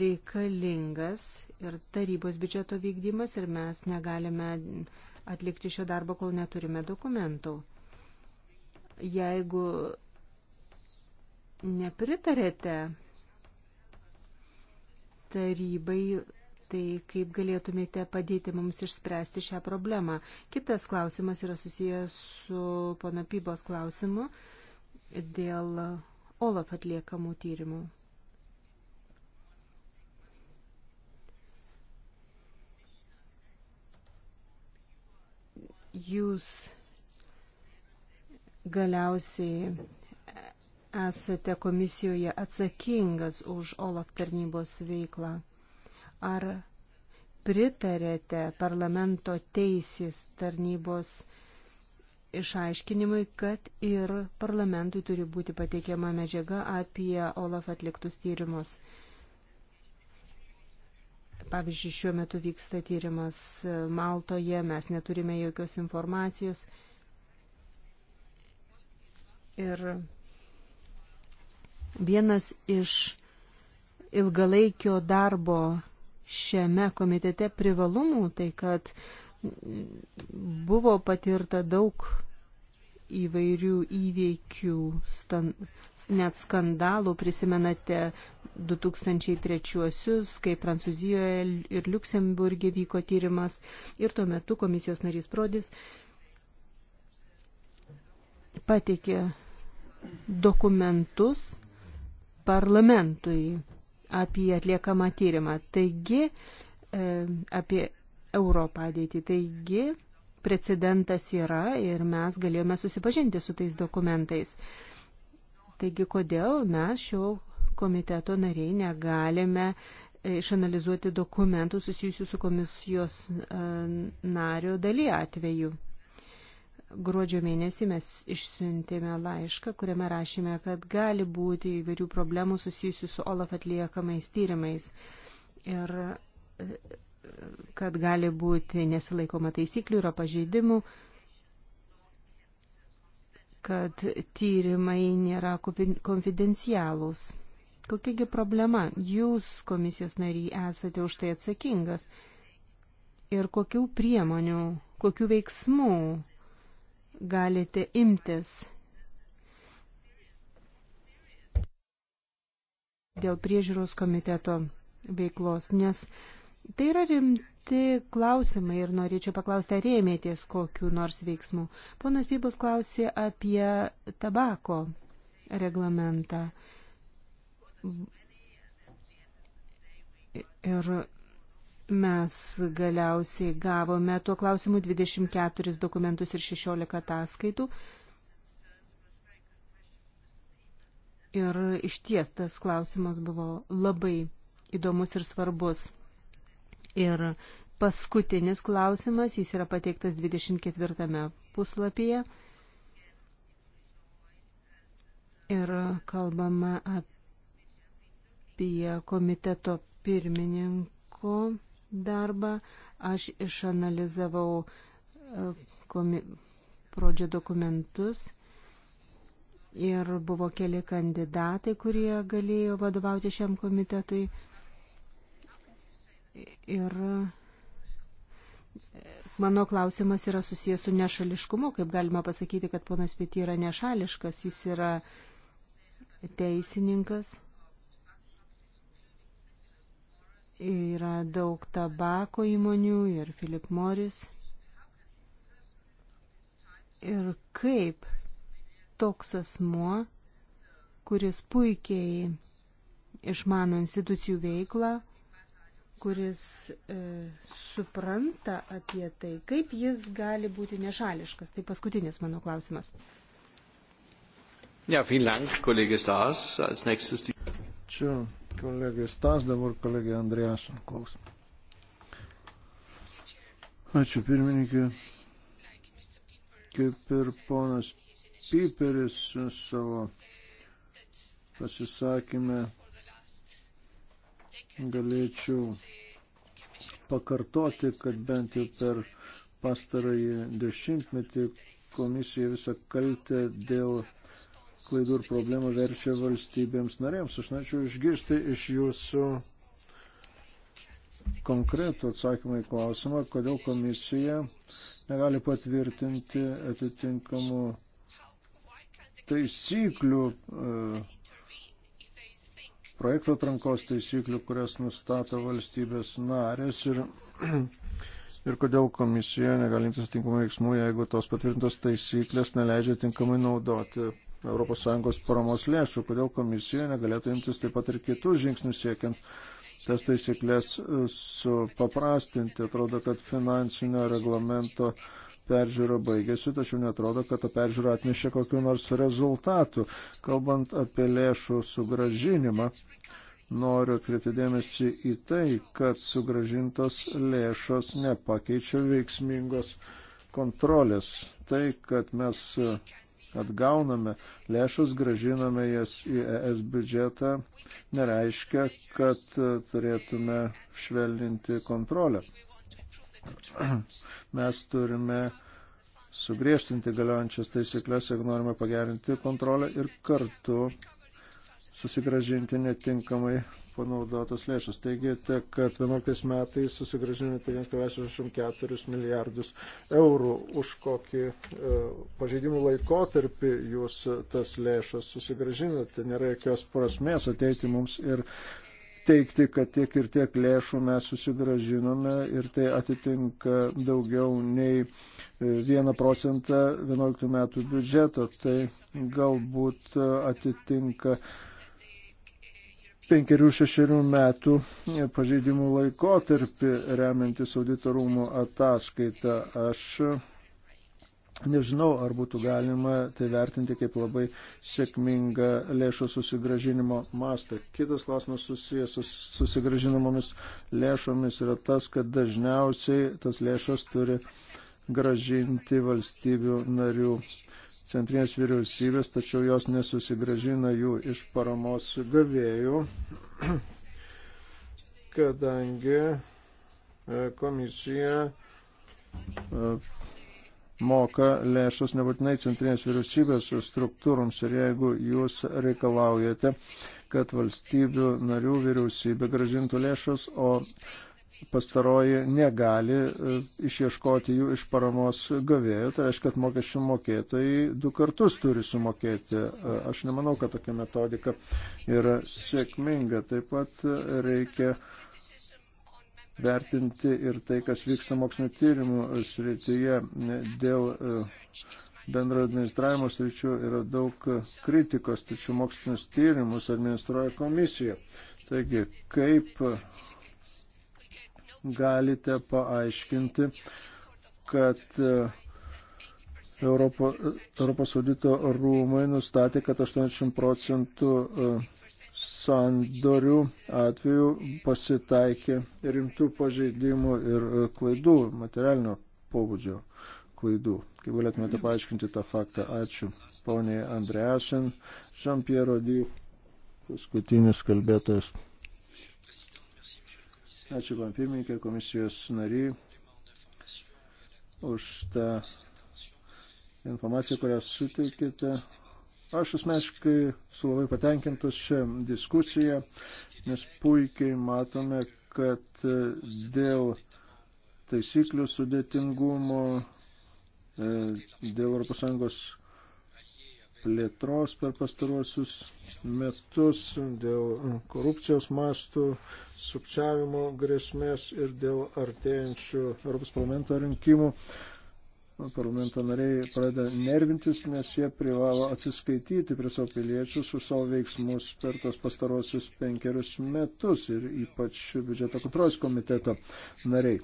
reikalingas ir tarybos biudžeto vykdymas ir mes negalime atlikti šio darbo, kol neturime dokumentų. Jeigu nepritarėte tarybai, tai kaip galėtumėte padėti mums išspręsti šią problemą? Kitas klausimas yra susijęs su pono Pybos klausimu dėl Olaf atliekamų tyrimų. jūs galiausiai esate komisijoje atsakingas už OLAF tarnybos veiklą. Ar pritarėte parlamento teisės tarnybos išaiškinimui, kad ir parlamentui turi būti pateikiama medžiaga apie OLAF atliktus tyrimus? Pavyzdžiui, šiuo metu vyksta tyrimas e, Maltoje, mes neturime jokios informacijos. Ir vienas iš ilgalaikio darbo šiame komitete privalumų, tai kad buvo patirta daug įvairių įveikių, stan, net skandalų, prisimenate 2003-uosius, kai Prancūzijoje ir Luksemburgė vyko tyrimas ir tuo metu komisijos narys Prodis pateikė dokumentus parlamentui apie atliekamą tyrimą. Taigi, e, apie Europą ateitį. Taigi, precedentas yra ir mes galėjome susipažinti su tais dokumentais. Taigi, kodėl mes šio komiteto nariai negalime e, išanalizuoti dokumentų susijusių su komisijos e, nario daly atveju. Gruodžio mėnesį mes išsiuntėme laišką, kuriame rašėme, kad gali būti įvairių problemų susijusių su OLAF atliekamais tyrimais ir e, kad gali būti nesilaikoma taisyklių, yra pažeidimų, kad tyrimai nėra konfidencialūs. Kokiagi problema? Jūs, komisijos nariai, esate už tai atsakingas. Ir kokių priemonių, kokių veiksmų galite imtis dėl priežiūros komiteto veiklos, nes tai yra rimti klausimai ir norėčiau paklausti, ar ėmėtės kokiu nors veiksmu. Ponas Pybus klausė apie tabako reglamentą. Ir mes galiausiai gavome tuo klausimu 24 dokumentus ir 16 ataskaitų. Ir iš ties tas klausimas buvo labai įdomus ir svarbus. Ir paskutinis klausimas, jis yra pateiktas 24 puslapyje. Ir kalbama apie apie komiteto pirmininko darbą. Aš išanalizavau e, komi... prodžio dokumentus ir buvo keli kandidatai, kurie galėjo vadovauti šiam komitetui. Ir e, mano klausimas yra susijęs su nešališkumu, kaip galima pasakyti, kad ponas Piti yra nešališkas, jis yra teisininkas Yra daug tabako įmonių ir Philip Morris. Ir kaip toks asmuo, kuris puikiai išmano institucijų veiklą, kuris e, supranta apie tai, kaip jis gali būti nešališkas. Tai paskutinis mano klausimas. Ja, vielen Dank, Kollege Stas. Als nächstes die. Sure. Kolegai Stas, dabar kolegai Andrėjasun klaus. Ačiū pirmininkė. Kaip ir ponas Piperis savo pasisakymę galėčiau pakartoti, kad bent jau per pastarąjį dešimtmetį komisija visą kaltę dėl klaidų ir problemų verčia valstybėms narėms. Aš norėčiau išgirsti iš jūsų konkretų atsakymą į klausimą, kodėl komisija negali patvirtinti atitinkamų taisyklių, e, projektų atrankos taisyklių, kurias nustato valstybės narės ir, ir kodėl komisija negalintis tinkamų veiksmų, jeigu tos patvirtintos taisyklės neleidžia tinkamai naudoti ES paramos lėšų, kodėl komisija negalėtų imtis taip pat ir kitų žingsnių siekiant tas taisyklės e, supaprastinti. Atrodo, kad finansinio reglamento peržiūra baigėsi, tačiau netrodo, kad ta peržiūra atnešė kokiu nors rezultatų. Kalbant apie lėšų sugražinimą, noriu atkreipti dėmesį į tai, kad sugražintos lėšos nepakeičia veiksmingos kontrolės. Tai, kad mes e, atgauname lėšas, gražiname jas į ES biudžetą, nereiškia, kad e, turėtume švelninti kontrolę. Mes turime sugriežtinti galiojančias taisyklės, jeigu norime pagerinti kontrolę ir kartu susigražinti netinkamai panaudotas lėšas. Teigite, kad 11 metais susigražinote 1,64 milijardus eurų už kokį e, pažeidimų laikotarpį jūs tas lėšas susigražinote. Nėra jokios prasmės ateiti mums ir teikti, kad tiek ir tiek lėšų mes susigražinome ir tai atitinka daugiau nei 1 e, procentą 11 metų biudžeto. Tai galbūt e, atitinka penkerių šešerių metų pažeidimų laikotarpį remiantis auditorumo ataskaitą. Aš nežinau, ar būtų galima tai vertinti kaip labai sėkmingą lėšų susigražinimo mastą. Kitas klausimas susijęs su susigražinamomis lėšomis yra tas, kad dažniausiai tas lėšas turi gražinti valstybių narių centrinės vyriausybės, tačiau jos nesusigražina jų iš paramos gavėjų, kadangi e, komisija e, moka lėšas nebūtinai centrinės vyriausybės struktūroms ir jeigu jūs reikalaujate, kad valstybių narių vyriausybė gražintų lėšas, o pastaroji negali e, išieškoti jų iš paramos gavėjų, tai reiškia, kad mokesčių mokėtojai du kartus turi sumokėti. E, aš nemanau, kad tokia metodika yra sėkminga. Taip pat reikia vertinti ir tai, kas vyksta mokslinio tyrimų srityje. Dėl e, bendro administravimo sričių yra daug kritikos, tačiau mokslinius tyrimus administruoja komisija. Taigi, kaip galite paaiškinti, kad e, Europo, e, Europos audito rūmai nustatė, kad 80 procentų e, sandorių atveju pasitaikė rimtų pažeidimų ir klaidų, materialinio pobūdžio klaidų. Kaip galėtumėte paaiškinti tą faktą? Ačiū. Poniai Andreasin, Jean-Pierre Rodi, paskutinis kalbėtojas. Ačiū, man pirmininkė, komisijos nariai, už tą informaciją, kurią suteikite. Aš asmeniškai su labai patenkintas šią diskusiją, nes puikiai matome, kad dėl taisyklių sudėtingumo, e, dėl ES plėtros per pastaruosius metus dėl korupcijos mastų, sukčiavimo grėsmės ir dėl artėjančių Europos parlamento rinkimų. Parlamento nariai pradeda nervintis, nes jie privalo atsiskaityti prie savo piliečius už savo veiksmus per tos pastarosius penkerius metus ir ypač biudžeto kontrolės komiteto nariai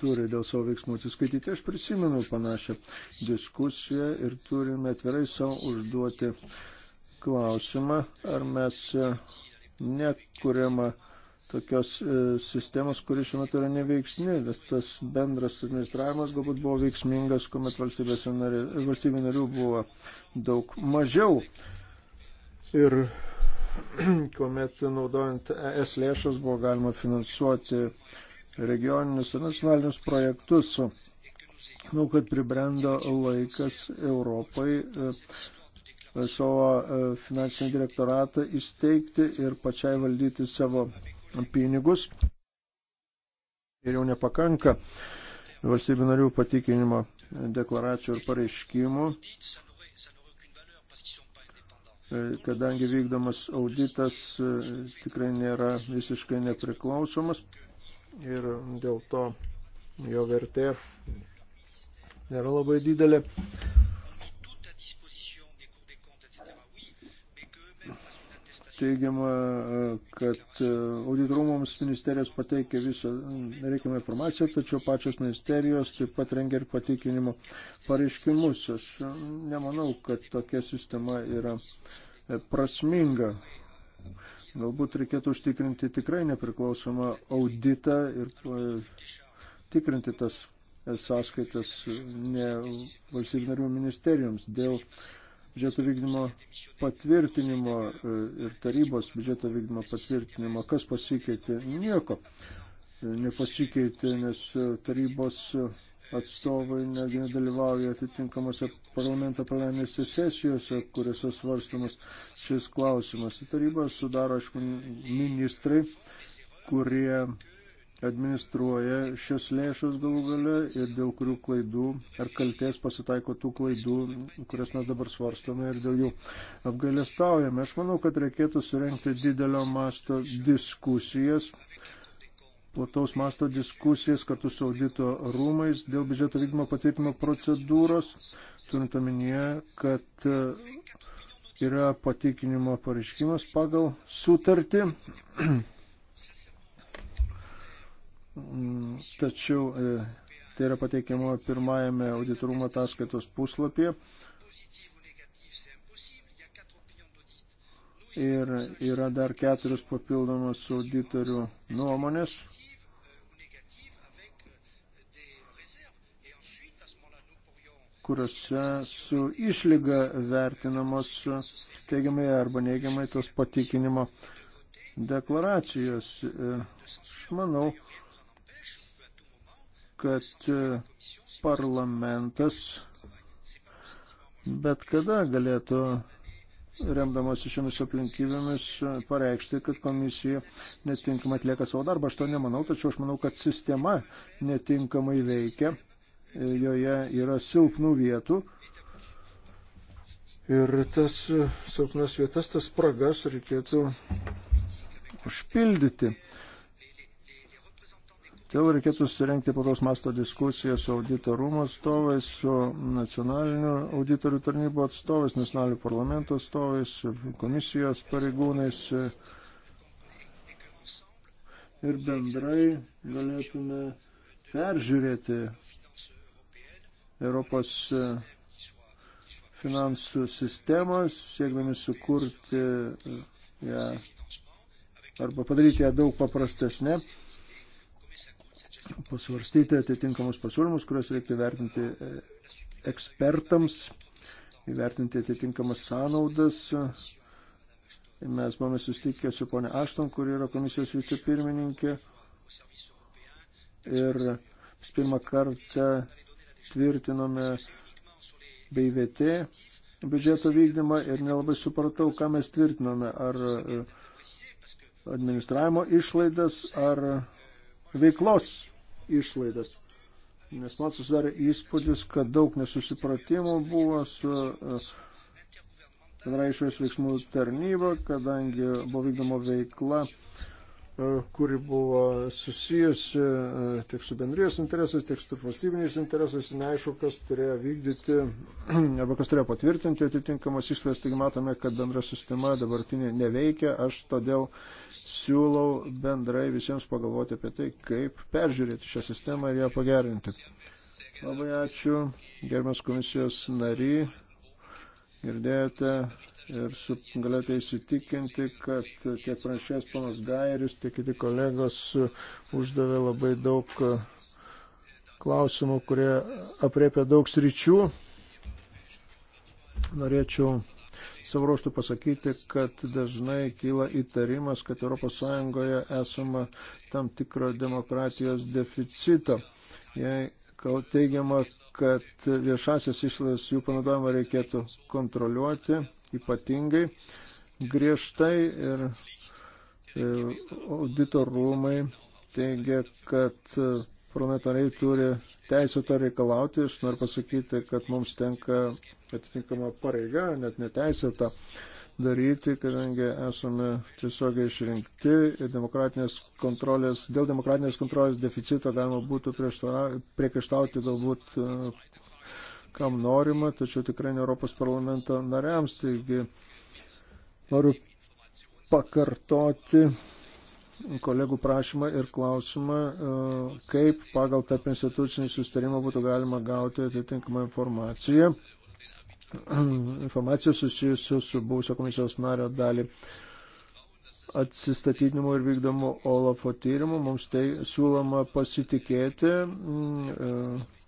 turi dėl savo veiksmų atsiskaityti. Aš prisimenu panašią diskusiją ir turime atvirai savo užduoti uh, klausimą, ar mes nekuriamą tokios e, sistemos, kuri šiuo metu yra neveiksni, nes tas bendras administravimas galbūt buvo veiksmingas, kuomet valstybė narių buvo daug mažiau. Ir kuomet naudojant ES lėšas buvo galima finansuoti regioninius ir nacionalinius projektus. Manau, kad pribrendo laikas Europai e, savo e, finansinį direktoratą įsteigti ir pačiai valdyti savo pinigus. Ir jau nepakanka valstybių narių patikinimo deklaracijų ir pareiškimų, e, kadangi vykdomas auditas e, tikrai nėra visiškai nepriklausomas ir dėl to jo vertė nėra labai didelė. teigiama, kad e, auditorumams ministerijos pateikė visą e, reikiamą informaciją, tačiau pačios ministerijos taip pat rengia ir patikinimo pareiškimus. Aš nemanau, kad tokia sistema yra e, prasminga. Galbūt reikėtų užtikrinti tikrai nepriklausomą auditą ir tikrinti tas sąskaitas ne valstybinarių ministerijoms dėl biudžeto vykdymo patvirtinimo e, ir tarybos biudžeto vykdymo patvirtinimo, kas pasikeitė? Nieko e, nepasikeitė, nes e, tarybos atstovai netgi nedalyvauja atitinkamose parlamento plenarinėse sesijose, kuriuose svarstamas šis klausimas. Tarybą sudaro, aišku, ministrai, kurie administruoja šias lėšas galų gale ir dėl kurių klaidų ar kalties pasitaiko tų klaidų, kurias mes dabar svarstame ir dėl jų apgailestaujame. Aš manau, kad reikėtų surenkti didelio masto diskusijas plataus masto diskusijas kartu su audito rūmais dėl biudžeto vykdymo patvirtinimo procedūros, turint omenyje, kad yra patikinimo pareiškimas pagal sutartį Mm, tačiau e, tai yra pateikiama pirmajame auditorumo ataskaitos puslapyje. Ir yra dar keturios papildomos auditorių nuomonės. kuriuose su išlyga vertinamos teigiamai arba neigiamai tos patikinimo deklaracijos. E, aš manau, kad parlamentas bet kada galėtų, remdamosi šiomis aplinkybėmis, pareikšti, kad komisija netinkamai atlieka savo darbą. Aš to nemanau, tačiau aš manau, kad sistema netinkamai veikia, joje yra silpnų vietų. Ir tas silpnas vietas, tas spragas reikėtų užpildyti. Todėl reikėtų susirenkti plataus masto diskusiją su audito rūmų atstovais, su nacionaliniu auditorių tarnybo atstovais, nacionaliniu parlamento atstovais, komisijos pareigūnais. Ir bendrai galėtume peržiūrėti Europos finansų sistemą, siekdami sukurti ją arba padaryti ją daug paprastesnė. Ne? pasvarstyti atitinkamus pasiūlymus, kuriuos reikia vertinti e, ekspertams, įvertinti atitinkamas sąnaudas. E, mes buvome susitikę su ponė Ašton, kuri yra komisijos vicepirmininkė. Ir pirmą kartą tvirtinome BVT biudžeto vykdymą ir nelabai supratau, ką mes tvirtinome. Ar e, administravimo išlaidas, ar veiklos išlaidas. Nes man susidarė įspūdis, kad daug nesusipratimų buvo su e, bendrai išorės veiksmų tarnyba, kadangi buvo vykdoma veikla E, kuri buvo susijusi e, tiek su bendrijos interesais, tiek su valstybiniais interesais, neaišku, kas turėjo vykdyti arba kas turėjo patvirtinti atitinkamas išlaidas, taigi matome, kad bendra sistema dabartinė neveikia, aš todėl siūlau bendrai visiems pagalvoti apie tai, kaip peržiūrėti šią sistemą ir ją pagerinti. Labai ačiū, gerbiamas komisijos nary, girdėjote ir su, galėjote įsitikinti, kad tiek pranešėjas panas Gairis, tiek kiti kolegos uždavė labai daug e, klausimų, kurie apriepia daug sričių. Norėčiau savo ruoštų pasakyti, kad dažnai kyla įtarimas, kad ES esama tam tikro demokratijos deficito. Jei teigiama, kad viešasias išlaidas jų panaudojimą reikėtų kontroliuoti, ypatingai griežtai ir e, auditorumai teigia, kad e, pronatariai turi teisę to reikalauti. Aš noriu pasakyti, kad mums tenka atitinkama pareiga, net neteisėta daryti, kadangi esame tiesiogiai išrinkti ir demokratinės kontrolės, dėl demokratinės kontrolės deficito galima būtų priekaištauti galbūt e, kam norima, tačiau tikrai ne Europos parlamento nariams. Taigi noriu pakartoti kolegų prašymą ir klausimą, e, kaip pagal tarp institucinį sustarimą būtų galima gauti atitinkamą informaciją. Informacija susijusiu su būsio komisijos nario dalį atsistatydinimu ir vykdomu Olafo tyrimu. Mums tai siūloma pasitikėti mm, e,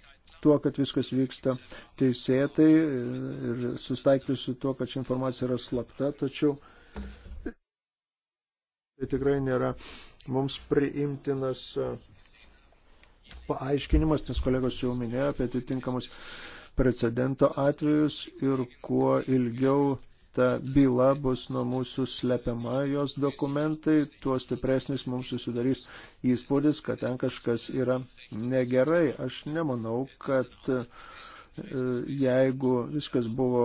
tuo, kad viskas vyksta teisėtai ir sustaikti su tuo, kad ši informacija yra slapta, tačiau tai tikrai nėra mums priimtinas e, paaiškinimas, nes kolegos jau minėjo apie atitinkamus precedento atvejus ir kuo ilgiau ta byla bus nuo mūsų slepiama, jos dokumentai, tuo stipresnis mums susidarys įspūdis, kad ten kažkas yra negerai. Aš nemanau, kad e, jeigu viskas buvo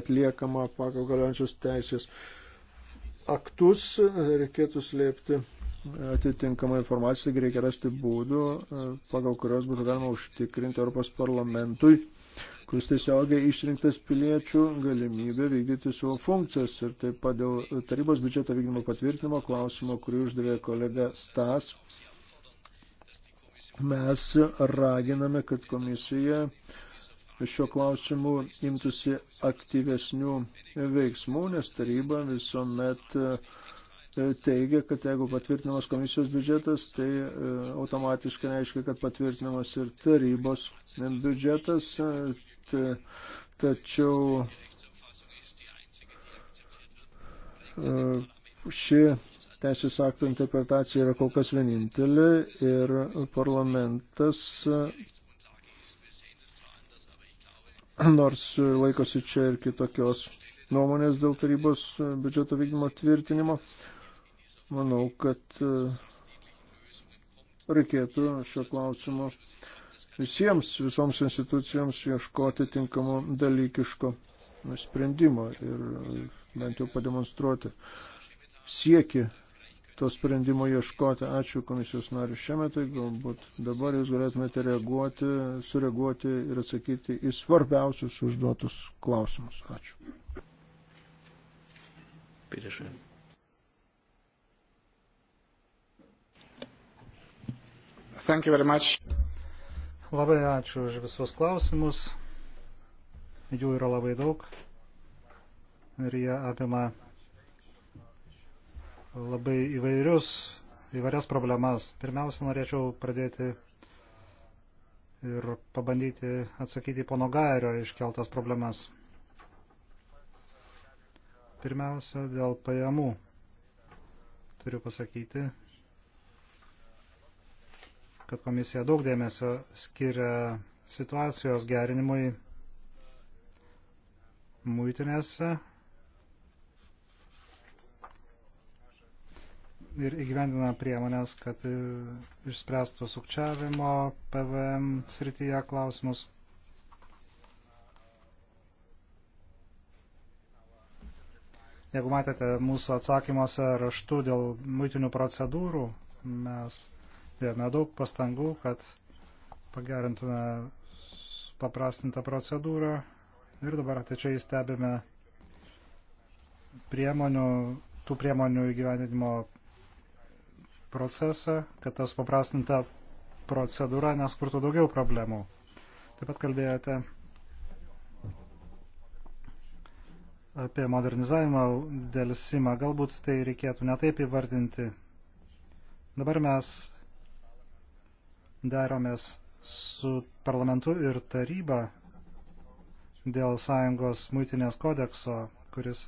atliekama pagal galiojančius teisės aktus, reikėtų slėpti atitinkamą informaciją, reikia rasti būdų, e, pagal kurios būtų galima užtikrinti Europos parlamentui kuris tiesiogiai išrinktas piliečių galimybę vykdyti savo funkcijas. Ir taip pat dėl tarybos biudžeto vykdymo patvirtinimo klausimo, kurį uždavė kolega Stas, mes raginame, kad komisija šiuo klausimu imtųsi aktyvesnių veiksmų, nes taryba visuomet e, teigia, kad jeigu patvirtinamas komisijos biudžetas, tai e, automatiškai reiškia, kad patvirtinamas ir tarybos biudžetas tačiau e, ši teisės aktų interpretacija yra kol kas vienintelė ir parlamentas nors laikosi čia ir kitokios nuomonės dėl tarybos biudžeto vykdymo tvirtinimo. Manau, kad e, reikėtų šio klausimo visiems, visoms institucijoms ieškoti tinkamo dalykiško sprendimo ir bent jau pademonstruoti sieki to sprendimo ieškoti. Ačiū komisijos nariu šiemetai, galbūt dabar jūs galėtumėte reaguoti, sureaguoti ir atsakyti į svarbiausius užduotus klausimus. Ačiū. Bitte schön. Thank you very much. Labai ačiū už visus klausimus. Jų yra labai daug ir jie apima labai įvairius, įvairias problemas. Pirmiausia, norėčiau pradėti ir pabandyti atsakyti pono Gairio iškeltas problemas. Pirmiausia, dėl pajamų. Turiu pasakyti, kad komisija daug dėmesio skiria situacijos gerinimui muitinėse ir įgyvendina priemonės, kad išspręstų sukčiavimo PVM srityje klausimus. Jeigu matėte mūsų atsakymuose raštu dėl muitinių procedūrų, mes dėjome daug pastangų, kad pagerintume paprastintą procedūrą ir dabar ateičiai stebime priemonių, tų priemonių įgyvendinimo procesą, kad tas paprastinta procedūra neskurtų daugiau problemų. Taip pat kalbėjote apie modernizavimą dėl SIMA. Galbūt tai reikėtų netaip įvardinti. Dabar mes daromės su parlamentu ir taryba dėl sąjungos muitinės kodekso, kuris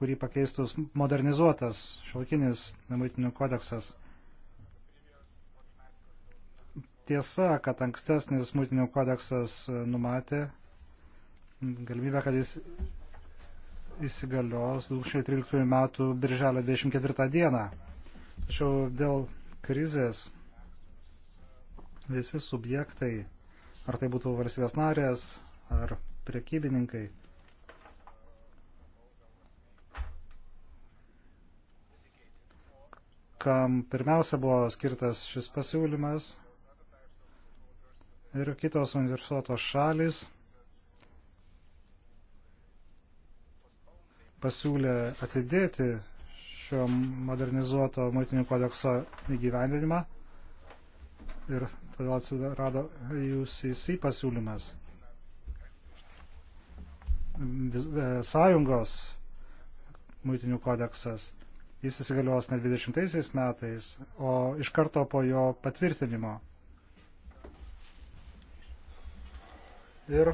kurį pakeistus modernizuotas šilkinis muitinių kodeksas. Tiesa, kad ankstesnis muitinių kodeksas numatė galimybę, kad jis įsigalios 2013 m. birželio 24 d. Tačiau dėl krizės visi subjektai, ar tai būtų valstybės narės, ar prekybininkai, kam pirmiausia buvo skirtas šis pasiūlymas ir kitos universiteto šalis pasiūlė atidėti šio modernizuoto muitinių kodekso įgyvendinimą ir todėl atsirado UCC pasiūlymas. E, sąjungos muitinių kodeksas. Jis įsigalios ne 20 metais, o iš karto po jo patvirtinimo. Ir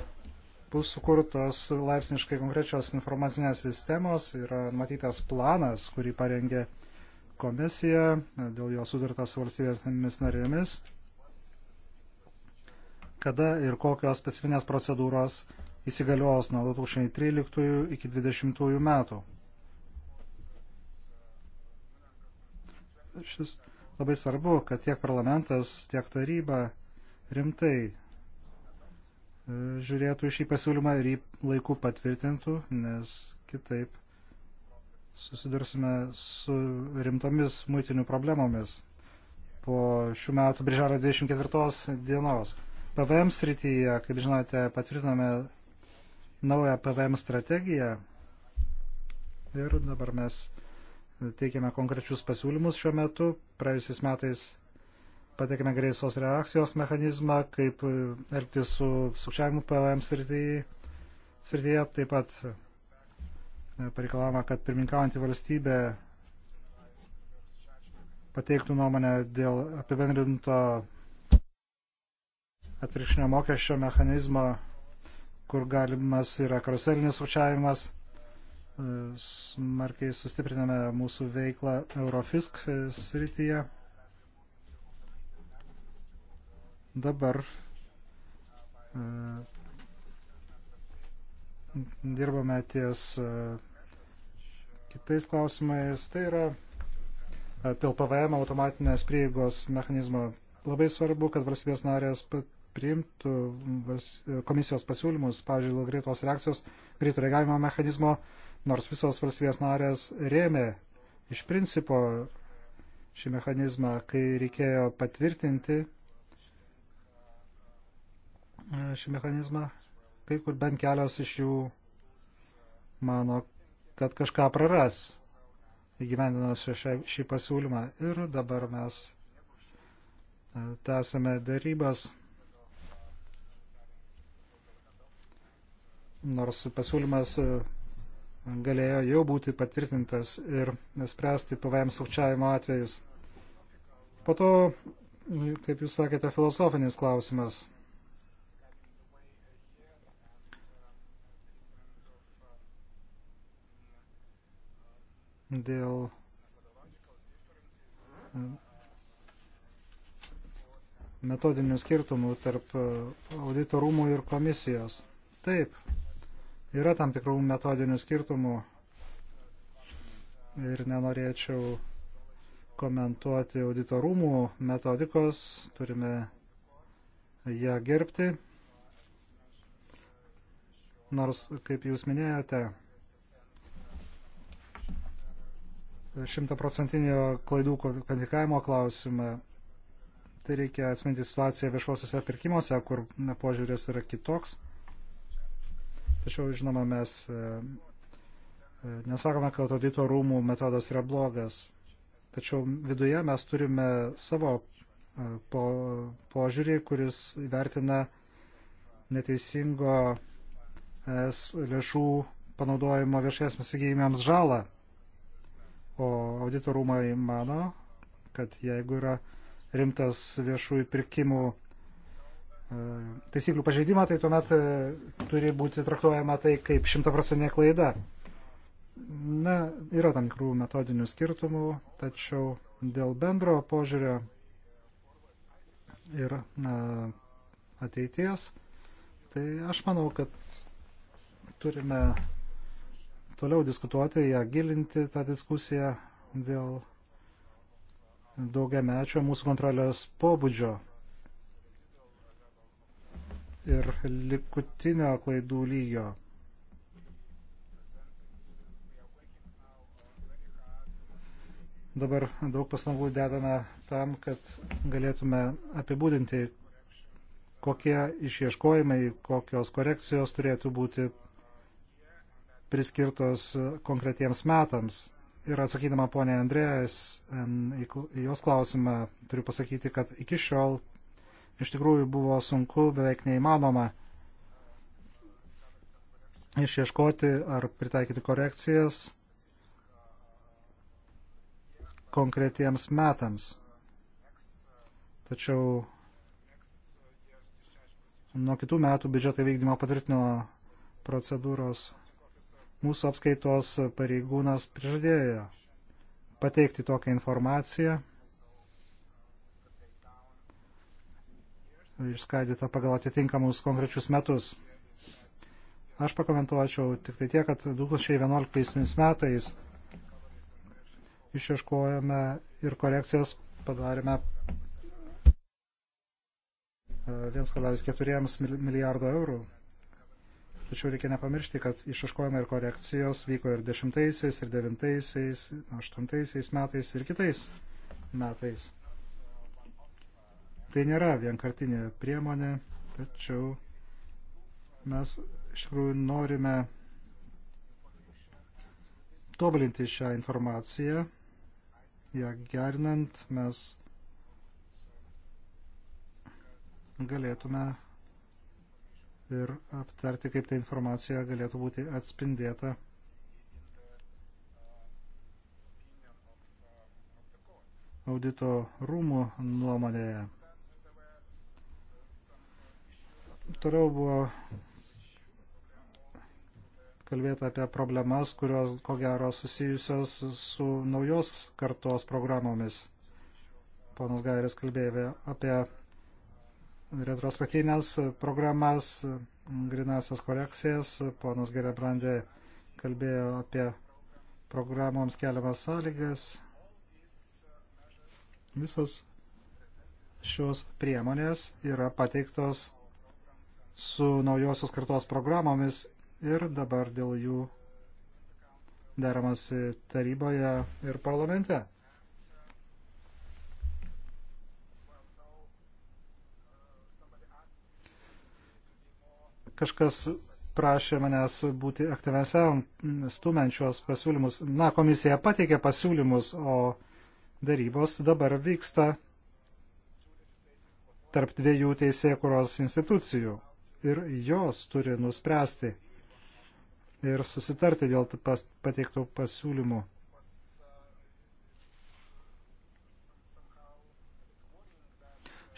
bus sukurtos laipsniškai konkrečios informacinės sistemos, yra matytas planas, kurį parengė komisija, dėl jo sudartas valstybės narėmis kada ir kokios specifinės procedūros įsigalios nuo 2013 iki 2020 metų. Šis labai svarbu, kad tiek parlamentas, tiek taryba rimtai e, žiūrėtų šį pasiūlymą ir jį laiku patvirtintų, nes kitaip susidursime su rimtomis muitinių problemomis po šių metų birželio 24 dienos. PVM srityje, kaip žinote, patvirtinome naują PVM strategiją ir dabar mes teikiame konkrečius pasiūlymus šiuo metu. Praėjusiais metais patekėme greisos reakcijos mechanizmą, kaip elgtis su sukčiavimu PVM srityje. srityje. Taip pat pareikalavome, kad pirminkaujantį valstybę pateiktų nuomonę dėl apibendrinto atvirkšnio mokesčio mechanizmo, kur galimas yra karuselinis sukčiavimas. E, smarkiai sustipriname mūsų veiklą Eurofisk e, srityje. Dabar e, dirbame ties kitais klausimais. Tai yra dėl PVM automatinės prieigos mechanizmo. Labai svarbu, kad valstybės narės priimtų komisijos pasiūlymus, pavyzdžiui, greitos reakcijos, greito reagavimo mechanizmo, nors visos valstybės narės rėmė iš principo šį mechanizmą, kai reikėjo patvirtinti e, šį mechanizmą, kai kur bent kelios iš jų mano, kad kažką praras įgyvendinus šį pasiūlymą. Ir dabar mes e, tęsime darybas nors pasiūlymas e, galėjo jau būti patvirtintas ir spręsti PVM sukčiavimo atvejus. Po to, e, kaip jūs sakėte, filosofinis klausimas. Dėl e, metodinių skirtumų tarp auditorumų ir komisijos. Taip, Yra tam tikrų metodinių skirtumų ir nenorėčiau komentuoti auditorumų metodikos, turime ją gerbti. Nors, kaip jūs minėjote, šimtaprocentinio klaidų kvalifikavimo klausimą, tai reikia atsiminti situaciją viešuosiuose pirkimuose, kur požiūris yra kitoks. Tačiau, žinoma, mes e, e, nesakome, kad audito rūmų metodas yra blogas. Tačiau viduje mes turime savo e, po, požiūrį, kuris vertina neteisingo lėšų panaudojimo viešiesiams įsigijimams žalą. O audito rūmai mano, kad jeigu yra rimtas viešųjų pirkimų E, taisyklių pažeidimą, tai tuomet e, turi būti traktuojama tai kaip šimtaprocentinė klaida. Na, yra tam tikrų metodinių skirtumų, tačiau dėl bendro požiūrio ir na, ateities, tai aš manau, kad turime toliau diskutuoti, ją gilinti, tą diskusiją dėl daugiamečio mūsų kontrolės pobūdžio ir likutinio klaidų lygio. Dabar daug pastangų dedame tam, kad galėtume apibūdinti, kokie išieškojimai, kokios korekcijos turėtų būti priskirtos konkretiems metams. Ir atsakydama ponė Andrėjas į jos klausimą, turiu pasakyti, kad iki šiol iš tikrųjų buvo sunku, beveik neįmanoma išieškoti ar pritaikyti korekcijas konkretiems metams. Tačiau nuo kitų metų biudžeto vykdymo patvirtino procedūros mūsų apskaitos pareigūnas prižadėjo pateikti tokią informaciją išskaidyta pagal atitinkamus konkrečius metus. Aš pakomentuočiau tik tai tiek, kad 2011 metais išieškojame ir korekcijas padarėme 1,4 e, milijardo eurų. Tačiau reikia nepamiršti, kad išieškojimai ir korekcijos vyko ir 10, ir 9, 8 metais ir kitais metais. Tai nėra vienkartinė priemonė, tačiau mes iš tikrųjų norime tobulinti šią informaciją, ją gerinant mes galėtume ir aptarti, kaip ta informacija galėtų būti atspindėta audito rūmų nuomonėje. Toliau buvo kalbėti apie problemas, kurios ko gero susijusios su naujos kartos programomis. Ponas Gairis kalbėjo apie retrospektyvinės programas, grinasias kolekcijas. Ponas Gerebrandė kalbėjo apie programoms keliamas sąlygas. Visos šios priemonės yra pateiktos su naujosios kartos programomis ir dabar dėl jų deramas taryboje ir parlamente. Kažkas prašė manęs būti aktyvesiam, stumenčios pasiūlymus. Na, komisija pateikė pasiūlymus, o darybos dabar vyksta tarp dviejų teisėkuros institucijų ir jos turi nuspręsti ir susitarti dėl pateiktų pasiūlymų.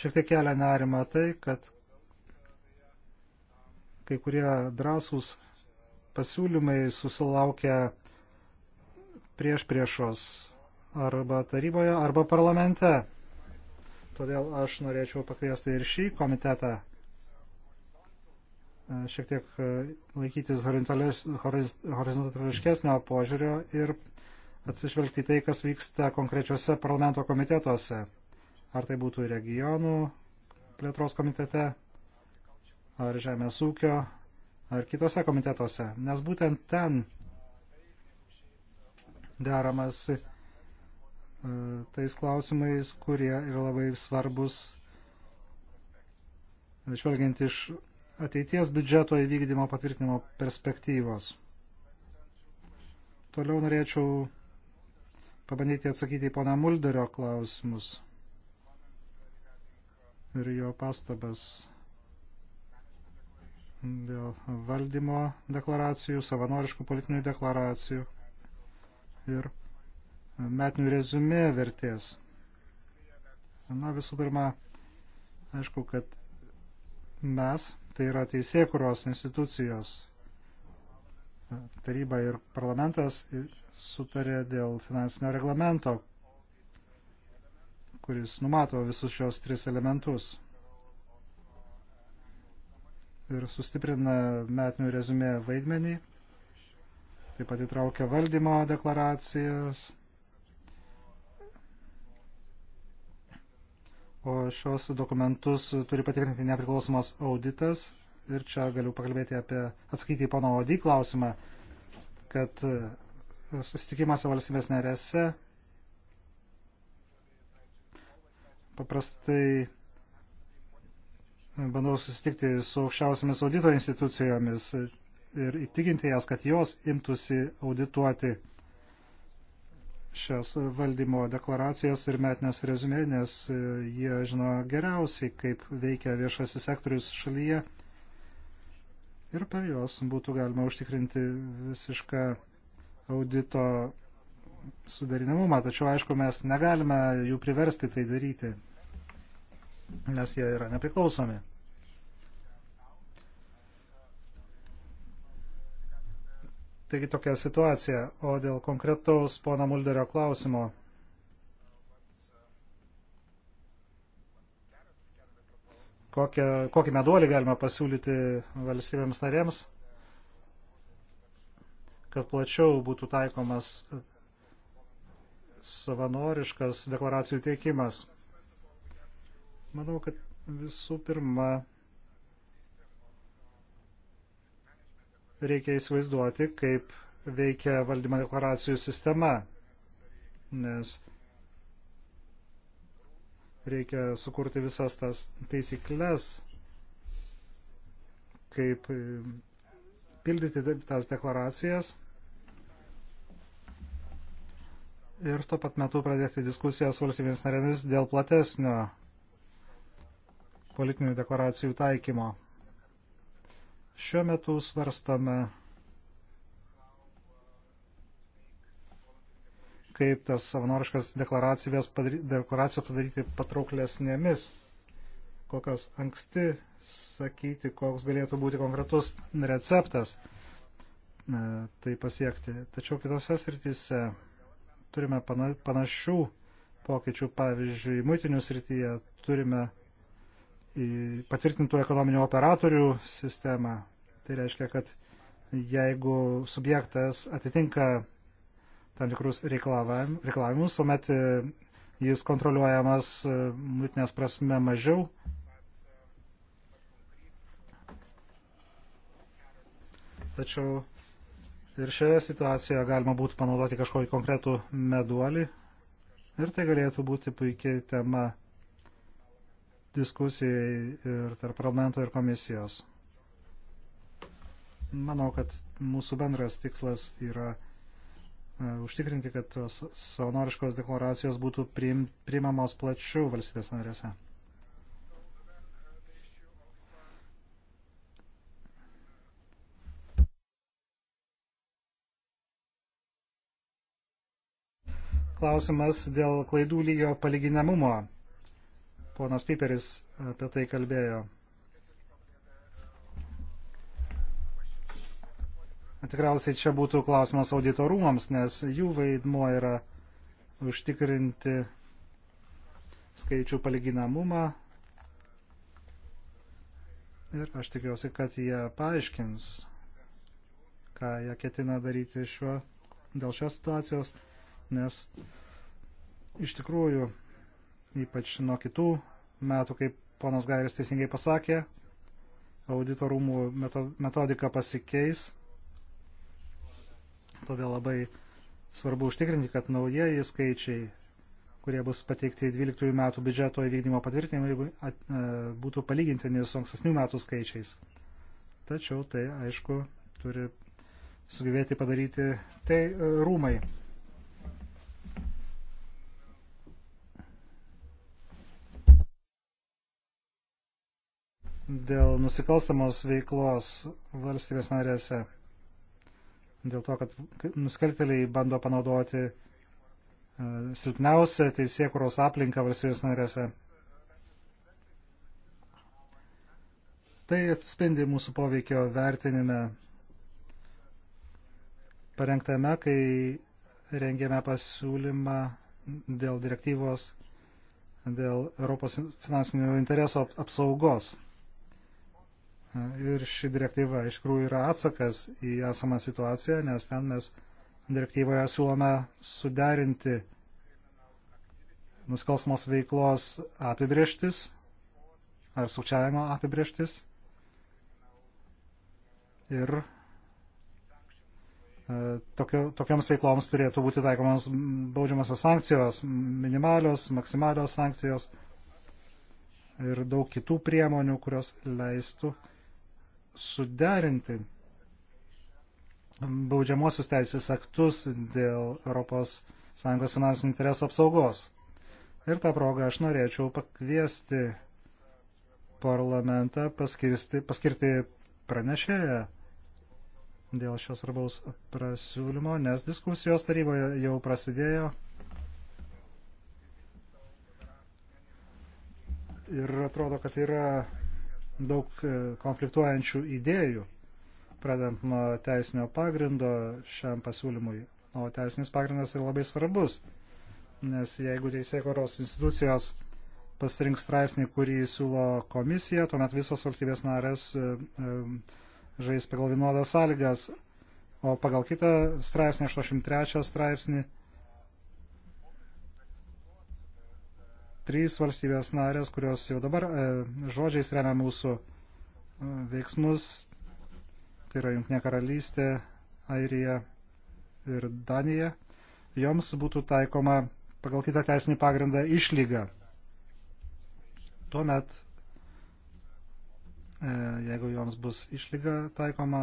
Šiek tiek kelia nerima tai, kad kai kurie drąsūs pasiūlymai susilaukia prieš priešos arba taryboje, arba parlamente. Todėl aš norėčiau pakviesti ir šį komitetą E, šiek tiek e, laikytis horizontališkesnio požiūrio ir atsižvelgti tai, kas vyksta konkrečiuose parlamento komitetuose. Ar tai būtų regionų plėtros komitete, ar žemės ūkio, ar kitose komitetuose. Nes būtent ten deramas e, tais klausimais, kurie yra labai svarbus, žvelgiant iš ateities biudžeto įvykdymo patvirtinimo perspektyvos. Toliau norėčiau pabandyti atsakyti į poną Mulderio klausimus ir jo pastabas dėl valdymo deklaracijų, savanoriškų politinių deklaracijų ir metinių rezumė vertės. Na, visų pirma, aišku, kad mes, tai yra teisėkuros institucijos, e, taryba ir parlamentas sutarė dėl finansinio reglamento, kuris numato visus šios tris elementus ir sustiprina metinių rezumė vaidmenį, taip pat įtraukia valdymo deklaracijas, o šios dokumentus turi patikrinti nepriklausomos auditas. Ir čia galiu pakalbėti apie, atsakyti į pono Odį klausimą, kad e, susitikimuose valstybės narėse paprastai bandau susitikti su aukščiausiamis audito institucijomis ir įtikinti jas, kad jos imtųsi audituoti šias valdymo deklaracijas ir metinės rezumė, nes e, jie žino geriausiai, kaip veikia viešasis sektorius šalyje. Ir per juos būtų galima užtikrinti visišką audito sudarinamumą. Tačiau, aišku, mes negalime jų priversti tai daryti, nes jie yra nepriklausomi. Taigi tokia situacija. O dėl konkretaus pono Mulderio klausimo. Kokią, kokį meduolį galima pasiūlyti valstybėms narėms, kad plačiau būtų taikomas savanoriškas deklaracijų teikimas. Manau, kad visų pirma, reikia įsivaizduoti, kaip veikia valdymo deklaracijų sistema, nes reikia sukurti visas tas taisyklės, kaip e, pildyti tas deklaracijas ir tuo pat metu pradėti diskusiją su valstybės narėmis dėl platesnio politinių deklaracijų taikymo. Šiuo metu svarstame, kaip tas savanoriškas deklaracijas padaryti, deklaracijas padaryti patrauklesnėmis, kokios anksti sakyti, koks galėtų būti konkretus receptas e, tai pasiekti. Tačiau kitose srityse turime panašių pokyčių, pavyzdžiui, muitinių srityje turime patvirtintų ekonominių operatorių sistemą. Tai reiškia, kad jeigu subjektas atitinka tam tikrus reikalavimus, tuomet e, jis kontroliuojamas e, mutinės prasme mažiau. Tačiau ir šioje situacijoje galima būtų panaudoti kažkokį konkretų meduolį ir tai galėtų būti puikiai tema diskusijai ir tarp parlamento ir komisijos. Manau, kad mūsų bendras tikslas yra e, užtikrinti, kad tos savanoriškos deklaracijos būtų priim, priimamos plačiau valstybės narėse. Klausimas dėl klaidų lygio palyginamumo ponas Piperis apie tai kalbėjo. Tikriausiai čia būtų klausimas auditorumams, nes jų vaidmuo yra užtikrinti skaičių palyginamumą. Ir aš tikiuosi, kad jie paaiškins, ką jie ketina daryti šiuo, dėl šios situacijos, nes iš tikrųjų ypač nuo kitų metų, kaip ponas Gairis teisingai pasakė, auditorumų metodika pasikeis. Todėl labai svarbu užtikrinti, kad naujieji skaičiai, kurie bus pateikti 12 metų biudžeto įvykdymo patvirtinimui, e, būtų palygintini su ankstesnių metų skaičiais. Tačiau tai, aišku, turi sugyvėti padaryti tai e, rūmai. dėl nusikalstamos veiklos valstybės narėse. Dėl to, kad nusikaltėliai bando panaudoti e, silpniausią teisėkuros aplinką valstybės narėse. Tai atsispindi mūsų poveikio vertinime parengtame, kai rengėme pasiūlymą dėl direktyvos dėl Europos finansinio intereso apsaugos ir ši direktyva iš tikrųjų yra atsakas į esamą situaciją, nes ten mes direktyvoje siūlome suderinti nusikalstamos veiklos apibrieštis ar sukčiavimo apibrieštis ir e, tokio, tokiams veikloms turėtų būti taikomos baudžiamosios sankcijos, minimalios, maksimalios sankcijos ir daug kitų priemonių, kurios leistų uh, suderinti baudžiamosius teisės aktus dėl ES finansinių interesų apsaugos. Ir tą progą aš norėčiau pakviesti parlamentą paskirsti, paskirti pranešėją dėl šios svarbaus prasiūlymo, nes diskusijos taryboje jau prasidėjo. Ir atrodo, kad yra daug e, konfliktuojančių idėjų, pradant nuo teisinio pagrindo šiam pasiūlymui. O teisinis pagrindas yra labai svarbus, nes jeigu teisėkoros institucijos pasirinks straipsnį, kurį siūlo komisija, tuomet visos valstybės narės e, e, žais pagal vienodas sąlygas, o pagal kitą straipsnį, 83 straipsnį, trys valstybės narės, kurios jau dabar e, žodžiais remia mūsų e, veiksmus. Tai yra Junktinė karalystė, Airija ir Danija. Joms būtų taikoma pagal kitą teisinį pagrindą išlyga. Tuomet, e, jeigu joms bus išlyga taikoma,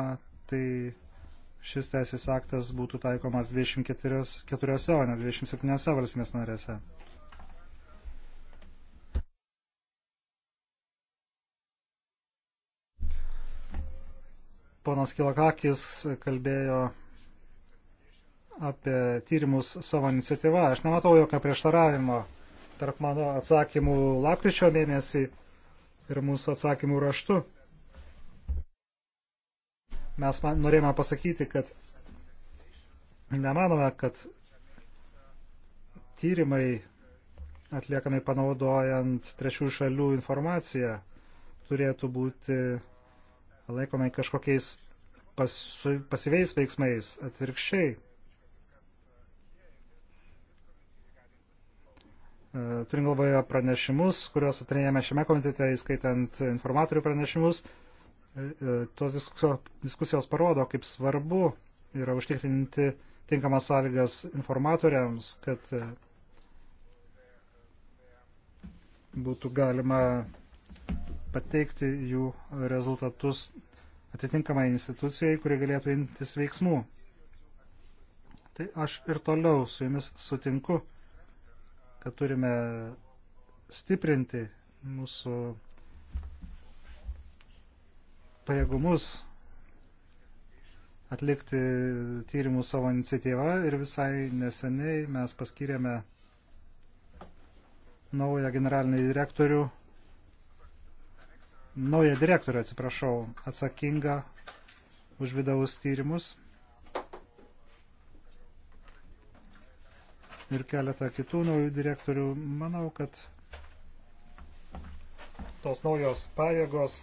tai šis teisės aktas būtų taikomas 24, o ne 27 valstybės narėse. ponas Kilakakis kalbėjo apie tyrimus savo iniciatyvą. Aš nematau jokio prieštaravimo tarp mano atsakymų lapkričio mėnesį ir mūsų atsakymų raštu. Mes man, norėjome pasakyti, kad nemanome, kad tyrimai atliekami panaudojant trečių šalių informaciją turėtų būti laikome kažkokiais pasu, pasiveis veiksmais atvirkščiai. E, Turim galvoje pranešimus, kuriuos atrinėjame šiame komitete, įskaitant informatorių pranešimus. E, e, tos diskusijos parodo, kaip svarbu yra užtikrinti tinkamas sąlygas informatoriams, kad būtų galima pateikti jų rezultatus atitinkamai institucijai, kurie galėtų imtis veiksmų. Tai aš ir toliau su jumis sutinku, kad turime stiprinti mūsų pajėgumus atlikti tyrimus savo iniciatyvą ir visai neseniai mes paskyrėme naują generalinį direktorių naują direktorę, atsiprašau, atsakingą už vidaus tyrimus ir keletą kitų naujų direktorių. Manau, kad tos naujos pajėgos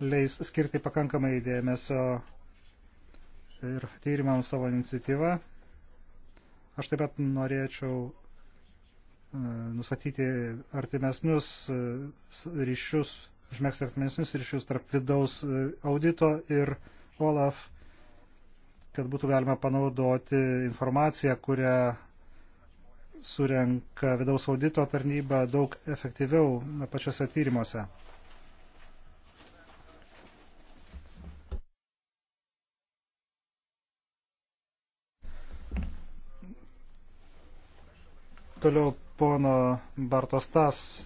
leis skirti pakankamai dėmesio ir tyrimams savo iniciatyvą. Aš taip pat norėčiau E, nustatyti artimesnius e, ryšius, užmėgsti artimesnius ryšius tarp vidaus e, audito ir OLAF, kad būtų galima panaudoti informaciją, kurią surenka vidaus audito tarnyba daug efektyviau pačiose tyrimuose. Toliau pono Bartostas e,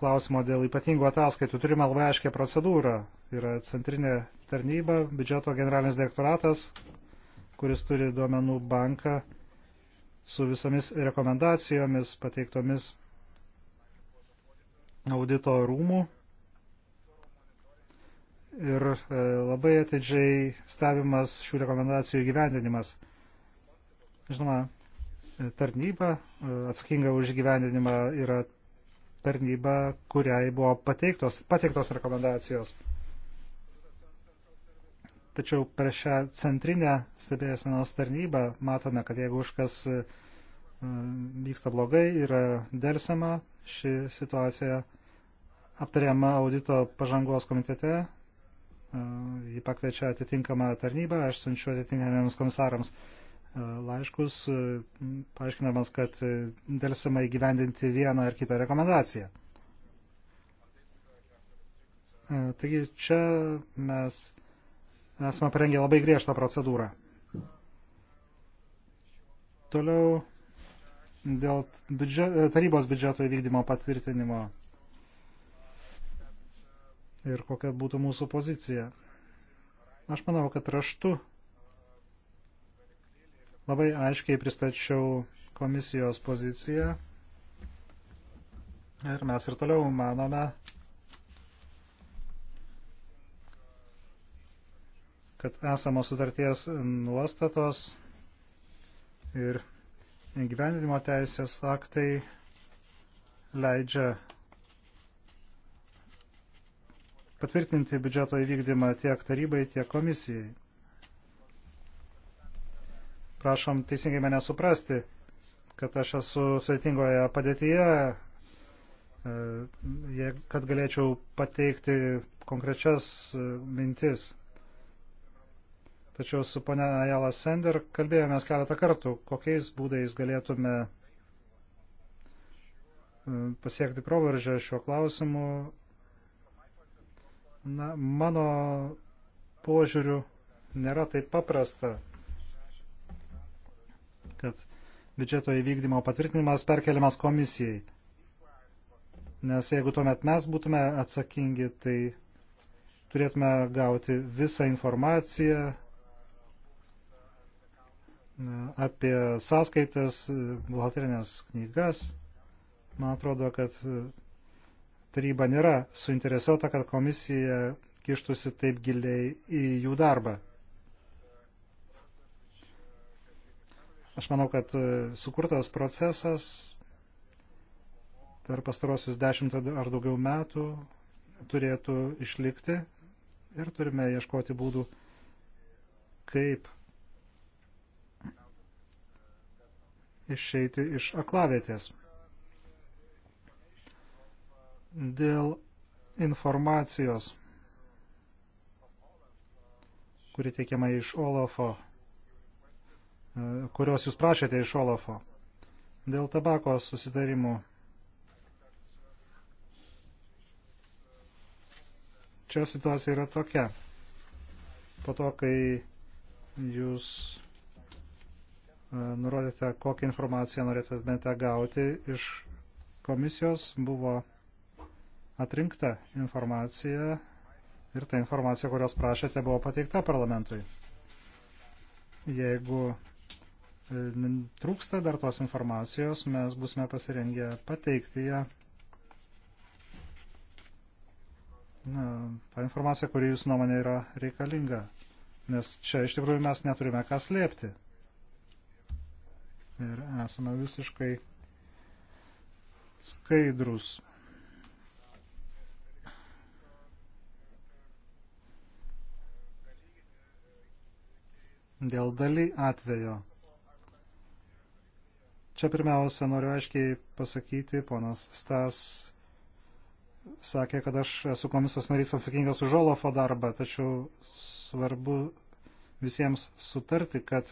klausimo dėl ypatingų ataskaitų. Turime labai aiškę procedūrą. Yra centrinė tarnyba, biudžeto generalinis direktoratas, kuris turi duomenų banką su visomis rekomendacijomis pateiktomis audito rūmų. Ir e, labai atidžiai stebimas šių rekomendacijų gyvendinimas. Žinoma, tarnyba e, atsakinga už gyvendinimą yra tarnyba, kuriai buvo pateiktos, pateiktos rekomendacijos. Tačiau per šią centrinę stebėsenos tarnybą matome, kad jeigu kažkas e, vyksta blogai, yra dėlsama ši situacija aptariama audito pažangos komitete, e, jį pakviečia atitinkamą tarnybą, aš siunčiu atitinkamiems komisarams. E, laiškus, e, paaiškinamas, kad e, dėlsama įgyvendinti vieną ar kitą rekomendaciją. Taigi čia mes esame parengę labai griežtą procedūrą. Toliau dėl biudžet, tarybos biudžeto įvykdymo patvirtinimo ir kokia būtų mūsų pozicija. Aš manau, kad raštu Labai aiškiai pristačiau komisijos poziciją ir mes ir toliau manome, kad esamos sutarties nuostatos ir gyvenimo teisės aktai leidžia patvirtinti biudžeto įvykdymą tiek tarybai, tiek komisijai prašom teisingai mane suprasti, kad aš esu sveitingoje padėtyje, e, kad galėčiau pateikti konkrečias e, mintis. Tačiau su ponia Ajala Sender kalbėjomės keletą kartų, kokiais būdais galėtume e, pasiekti proveržę šiuo klausimu. Na, mano požiūriu nėra taip paprasta kad biudžeto įvykdymo patvirtinimas perkeliamas komisijai. Nes jeigu tuomet mes būtume atsakingi, tai turėtume gauti visą informaciją apie sąskaitas, buhalterinės knygas. Man atrodo, kad e, taryba nėra suinteresuota, kad komisija kištusi taip giliai į jų darbą. Aš manau, kad e, sukurtas procesas per pastarosius dešimt ar daugiau metų turėtų išlikti ir turime ieškoti būdų, kaip išeiti iš aklavietės. Dėl informacijos, kuri teikiama iš Olafo kurios jūs prašėte iš Olafo. Dėl tabako susitarimų. Čia situacija yra tokia. Po to, kai jūs e, nurodėte, kokią informaciją norėtumėte gauti iš komisijos, buvo atrinkta informacija ir ta informacija, kurios prašėte, buvo pateikta parlamentui. Jeigu E, trūksta dar tos informacijos, mes busime pasirengę pateikti ją. Na, ta informacija, kuri jūsų nuomonė yra reikalinga, nes čia iš tikrųjų mes neturime ką slėpti. Ir esame visiškai skaidrus. Dėl daly atvejo. Čia pirmiausia noriu aiškiai pasakyti, ponas Stas sakė, kad aš esu komisijos narys atsakingas už Olofo darbą, tačiau svarbu visiems sutarti, kad,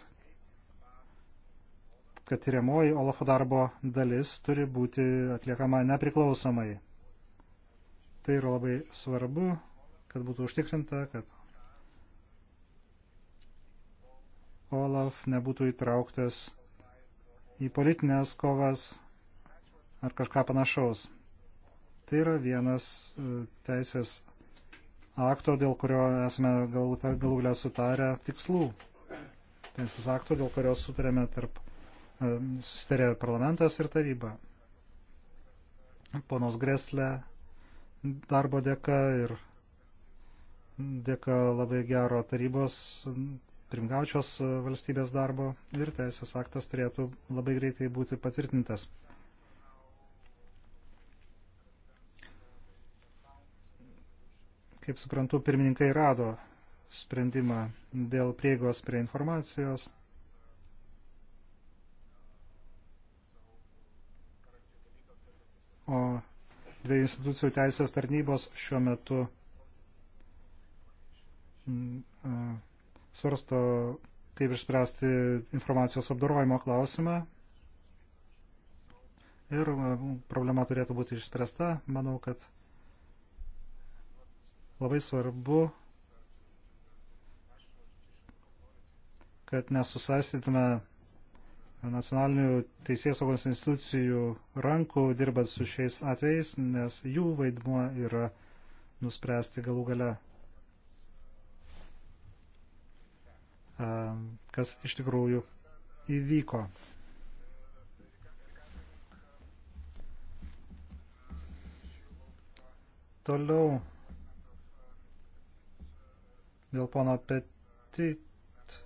kad tyriamoji Olofo darbo dalis turi būti atliekama nepriklausomai. Tai yra labai svarbu, kad būtų užtikrinta, kad Olaf nebūtų įtrauktas į politinės kovas ar kažką panašaus. Tai yra vienas e, teisės akto, dėl kurio esame galų galę sutarę tikslų. Teisės akto, dėl kurio sutarėme tarp e, susitarė parlamentas ir taryba. Ponos Greslė darbo dėka ir dėka labai gero tarybos pirmgaučios e, valstybės darbo ir teisės aktas turėtų labai greitai būti patvirtintas. Kaip suprantu, pirmininkai rado sprendimą dėl prieigos prie informacijos. O dviejų institucijų teisės tarnybos šiuo metu mm, e, svarsto, kaip išspręsti informacijos apdorojimo klausimą. Ir e, problema turėtų būti išspręsta. Manau, kad labai svarbu, kad nesusaistytume nacionalinių teisės saugos institucijų rankų dirbant su šiais atvejais, nes jų vaidmuo yra nuspręsti galų gale E, kas iš tikrųjų įvyko. Toliau dėl pono Petit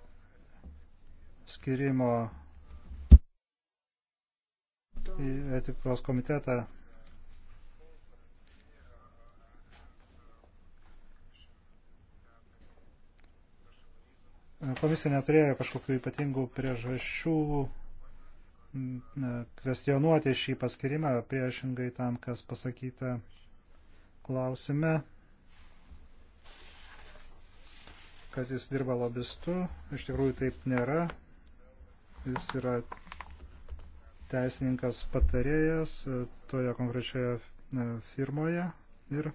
skirimo į etikos komitetą Komisija neturėjo kažkokių ypatingų priežasčių mm, e, kvestionuoti šį paskirimą priešingai tam, kas pasakyta klausime, kad jis dirba lobistu. Iš tikrųjų taip nėra. Jis yra teisininkas patarėjas e, toje konkrečioje e, firmoje ir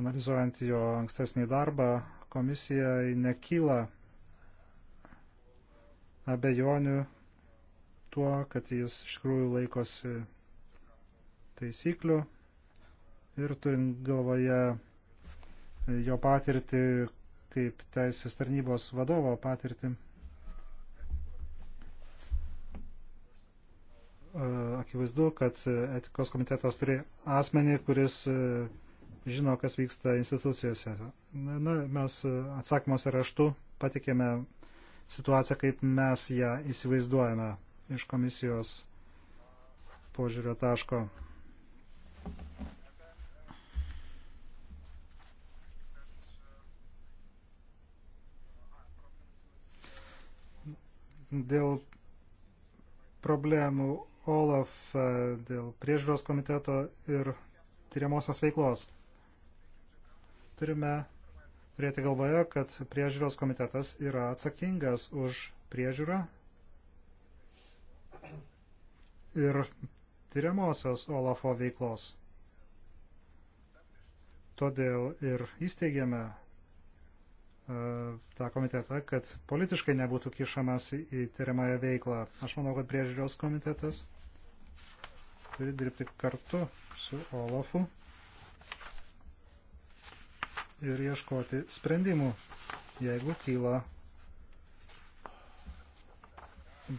analizuojant jo ankstesnį darbą, komisijai nekyla abejonių tuo, kad jis iš tikrųjų laikosi taisyklių ir turint galvoje jo patirtį kaip teisės tarnybos vadovo patirtį. Akivaizdu, kad etikos komitetas turi asmenį, kuris žino, kas vyksta institucijose. Na, mes e, atsakymuose raštu patikėme situaciją, kaip mes ją įsivaizduojame iš komisijos požiūrio taško. Dėl problemų OLAF, e, dėl priežiūros komiteto ir tyriamosios veiklos turime turėti galvoje, kad priežiūros komitetas yra atsakingas už priežiūrą ir tyriamosios Olafo veiklos. Todėl ir įsteigėme e, tą komitetą, kad politiškai nebūtų kišamas į tyriamąją veiklą. Aš manau, kad priežiūros komitetas turi dirbti kartu su Olafu ir ieškoti sprendimų, jeigu kyla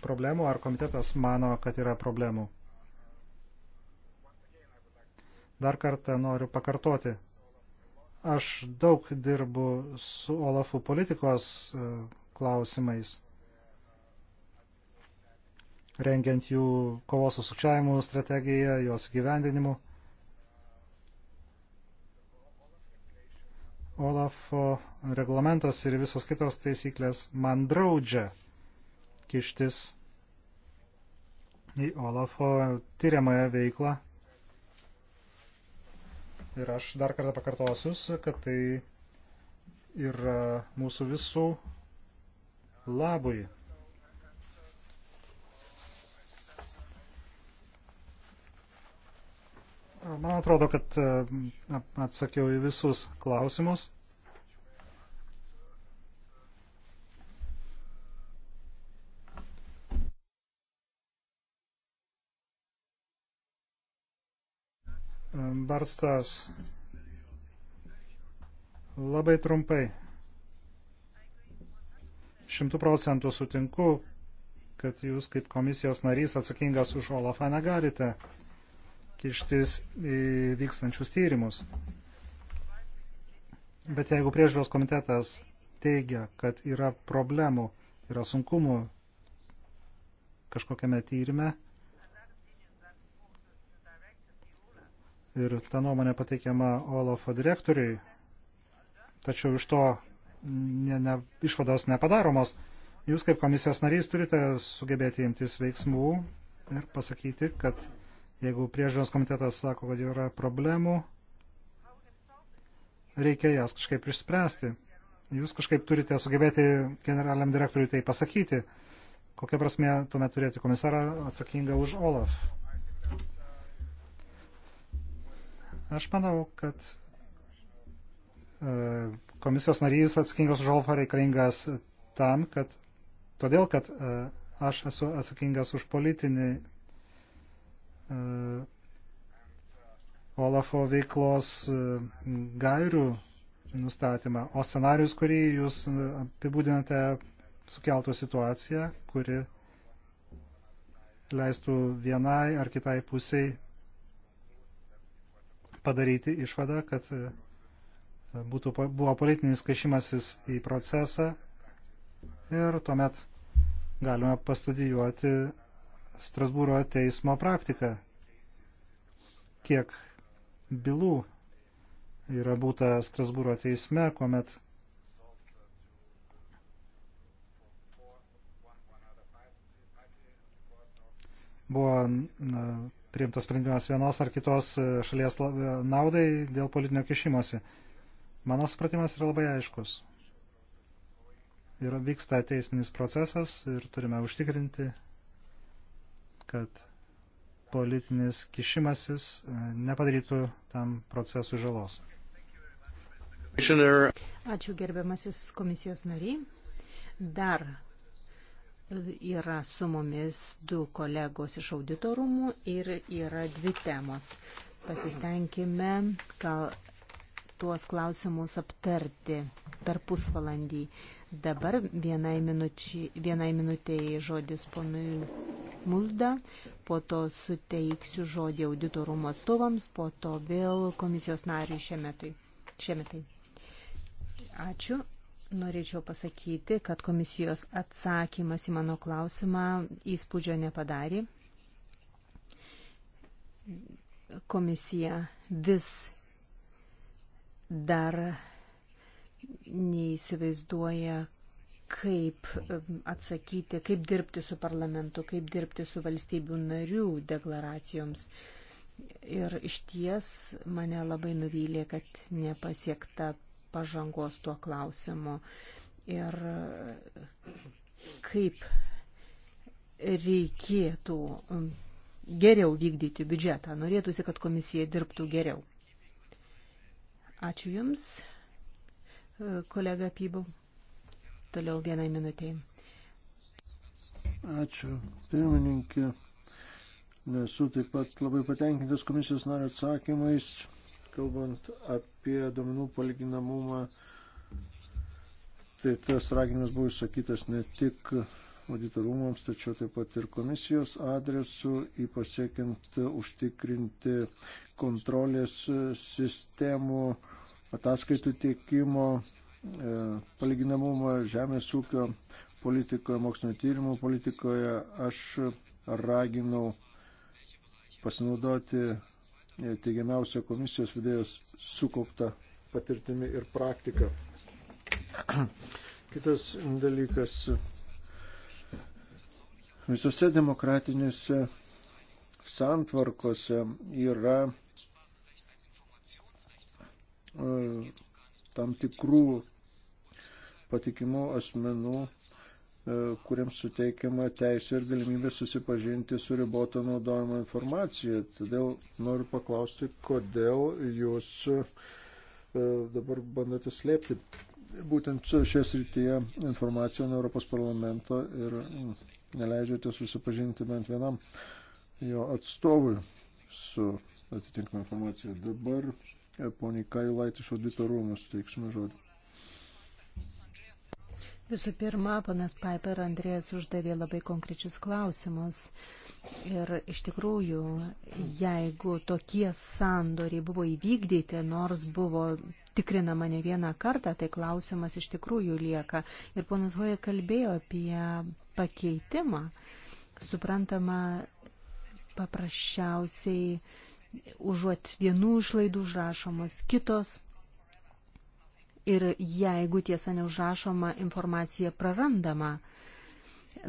problemų ar komitetas mano, kad yra problemų. Dar kartą noriu pakartoti. Aš daug dirbu su Olafu politikos e, klausimais, rengiant jų kovos su sukčiavimu strategiją, jos gyvendinimu. Olafo reglamentas ir visos kitos taisyklės man draudžia kištis į Olafo tyriamąją veiklą. Ir aš dar kartą pakartosiu, kad tai yra mūsų visų labui. Man atrodo, kad e, atsakiau į visus klausimus. E, Barstas. Labai trumpai. Šimtų procentų sutinku, kad jūs kaip komisijos narys atsakingas už Olafą negalite kištis į vykstančius tyrimus. Bet jeigu priežiūros komitetas teigia, kad yra problemų, yra sunkumų kažkokiame tyrime ir ta nuomonė pateikiama Olafo direktoriui, tačiau iš to ne, ne, išvados nepadaromos, jūs kaip komisijos narys turite sugebėti imtis veiksmų ir pasakyti, kad Jeigu priežiūros komitetas sako, kad yra problemų, reikia jas kažkaip išspręsti. Jūs kažkaip turite sugebėti generaliniam direktoriui tai pasakyti. Kokia prasme tuomet turėti komisarą atsakingą už OLAF? Aš manau, kad e, komisijos narys atsakingas už OLAF reikalingas tam, kad todėl, kad e, aš esu atsakingas už politinį E, Olafo veiklos e, gairių nustatymą, o scenarius, kurį jūs apibūdinate, sukeltų situaciją, kuri leistų vienai ar kitai pusiai padaryti išvadą, kad e, būtų, buvo politinis kišimasis į procesą ir tuomet galime pastudijuoti Strasbūro teismo praktika, kiek bylų yra būta Strasbūro teisme, kuomet buvo na, priimtas sprendimas vienos ar kitos šalies naudai dėl politinio kišimosi. Mano supratimas yra labai aiškus. Ir vyksta teisminis procesas ir turime užtikrinti, kad politinis kišimasis e, nepadarytų tam procesui žalos. Ačiū gerbiamasis komisijos nariai. Dar yra su mumis du kolegos iš auditorumų ir yra dvi temos. Pasistengime, gal tuos klausimus aptarti per pusvalandį. Dabar vienai, minučiai, vienai minutėjai žodis ponui Mulda, po to suteiksiu žodį auditorumo atstovams, po to vėl komisijos nariui šiemetui. šiemetai. Ačiū. Norėčiau pasakyti, kad komisijos atsakymas į mano klausimą įspūdžio nepadarė. Komisija vis dar neįsivaizduoja, kaip atsakyti, kaip dirbti su parlamentu, kaip dirbti su valstybių narių deklaracijoms. Ir iš ties mane labai nuvylė, kad nepasiekta pažangos tuo klausimu. Ir kaip reikėtų geriau vykdyti biudžetą. Norėtųsi, kad komisija dirbtų geriau. Ačiū Jums, e, kolega Pybau. Toliau vienai minutėjai. Ačiū, pirmininkė. Nesu taip pat labai patenkintas komisijos nario atsakymais, kalbant apie domenų palyginamumą. Tai tas raginimas buvo išsakytas ne tik auditorumams, tačiau taip pat ir komisijos adresu, ypač siekiant užtikrinti kontrolės sistemų, ataskaitų tiekimo, e, palyginamumą žemės ūkio politikoje, mokslinio tyrimų politikoje. Aš raginau pasinaudoti e, teigiamiausią komisijos vidėjos sukauptą patirtimi ir praktiką. Kitas dalykas Visose demokratinėse santvarkose yra e, tam tikrų patikimų asmenų e, kuriems suteikiama teisė ir galimybė susipažinti su riboto naudojimo informacija. Todėl noriu paklausti, kodėl jūs e, dabar bandote slėpti būtent šioje srityje informaciją nuo Europos parlamento ir neleidžiate susipažinti bent vienam jo atstovui su atitinkama informacija. Dabar e, poniai Kailait iš audito rūmų suteiksime žodį. Visų pirma, panas Piper Andrėjas uždavė labai konkrečius klausimus. Ir iš tikrųjų, jeigu tokie sandoriai buvo įvykdyti, nors buvo tikrinama ne vieną kartą, tai klausimas iš tikrųjų lieka. Ir ponas Hoja kalbėjo apie pakeitimą, suprantama, paprasčiausiai užuot vienų išlaidų užrašomos kitos. Ir jeigu tiesa neužrašoma, informacija prarandama.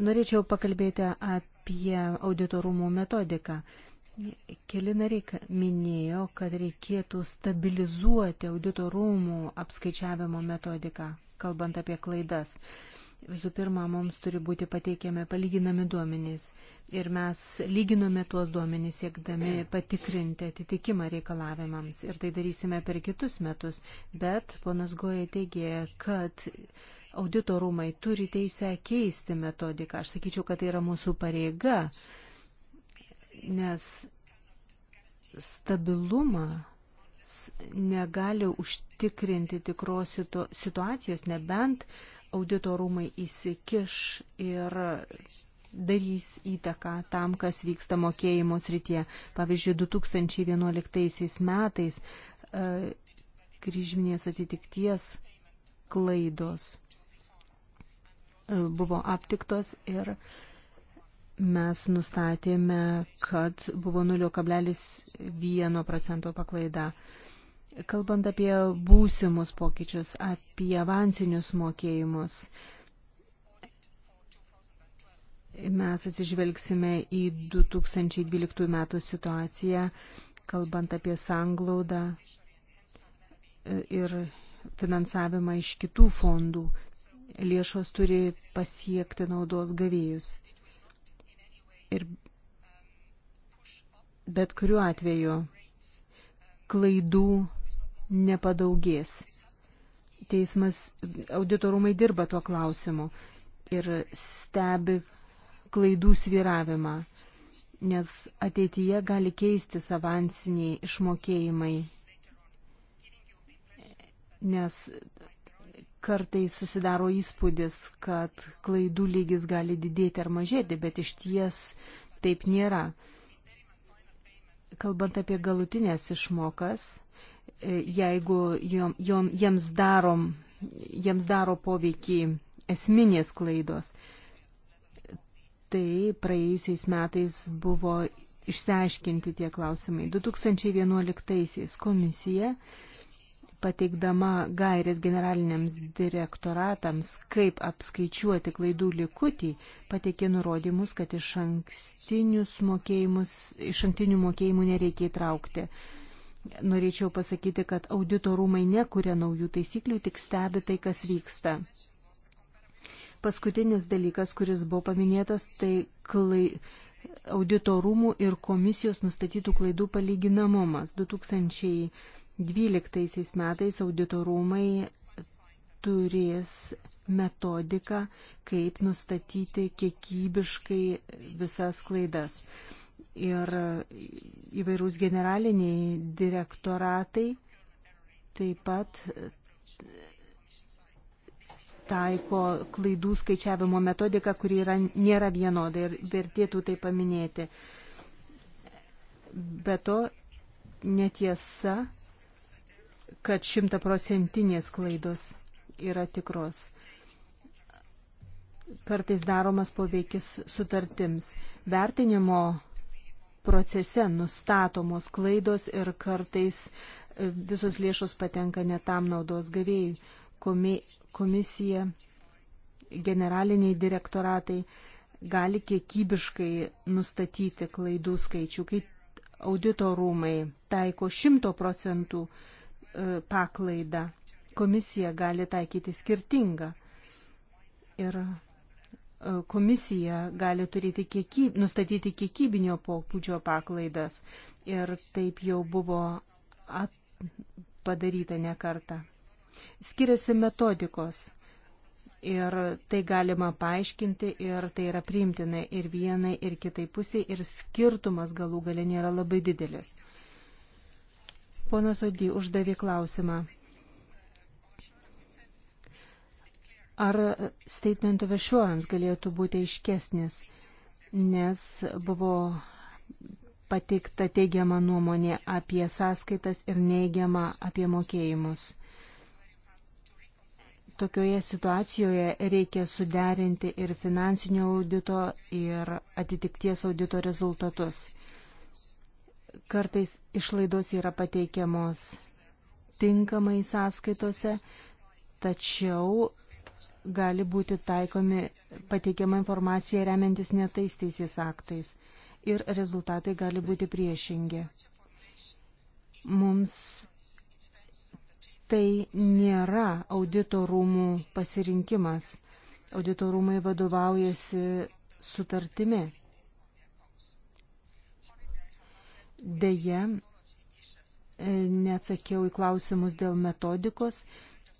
Norėčiau pakalbėti apie auditorumų metodiką. Keli nariai minėjo, kad reikėtų stabilizuoti auditorumų apskaičiavimo metodiką, kalbant apie klaidas. Visų pirma, mums turi būti pateikiami palyginami duomenys ir mes lyginome tuos duomenys siekdami patikrinti atitikimą reikalavimams ir tai darysime per kitus metus. Bet ponas Goja teigė, kad auditorumai turi teisę keisti metodiką. Aš sakyčiau, kad tai yra mūsų pareiga, nes stabilumą negali užtikrinti tikros situacijos, nebent auditorumai įsikiš ir darys įtaką tam, kas vyksta mokėjimo srityje. Pavyzdžiui, 2011 metais e, kryžminės atitikties klaidos e, buvo aptiktos ir mes nustatėme, kad buvo 0,1 procento paklaida. Kalbant apie būsimus pokyčius, apie avansinius mokėjimus, mes atsižvelgsime į 2012 metų situaciją, kalbant apie sanglaudą e, ir finansavimą iš kitų fondų. Lėšos turi pasiekti naudos gavėjus. Ir bet kuriuo atveju klaidų nepadaugės. Teismas auditorumai dirba tuo klausimu ir stebi klaidų sviravimą, nes ateityje gali keistis avansiniai išmokėjimai, nes kartais susidaro įspūdis, kad klaidų lygis gali didėti ar mažėti, bet iš ties taip nėra. Kalbant apie galutinės išmokas, jeigu jom, jom, jiems, darom, jiems daro poveikį esminės klaidos. Tai praėjusiais metais buvo išsiaiškinti tie klausimai. 2011 komisija pateikdama gairės generaliniams direktoratams, kaip apskaičiuoti klaidų likutį, pateikė nurodymus, kad iš ankstinių mokėjimų nereikia įtraukti. Norėčiau pasakyti, kad audito rūmai nekuria naujų taisyklių, tik stebi tai, kas vyksta. Paskutinis dalykas, kuris buvo paminėtas, tai klai, audito rūmų ir komisijos nustatytų klaidų palyginamumas. 2012 metais audito rūmai turės metodiką, kaip nustatyti kiekybiškai visas klaidas ir įvairūs generaliniai direktoratai taip pat taiko klaidų skaičiavimo metodiką, kuri yra, nėra vienoda ir vertėtų tai paminėti. Be to, netiesa, kad šimtaprocentinės klaidos yra tikros. Kartais daromas poveikis sutartims. Vertinimo procese nustatomos klaidos ir kartais e, visos lėšos patenka netam naudos gavėjui. Komi, komisija, generaliniai direktoratai gali kiekybiškai nustatyti klaidų skaičių, kai audito rūmai taiko 100 procentų e, paklaidą. Komisija gali taikyti skirtingą. Ir E, komisija gali turėti kiekyb, nustatyti kiekybinio pobūdžio paklaidas ir taip jau buvo at, padaryta ne kartą. Skiriasi metodikos ir tai galima paaiškinti ir tai yra priimtina ir vienai ir kitai pusiai ir skirtumas galų gale nėra labai didelis. Ponas Odį uždavė klausimą Ar statement of assurance galėtų būti aiškesnis, nes buvo pateikta teigiama nuomonė apie sąskaitas ir neigiama apie mokėjimus. Tokioje situacijoje reikia suderinti ir finansinio audito, ir atitikties audito rezultatus. Kartais išlaidos yra pateikiamos tinkamai sąskaitose, tačiau gali būti taikomi pateikiama informacija remiantis netais teisės aktais ir rezultatai gali būti priešingi. Mums tai nėra auditorumų pasirinkimas. Auditorumai vadovaujasi sutartimi. Deja, neatsakiau į klausimus dėl metodikos,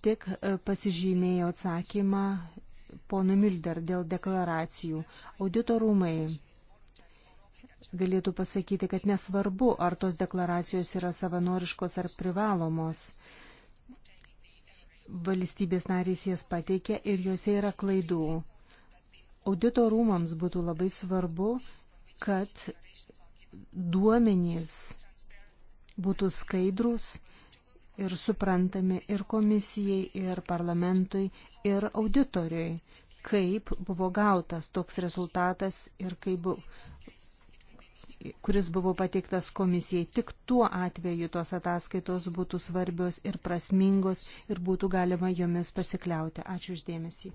tik e, pasižymėjo atsakymą ponu Milder dėl deklaracijų. Auditorumai galėtų pasakyti, kad nesvarbu, ar tos deklaracijos yra savanoriškos ar privalomos. Valstybės narys jas pateikia ir juose yra klaidų. Audito rūmams būtų labai svarbu, kad duomenys būtų skaidrus ir suprantami ir komisijai, ir parlamentui, ir auditoriui, kaip buvo gautas toks rezultatas ir kaip buvo kuris buvo pateiktas komisijai. Tik tuo atveju tos ataskaitos būtų svarbios ir prasmingos ir būtų galima jomis pasikliauti. Ačiū uždėmesį.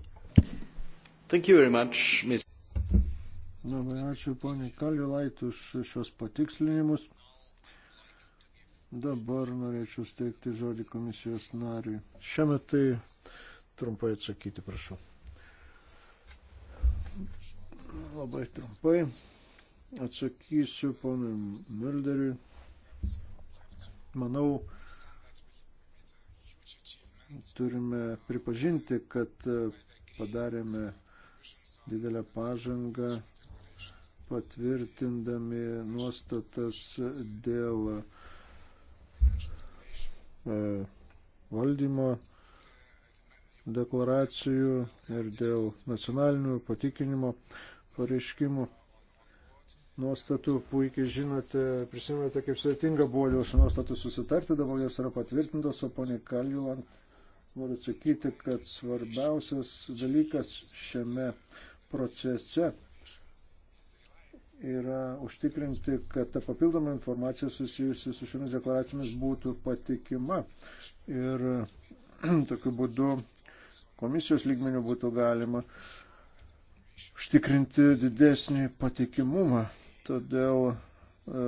Labai ačiū poniai Kaliulait už šios patikslinimus. Dabar norėčiau steigti žodį komisijos nariui. Šiame tai trumpai atsakyti, prašau. Labai trumpai atsakysiu ponui Mülderiui. Manau, turime pripažinti, kad padarėme didelę pažangą patvirtindami nuostatas dėl uh, E, valdymo deklaracijų ir dėl nacionalinių patikinimo pareiškimų nuostatų puikiai žinote, prisimenate, kaip sudėtinga buvo dėl šių nuostatų susitarti, dabar jos yra patvirtintos, o ponė Kaljulan noriu atsakyti, kad svarbiausias dalykas šiame procese yra užtikrinti, kad ta papildoma informacija susijusi su šiomis deklaracijomis būtų patikima. Ir tokiu būdu komisijos lygmenių būtų galima užtikrinti didesnį patikimumą. Todėl e,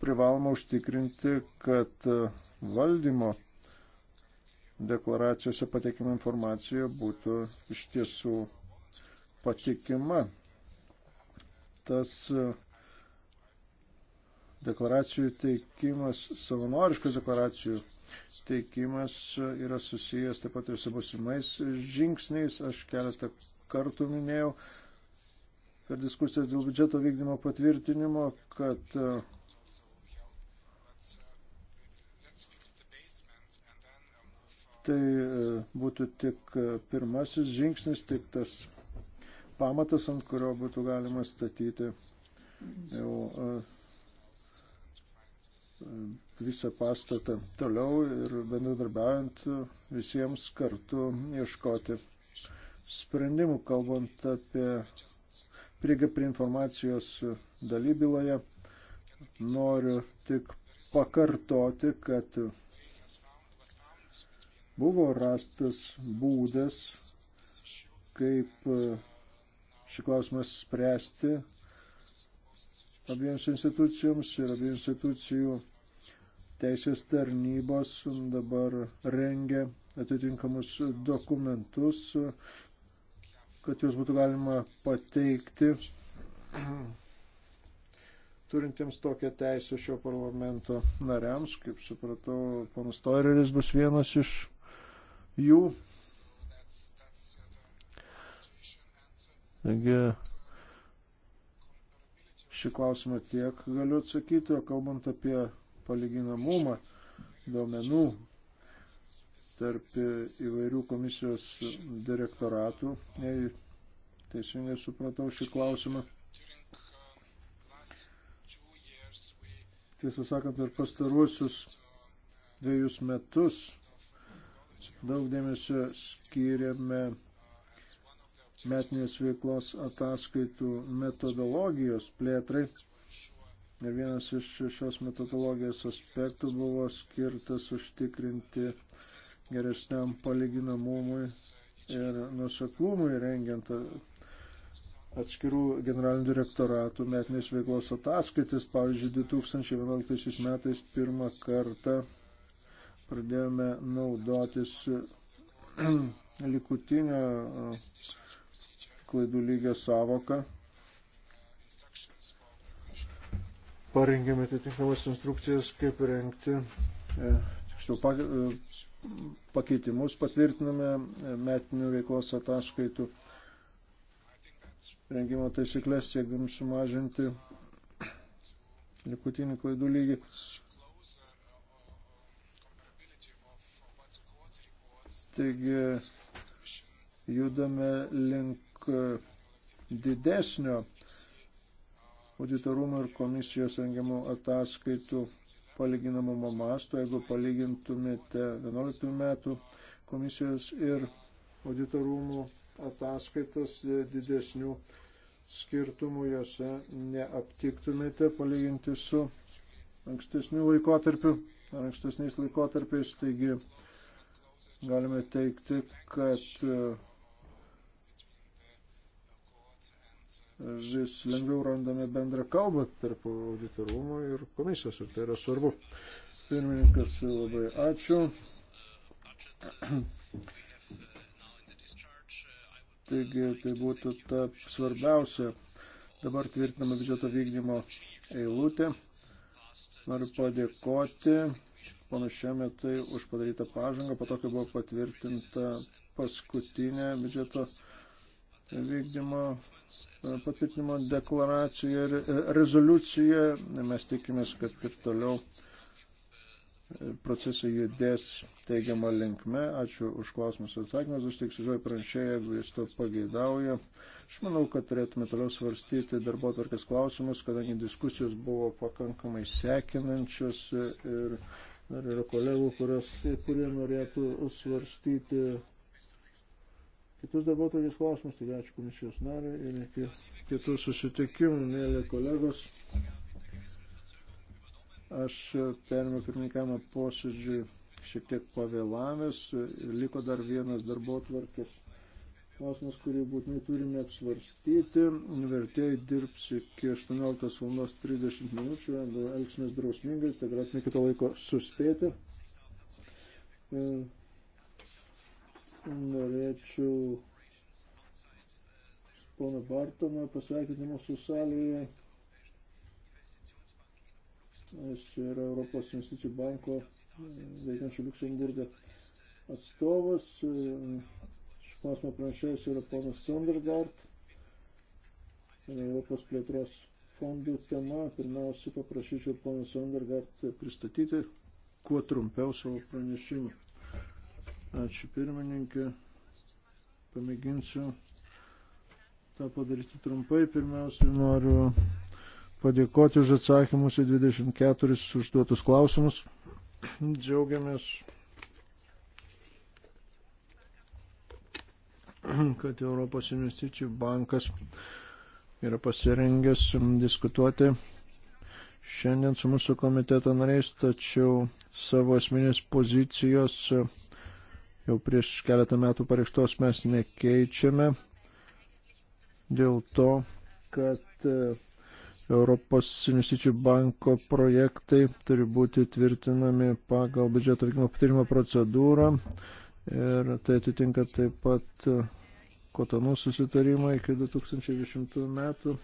privaloma užtikrinti, kad e, valdymo deklaracijose patikima informacija būtų iš tiesų patikima tas e, deklaracijų teikimas, savanoriškas deklaracijų teikimas e, yra susijęs taip pat ir su busimais žingsniais. Aš keletą kartų minėjau per diskusijas dėl biudžeto vykdymo patvirtinimo, kad e, tai būtų tik pirmasis žingsnis, tik tas pamatas, ant kurio būtų galima statyti jau e, visą pastatą toliau ir bendradarbiaujant visiems kartu ieškoti sprendimų, kalbant apie prieigą prie informacijos dalybyloje. Noriu tik pakartoti, kad buvo rastas būdas, kaip šį klausimą spręsti abiems institucijoms ir abiejų institucijų teisės tarnybos dabar rengia atitinkamus dokumentus, kad juos būtų galima pateikti turintiems tokią teisę šio parlamento nariams, kaip supratau, panas Toireris bus vienas iš jų. Taigi šį klausimą tiek galiu atsakyti, o kalbant apie palyginamumą duomenų tarp įvairių komisijos direktoratų, jei teisingai supratau šį klausimą. Tiesą sakant, per pastaruosius dviejus metus daug dėmesio skiriame metinės veiklos ataskaitų metodologijos plėtrai. Ir vienas iš šios metodologijos aspektų buvo skirtas užtikrinti geresniam palyginamumui ir nuseklumui rengiant atskirų generalinių direktoratų metinės veiklos ataskaitis. Pavyzdžiui, 2011 metais pirmą kartą pradėjome naudotis likutinio klaidų lygio savoką. Parengėme atitinkamas instrukcijas, kaip rengti, e, tiksliau, e, pakeitimus patvirtiname e, metinių veiklos ataskaitų rengimo taisyklės, siekdami sumažinti likutinį klaidų lygį. Taigi judame link E, didesnio auditorumo ir komisijos rengiamų ataskaitų palyginamumo masto, jeigu palygintumėte 11 metų komisijos ir auditorumų ataskaitas e, didesnių skirtumų juose neaptiktumėte palyginti su ankstesniu laikotarpiu ar ankstesniais laikotarpiais. Taigi galime teikti, kad e, vis lengviau randame bendrą kalbą tarp auditorumo ir komisijos ir tai yra svarbu. Pirmininkas, labai ačiū. Taigi tai būtų ta svarbiausia dabar tvirtinama biudžeto vykdymo eilutė. Noriu padėkoti panašiame tai už padarytą pažangą, po to, kai buvo patvirtinta paskutinė biudžeto vykdymo patvirtinimo deklaraciją ir e, rezoliuciją. Mes tikimės, kad ir toliau e, procesai judės teigiamą linkme. Ačiū už klausimus ir atsakymus. Aš tik sužioju pranešėją, jeigu jis to pageidauja. Aš manau, kad turėtume toliau svarstyti darbo tvarkės klausimus, kadangi diskusijos buvo pakankamai sekinančios e, ir dar yra kolegų, kurios, kurie norėtų svarstyti kitus darbuotojus klausimus. Taigi ačiū komisijos nariui ir iki kitų susitikimų, mėly kolegos. Aš perėmiau pirmininkamą posėdžiui šiek tiek pavėlavęs ir liko dar vienas darbotvarkės klausimas, kurį būtinai turime apsvarstyti. Vertėjai dirbs iki 18.30 minučių, elgsimės drausmingai, tai galėtume kito laiko suspėti norėčiau poną Bartomą pasveikinti mūsų salėje. Jis yra Europos investicijų banko e, veikiančių Luxemburgė atstovas. E, šį klausimą pranešėjas yra ponas Sondergaard. E, Europos plėtros fondų tema. Pirmiausia, paprašyčiau poną Sondergaard pristatyti kuo trumpiau savo pranešimą. Ačiū pirmininkė. Pamėginsiu tą padaryti trumpai. Pirmiausia, noriu padėkoti už atsakymus į 24 užduotus klausimus. Džiaugiamės, kad Europos investicijų bankas yra pasirengęs diskutuoti šiandien su mūsų komiteto nariais, tačiau savo asmenės pozicijos jau prieš keletą metų pareikštos mes nekeičiame dėl to, kad e, Europos investicijų banko projektai turi būti tvirtinami pagal biudžeto vykdymo patirimo procedūrą ir tai atitinka taip pat e, kotonų susitarimą iki 2020 metų.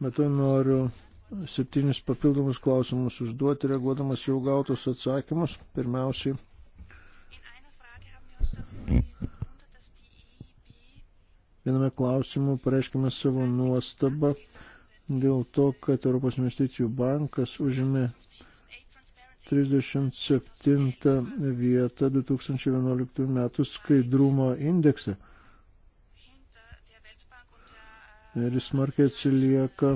Bet to noriu septynis papildomus klausimus užduoti, reaguodamas jau gautus atsakymus. Pirmiausiai. Viename klausimu pareiškime savo nuostabą dėl to, kad Europos investicijų bankas užėmė 37 vietą 2011 metų skaidrumo indekse. Ir jis smarkiai atsilieka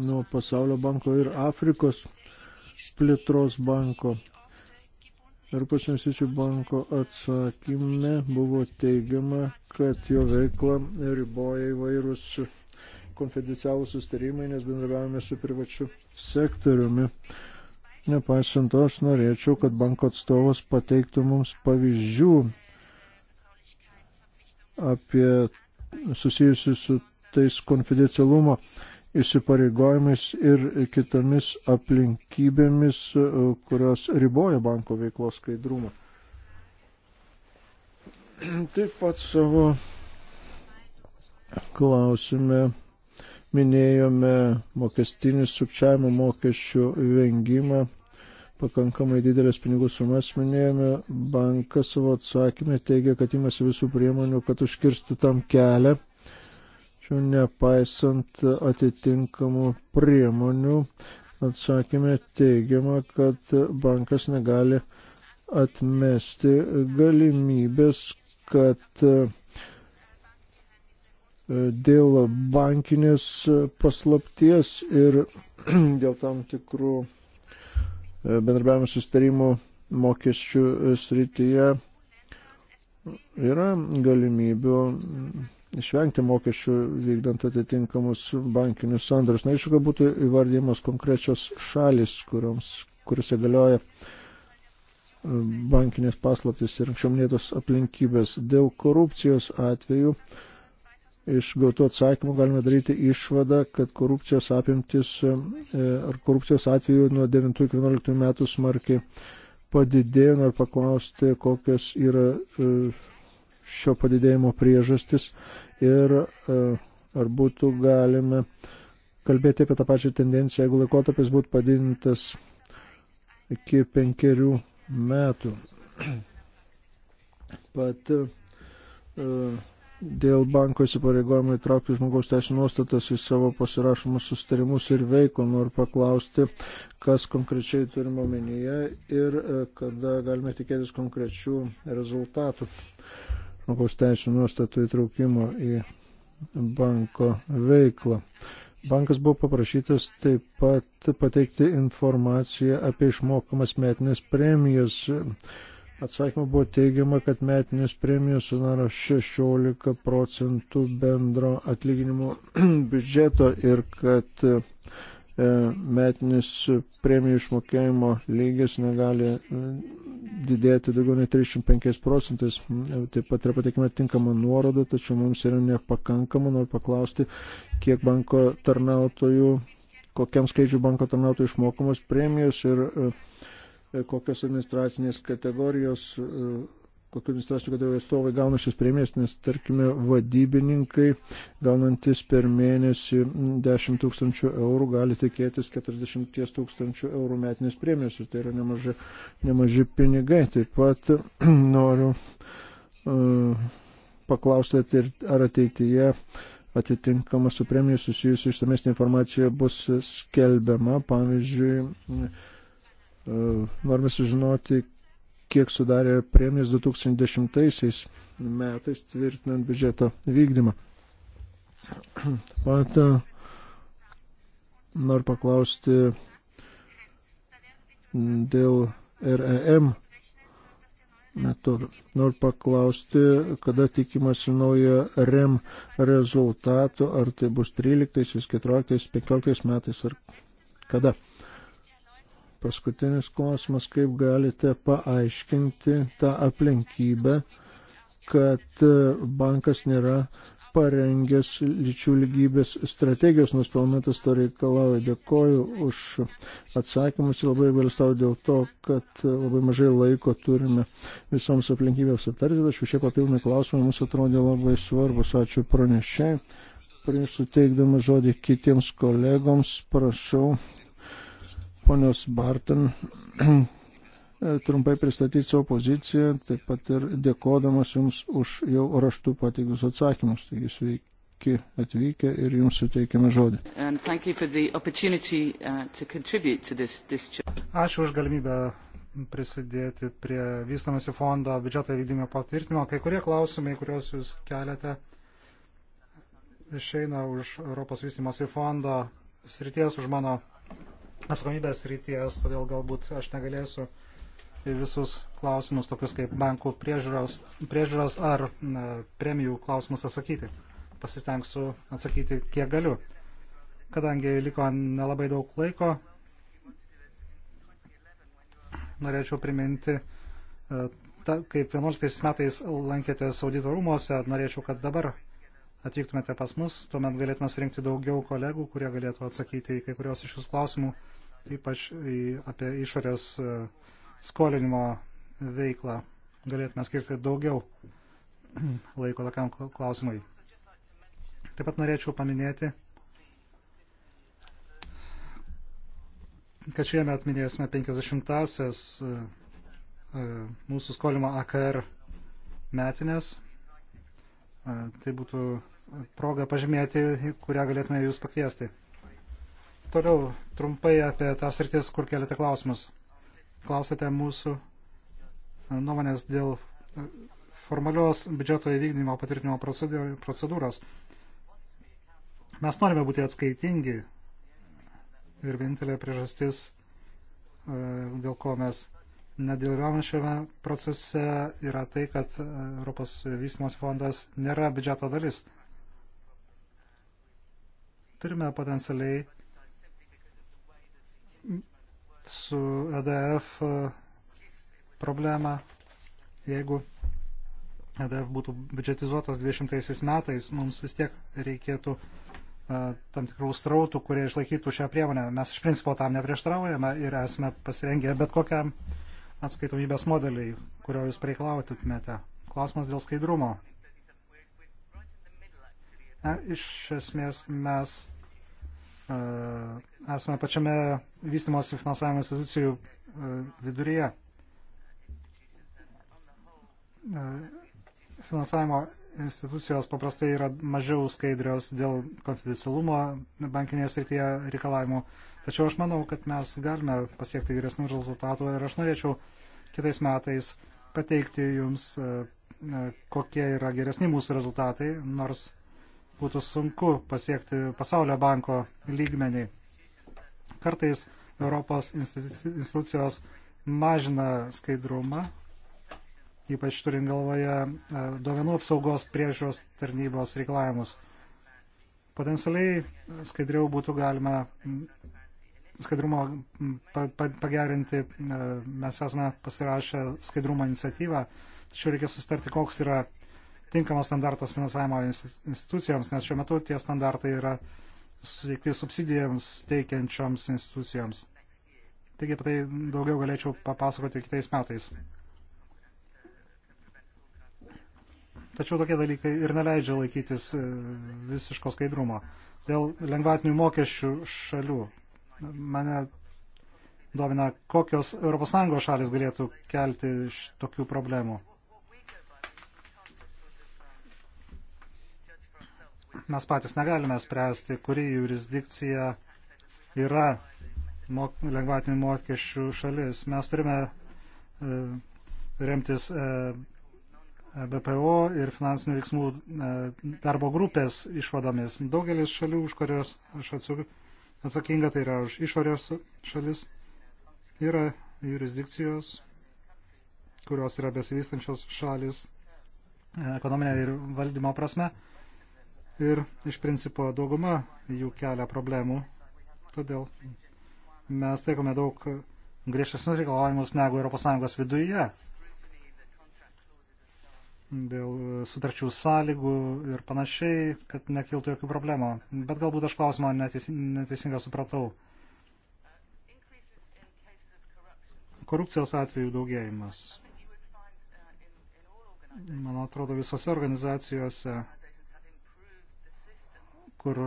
nuo Pasaulio banko ir Afrikos plėtros banko. Europos investicijų banko atsakyme buvo teigiama, kad jo veiklą riboja įvairūs konfidencialūs sustarimai, nes bendravėjome su privačiu sektoriumi. Nepaisant to, aš norėčiau, kad banko atstovas pateiktų mums pavyzdžių apie susijusius su tais konfidencialumo uh, įsipareigojimais ir kitomis aplinkybėmis, e, kurios riboja banko veiklos skaidrumą. Taip pat savo klausime minėjome mokestinį sukčiavimą, mokesčių vengimą, pakankamai didelės pinigų sumas minėjome. Bankas savo atsakymę teigia, kad imasi visų priemonių, kad užkirstų tam kelią nepaisant atitinkamų priemonių, atsakymė teigiama, kad bankas negali atmesti galimybės, kad e, dėl bankinės paslapties ir dėl tam tikrų e, bendrabiavimo sustarimų mokesčių srityje yra galimybių išvengti mokesčių vykdant atitinkamus bankinius sandarius. Na, aišku, kad būtų įvardymas konkrečios šalis, kurioms, kuriuose galioja e, bankinės paslaptis ir anksčiau minėtos aplinkybės. Dėl korupcijos atveju iš gautų atsakymų galime daryti išvadą, kad korupcijos apimtis e, ar korupcijos atveju nuo 9 iki 11 metų smarkiai padidėjo ir paklausti, kokios yra e, šio padidėjimo priežastis ir e, ar būtų galime kalbėti apie tą pačią tendenciją, jeigu laikotarpis būtų padidintas iki penkerių metų. Pat e, e, dėl banko įsipareigojimo įtraukti žmogaus teisų nuostatas į savo pasirašomus sustarimus ir veiklą. Noriu paklausti, kas konkrečiai turime omenyje ir kada galime tikėtis konkrečių rezultatų žmogaus teisų nuostatų įtraukimo į banko veiklą. Bankas buvo paprašytas taip pat pateikti informaciją apie išmokamas metinės premijas. Atsakymą buvo teigiama, kad metinės premijos sudaro 16 procentų bendro atlyginimo biudžeto ir kad E, metinis premijų išmokėjimo lygis negali e, didėti daugiau nei 35 procentais. E, taip pat yra patikima tinkama nuoroda, tačiau mums yra nepakankama. Noriu paklausti, kiek banko tarnautojų, kokiam skaičiu banko tarnautojų išmokamos premijos ir kokios administracinės kategorijos kokiu administracijų vadovų atstovai gauna šias premijas, nes tarkime vadybininkai, gaunantis per mėnesį 10 tūkstančių eurų, gali tikėtis 40 tūkstančių eurų metinės premijos ir tai yra nemaži, nemaži pinigai. Taip pat noriu uh, paklausti, ar ateityje atitinkama su premija susijusi išsamesnė informacija bus skelbiama. Pavyzdžiui, uh, norime sužinoti, kiek sudarė premijas 2010 metais tvirtinant biudžeto vykdymą. Taip pat e, noriu paklausti dėl REM metodų. Noriu paklausti, kada tikimasi naujo REM rezultatų, ar tai bus 13, 14, 15 metais ar kada. Paskutinis klausimas, kaip galite paaiškinti tą aplinkybę, kad e, bankas nėra parengęs lyčių lygybės strategijos, nors parlamentas to reikalauja. Dėkoju už atsakymus ir labai galstau dėl to, kad e, labai mažai laiko turime visoms aplinkybėms aptarti, tačiau šie papildomi klausimai mums atrodė labai svarbus. Ačiū pranešėjai. Prieš suteikdama žodį kitiems kolegoms, prašau ponios Barton trumpai pristatyti savo poziciją, taip pat ir dėkodamas Jums už jau raštų pateiktus atsakymus. Taigi sveiki atvykę ir Jums suteikiame žodį. Uh, Ačiū už galimybę prisidėti prie vystamasi fondo biudžeto vykdymo patvirtinimo. Kai kurie klausimai, kuriuos Jūs keliate, išeina už Europos vystimosi fondo srities, už mano atsakomybės ryties, todėl galbūt aš negalėsiu į visus klausimus, tokius kaip bankų priežiūros, priežiūros ar na, premijų klausimus atsakyti. Pasistengsiu atsakyti, kiek galiu. Kadangi liko nelabai daug laiko, norėčiau priminti, e, ta, kaip 11 metais lankėtės audito rūmose, norėčiau, kad dabar atvyktumėte pas mus, tuomet galėtume surinkti daugiau kolegų, kurie galėtų atsakyti į kai kurios iš jūsų klausimų ypač apie išorės e, skolinimo veiklą galėtume skirti daugiau laiko tokiam klausimui. Taip pat norėčiau paminėti, kad šiame atminėsime 50-asias e, e, mūsų skolimo AKR metinės. Tai būtų proga pažymėti, kurią galėtume jūs pakviesti. Toliau trumpai apie tas rytis, kur keliate klausimus. Klausėte mūsų e, nuomonės dėl e, formalios biudžeto įvykdymo patvirtinimo procedūros. Mes norime būti atskaitingi ir vienintelė priežastis, e, dėl ko mes nedėliojame šiame procese, yra tai, kad Europos vystimos fondas nėra biudžeto dalis. Turime potencialiai su EDF e, problemą. Jeigu EDF būtų biudžetizuotas 20 metais, mums vis tiek reikėtų e, tam tikrų srautų, kurie išlaikytų šią priemonę. Mes iš principo tam neprieštraujame ir esame pasirengę bet kokiam atskaitomybės modeliai, kurio jūs pareiklautumėte. Klausimas dėl skaidrumo. Na, iš esmės mes E, esame pačiame vystimosi finansavimo institucijų e, viduryje. E, finansavimo institucijos paprastai yra mažiau skaidrios dėl konfidencialumo bankinėje srityje reikalavimų. Tačiau aš manau, kad mes galime pasiekti geresnių rezultatų ir aš norėčiau kitais metais pateikti jums, kokie yra geresni mūsų rezultatai, nors būtų sunku pasiekti pasaulio banko lygmenį. Kartais Europos institucijos mažina skaidrumą, ypač turint galvoje e, duomenų apsaugos priežiūros tarnybos reikalavimus. Potencialiai skaidriau būtų galima skaidrumo pagerinti, e, mes esame pasirašę skaidrumo iniciatyvą, tačiau reikia sustarti, koks yra tinkamas standartas finansavimo institucijoms, nes šiuo metu tie standartai yra suteikti subsidijams teikiančioms institucijoms. Taigi apie tai daugiau galėčiau papasakoti kitais metais. Tačiau tokie dalykai ir neleidžia laikytis e, visiško skaidrumo. Dėl lengvatinių mokesčių šalių mane domina, kokios ES šalis galėtų kelti tokių problemų. mes patys negalime spręsti, kuri jurisdikcija yra mok lengvatinių mokesčių šalis. Mes turime e, remtis e, BPO ir finansinių veiksmų e, darbo grupės išvadomis. Daugelis šalių, už kurias aš atsakinga, tai yra už išorės šalis, yra jurisdikcijos, kurios yra besivystančios šalis e, ekonominė ir valdymo prasme. E, ir iš principo dauguma jų kelia problemų. Todėl mes taikome daug griežtesnius reikalavimus negu ES viduje dėl sutarčių sąlygų ir panašiai, kad nekiltų jokių problemų. Bet galbūt aš klausimą neteis, neteisingai supratau. Korupcijos atveju daugėjimas. Man atrodo, visose organizacijose kur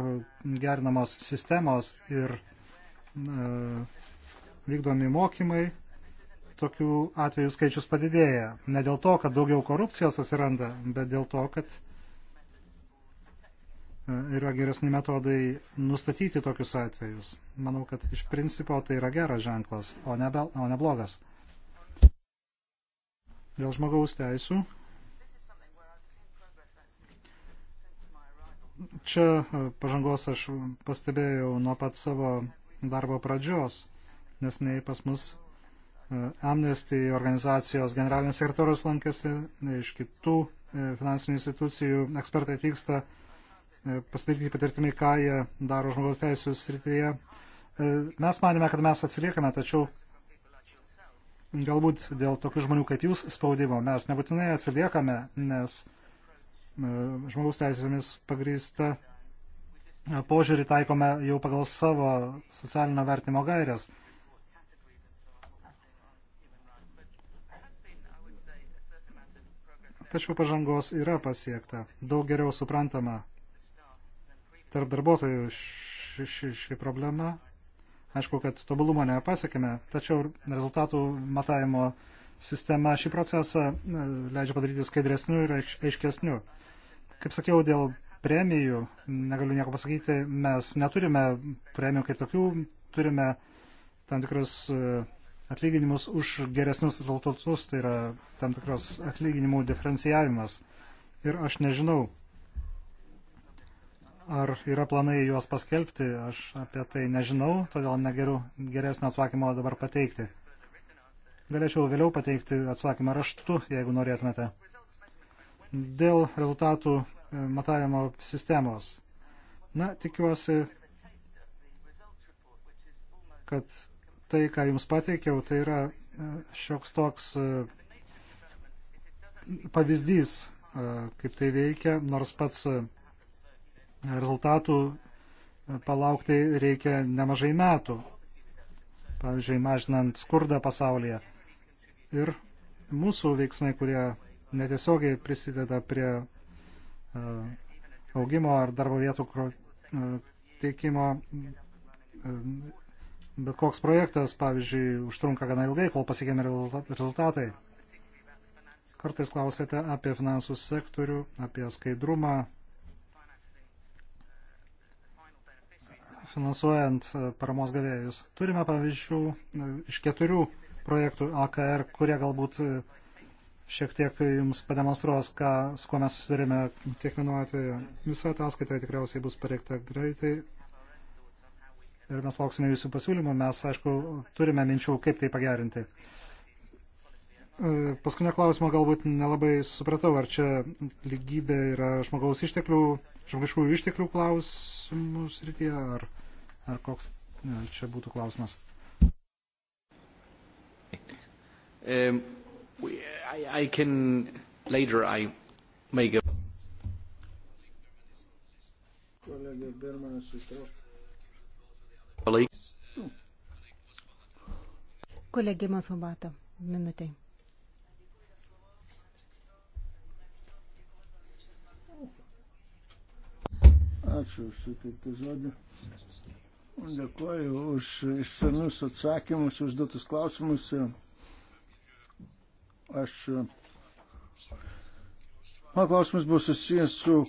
gerinamos sistemos ir e, vykdomi mokymai, tokių atvejų skaičius padidėja. Ne dėl to, kad daugiau korupcijos atsiranda, bet dėl to, kad e, yra geresni metodai nustatyti tokius atvejus. Manau, kad iš principo tai yra geras ženklas, o ne, be, o ne blogas. Dėl žmogaus teisų Čia e, pažangos aš pastebėjau nuo pat savo darbo pradžios, nes nei pas mus e, Amnesty organizacijos generalinis sekretorius lankėsi, iš kitų e, finansinių institucijų ekspertai atvyksta pasidaryti patirtimi, ką jie daro žmogaus teisų srityje. Mes manime, kad mes atsiliekame, tačiau galbūt dėl tokių žmonių kaip jūs spaudimo mes nebūtinai atsiliekame, nes E, žmogaus teisėmis pagrįsta e, požiūrį taikome jau pagal savo socialinio vertimo gairias. Tačiau pažangos yra pasiekta, daug geriau suprantama tarp darbuotojų ši, ši, ši problema. Aišku, kad tobulumo nepasiekime, tačiau rezultatų matavimo sistema šį procesą e, leidžia padaryti skaidresniu ir aiškesniu. Kaip sakiau, dėl premijų, negaliu nieko pasakyti, mes neturime premijų kaip tokių, turime tam tikrus e, atlyginimus už geresnius rezultatus, tai yra tam tikros atlyginimų diferencijavimas. Ir aš nežinau, ar yra planai juos paskelbti, aš apie tai nežinau, todėl negeriu geresnio atsakymo dabar pateikti. Galėčiau vėliau pateikti atsakymą raštu, jeigu norėtumėte dėl rezultatų e, matavimo sistemos. Na, tikiuosi, kad tai, ką Jums pateikiau, tai yra e, šioks toks e, pavyzdys, kaip tai veikia, nors pats rezultatų palaukti reikia nemažai metų, pavyzdžiui, mažinant skurdą pasaulyje. Ir mūsų veiksmai, kurie netiesiogiai prisideda prie e, augimo ar darbo vietų e, teikimo. E, bet koks projektas, pavyzdžiui, užtrunka gana ilgai, kol pasiekėme rezultatai. Kartais klausėte apie finansų sektorių, apie skaidrumą, finansuojant paramos gavėjus. Turime pavyzdžių iš keturių projektų AKR, kurie galbūt šiek tiek jums pademonstruos, ką, su kuo mes susidarėme kiekvienu atveju. Visa ataskaita tikriausiai bus pareikta greitai ir mes lauksime jūsų pasiūlymų. Mes, aišku, turime minčių, kaip tai pagerinti. E, paskutinio klausimo galbūt nelabai supratau, ar čia lygybė yra žmogaus išteklių, žmogiškųjų išteklių klausimų srityje, ar, ar koks ne, čia būtų klausimas. Um we, I, I can later I make a. Kolegė Birmanas įtraukė. Kolegė Masubata, minutė. Ačiū už suteiktą žodį. Dėkuoju už išsamius atsakymus, užduotus klausimus. Ir Aš. Mano klausimas buvo susijęs su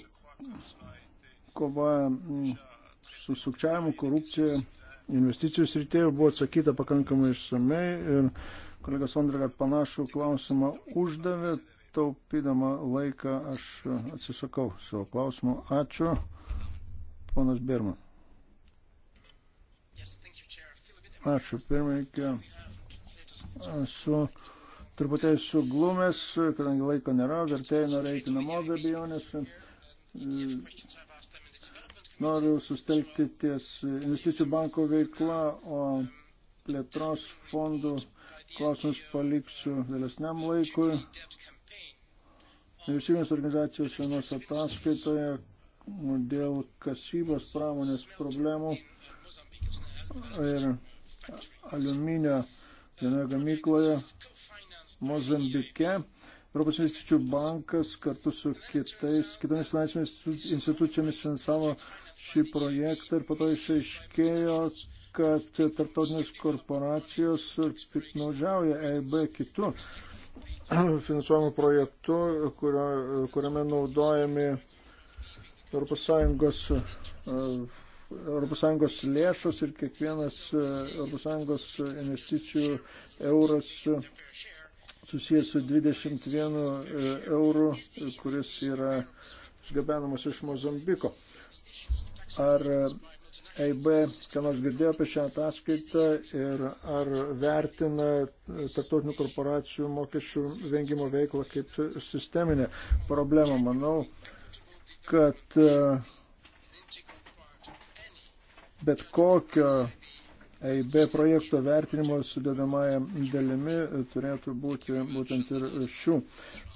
kova mm, su sukčiavimu, korupcija, investicijų srityje buvo atsakyta pakankamai išsamei ir kolegas Andrikat panašų klausimą uždavė, taupydama laiką aš atsisakau savo klausimų. Ačiū, ponas Birman. Ačiū, pirmininkė. Esu. Su truputį suglumęs, kadangi laiko nėra, vertėjai nori eiti namo be abejonės. Mm. Noriu sustelkti ties investicijų banko veikla, o plėtros fondų klausimus paliksiu vėlesniam laikui. Nevyriausybinės organizacijos vienos ataskaitoje dėl kasybos pramonės problemų ir aliuminio vienoje gamykloje Mozambike. Europos investicijų bankas kartu su kitais, kitomis finansinėmis institucijomis finansavo šį projektą ir po to išaiškėjo, kad tarptautinės korporacijos piknaudžiauja EIB kitų finansuojamų projektų, kurio, kuriame naudojami ES ES lėšos ir kiekvienas ES investicijų euras susijęs su 21 e, eurų, kuris yra išgabenamas iš Mozambiko. Ar EIB, e ką nors girdėjo apie šią ataskaitą ir ar vertina e, tarptautinių korporacijų mokesčių vengimo veiklą kaip sisteminę problemą? Manau, kad bet kokio EIB projekto vertinimo sudėdamąją dalimi turėtų būti būtent ir šių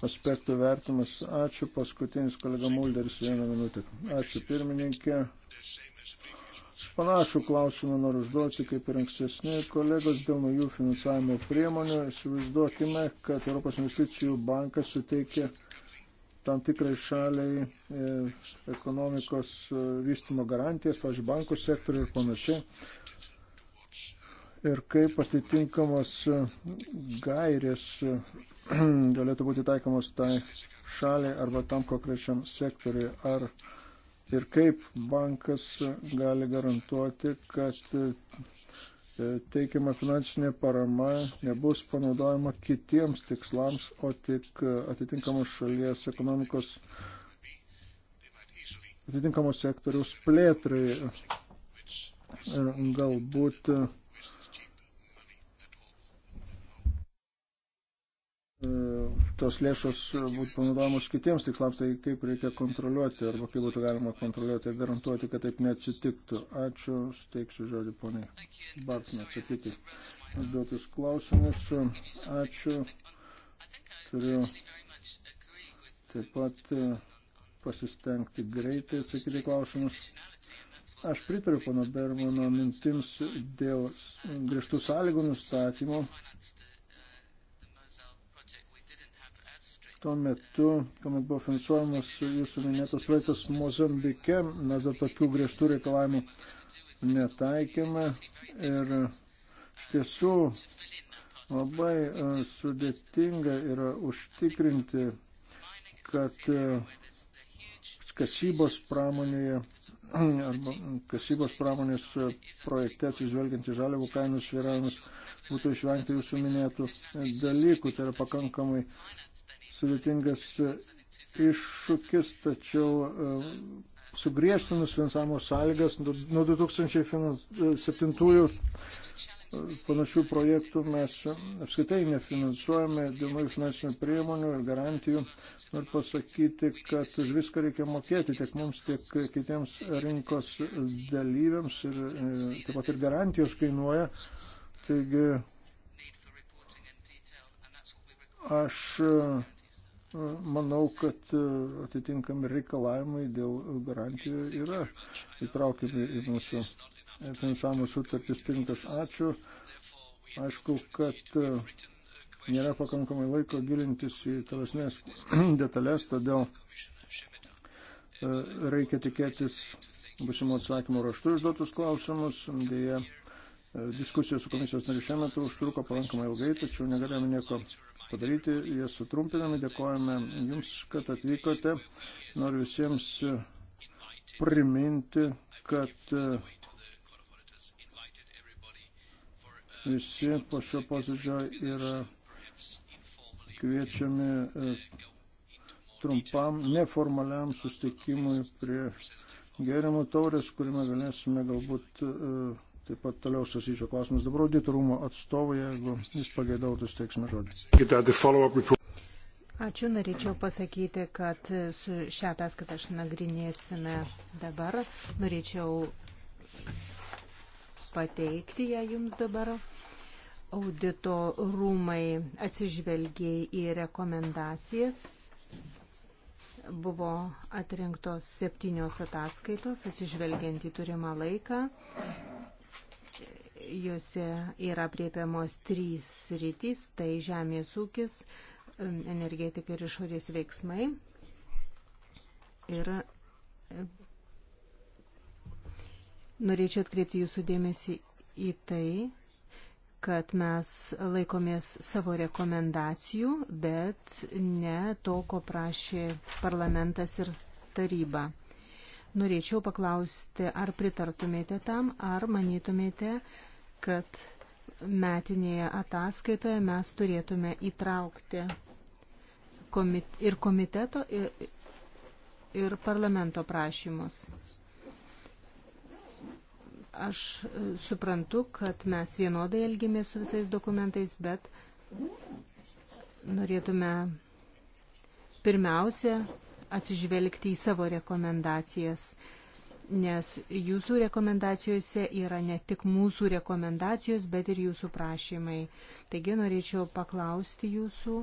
aspektų vertimas. Ačiū, paskutinis kolega Mulderis, vieną minutę. Ačiū, pirmininkė. Panašų klausimą noriu užduoti kaip ir ankstesni kolegos dėl naujų finansavimo priemonių. Įsivaizduokime, kad Europos investicijų bankas suteikia tam tikrai šaliai e, ekonomikos e, vystimo garantijas, pažiūrėjau, bankų sektoriui ir panašiai ir kaip atitinkamos gairės galėtų būti taikomos tai šaliai arba tam konkrečiam sektoriui, ar ir kaip bankas gali garantuoti, kad e, teikiama finansinė parama nebus panaudojama kitiems tikslams, o tik e, atitinkamos šalies ekonomikos, atitinkamos sektoriaus plėtrai. Ir e, galbūt uh, tos lėšos būtų panaudojamos kitiems tikslams, tai kaip reikia kontroliuoti arba kaip būtų galima kontroliuoti ir garantuoti, kad taip neatsitiktų. Ačiū, steiksiu žodį poniai Bartinai atsakyti užduotus klausimus. Ačiū. Turiu taip pat pasistengti greitai atsakyti klausimus. Aš pritariu pana Bermano mintims dėl griežtų sąlygų nustatymo tuo metu, kuomet buvo finansuojamas jūsų minėtas projektas Mozambike, mes dar tokių griežtų reikalavimų netaikėme ir iš tiesų labai e, sudėtinga yra užtikrinti, kad e, kasybos pramonėje arba kasybos pramonės projekte atsižvelgiant į žaliavų kainų sviravimus būtų išvengta jūsų minėtų dalykų. Tai yra pakankamai sudėtingas iššūkis, tačiau e, sugriežtinus finansavimo sąlygas nuo 2007 e, e, panašių projektų mes apskaitai nefinansuojame dėl naujų finansinių priemonių ir garantijų. Noriu pasakyti, kad už viską reikia mokėti tiek mums, tiek kitiems rinkos dalyviams ir taip pat ir garantijos kainuoja. Taigi aš Manau, kad e, atitinkami reikalavimai dėl garantijų yra įtraukiami į mūsų finansavimo sutartis pinkas. Ačiū. Aišku, kad e, nėra pakankamai laiko gilintis į tolesnės detalės, todėl e, reikia tikėtis busimo atsakymo raštu išduotus klausimus. Dėja, diskusijos su komisijos nariu šiuo metu užtruko pakankamai ilgai, tačiau negalėjome nieko padaryti, jie sutrumpinami. Dėkojame Jums, kad atvykote. Noriu visiems priminti, kad e, visi po šio posėdžio yra kviečiami e, trumpam neformaliam sustikimui prie gėrimų taurės, kuriame galėsime galbūt uh, taip pat toliau susijusiu klausimus. Dabar auditorumo atstovai, jeigu jis pageidautų, steiksime žodį. Ačiū, norėčiau pasakyti, kad su šią ataskaitą aš nagrinėsime dabar. Norėčiau pateikti ją jums dabar. Audito rūmai atsižvelgė į rekomendacijas. Buvo atrinktos septynios ataskaitos, atsižvelgiant į turimą laiką. Jose yra priepiamos trys rytis - tai žemės ūkis, energetika ir išorės veiksmai. Ir norėčiau atkreipti jūsų dėmesį į tai, kad mes laikomės savo rekomendacijų, bet ne to, ko prašė parlamentas ir taryba. Norėčiau paklausti, ar pritartumėte tam, ar manytumėte, kad metinėje ataskaitoje mes turėtume įtraukti komit ir komiteto, ir, ir parlamento prašymus. Aš e, suprantu, kad mes vienodai elgėmės su visais dokumentais, bet norėtume pirmiausia atsižvelgti į savo rekomendacijas nes jūsų rekomendacijose yra ne tik mūsų rekomendacijos, bet ir jūsų prašymai. Taigi norėčiau paklausti jūsų,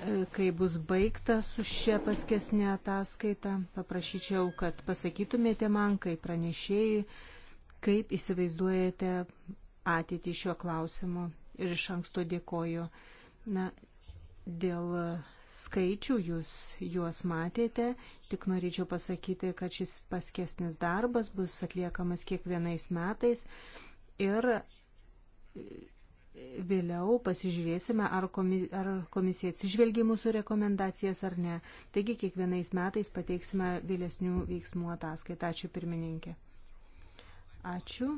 e, kai bus baigta su šia paskesnė ataskaita, paprašyčiau, kad pasakytumėte man, kaip pranešėjai, kaip įsivaizduojate ateitį šiuo klausimu. Ir iš anksto dėkoju. Na, Dėl skaičių jūs juos matėte, tik norėčiau pasakyti, kad šis paskesnis darbas bus atliekamas kiekvienais metais ir e, vėliau pasižiūrėsime, ar, komis, ar komisija atsižvelgia mūsų rekomendacijas ar ne. Taigi kiekvienais metais pateiksime vėlesnių veiksmų ataskaitą. Ačiū pirmininkė. Ačiū.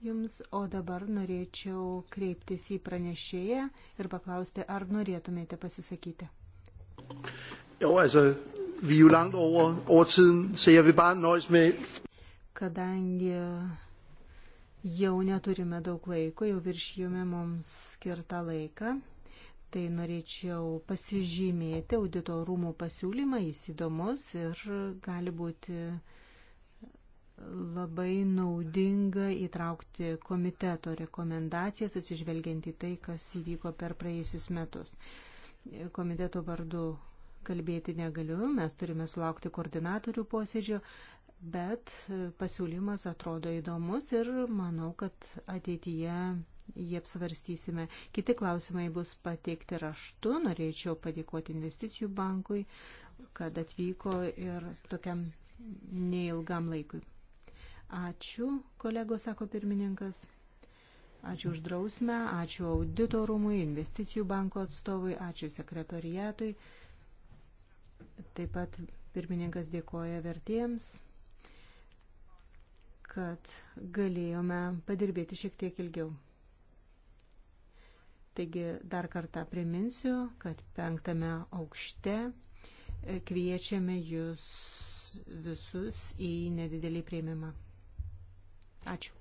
Jums, o dabar norėčiau kreiptis į pranešėją ir paklausti, ar norėtumėte pasisakyti. Jo, altså, vi er jo langt over, over tiden, så jeg vil bare nøjes med... Kadangi jau neturime daug laiko, jau viršijome mums skirtą laiką, tai norėčiau pasižymėti auditorumų pasiūlymą, jis įdomus ir gali būti uh, labai naudinga įtraukti komiteto rekomendacijas, atsižvelgiant į tai, kas įvyko per praėjusius metus. Komiteto vardu kalbėti negaliu, mes turime sulaukti koordinatorių posėdžio, bet pasiūlymas atrodo įdomus ir manau, kad ateityje jį apsvarstysime. Kiti klausimai bus pateikti raštu. Norėčiau padėkoti investicijų bankui, kad atvyko ir tokiam neilgam laikui. Ačiū, kolegos, sako pirmininkas. Ačiū už drausmę, ačiū auditorumui, investicijų banko atstovui, ačiū sekretoriatui. Taip pat pirmininkas dėkoja vertėjams, kad galėjome padirbėti šiek tiek ilgiau. Taigi dar kartą priminsiu, kad penktame aukšte kviečiame jūs visus į nedidelį prieimimą. Ačiū.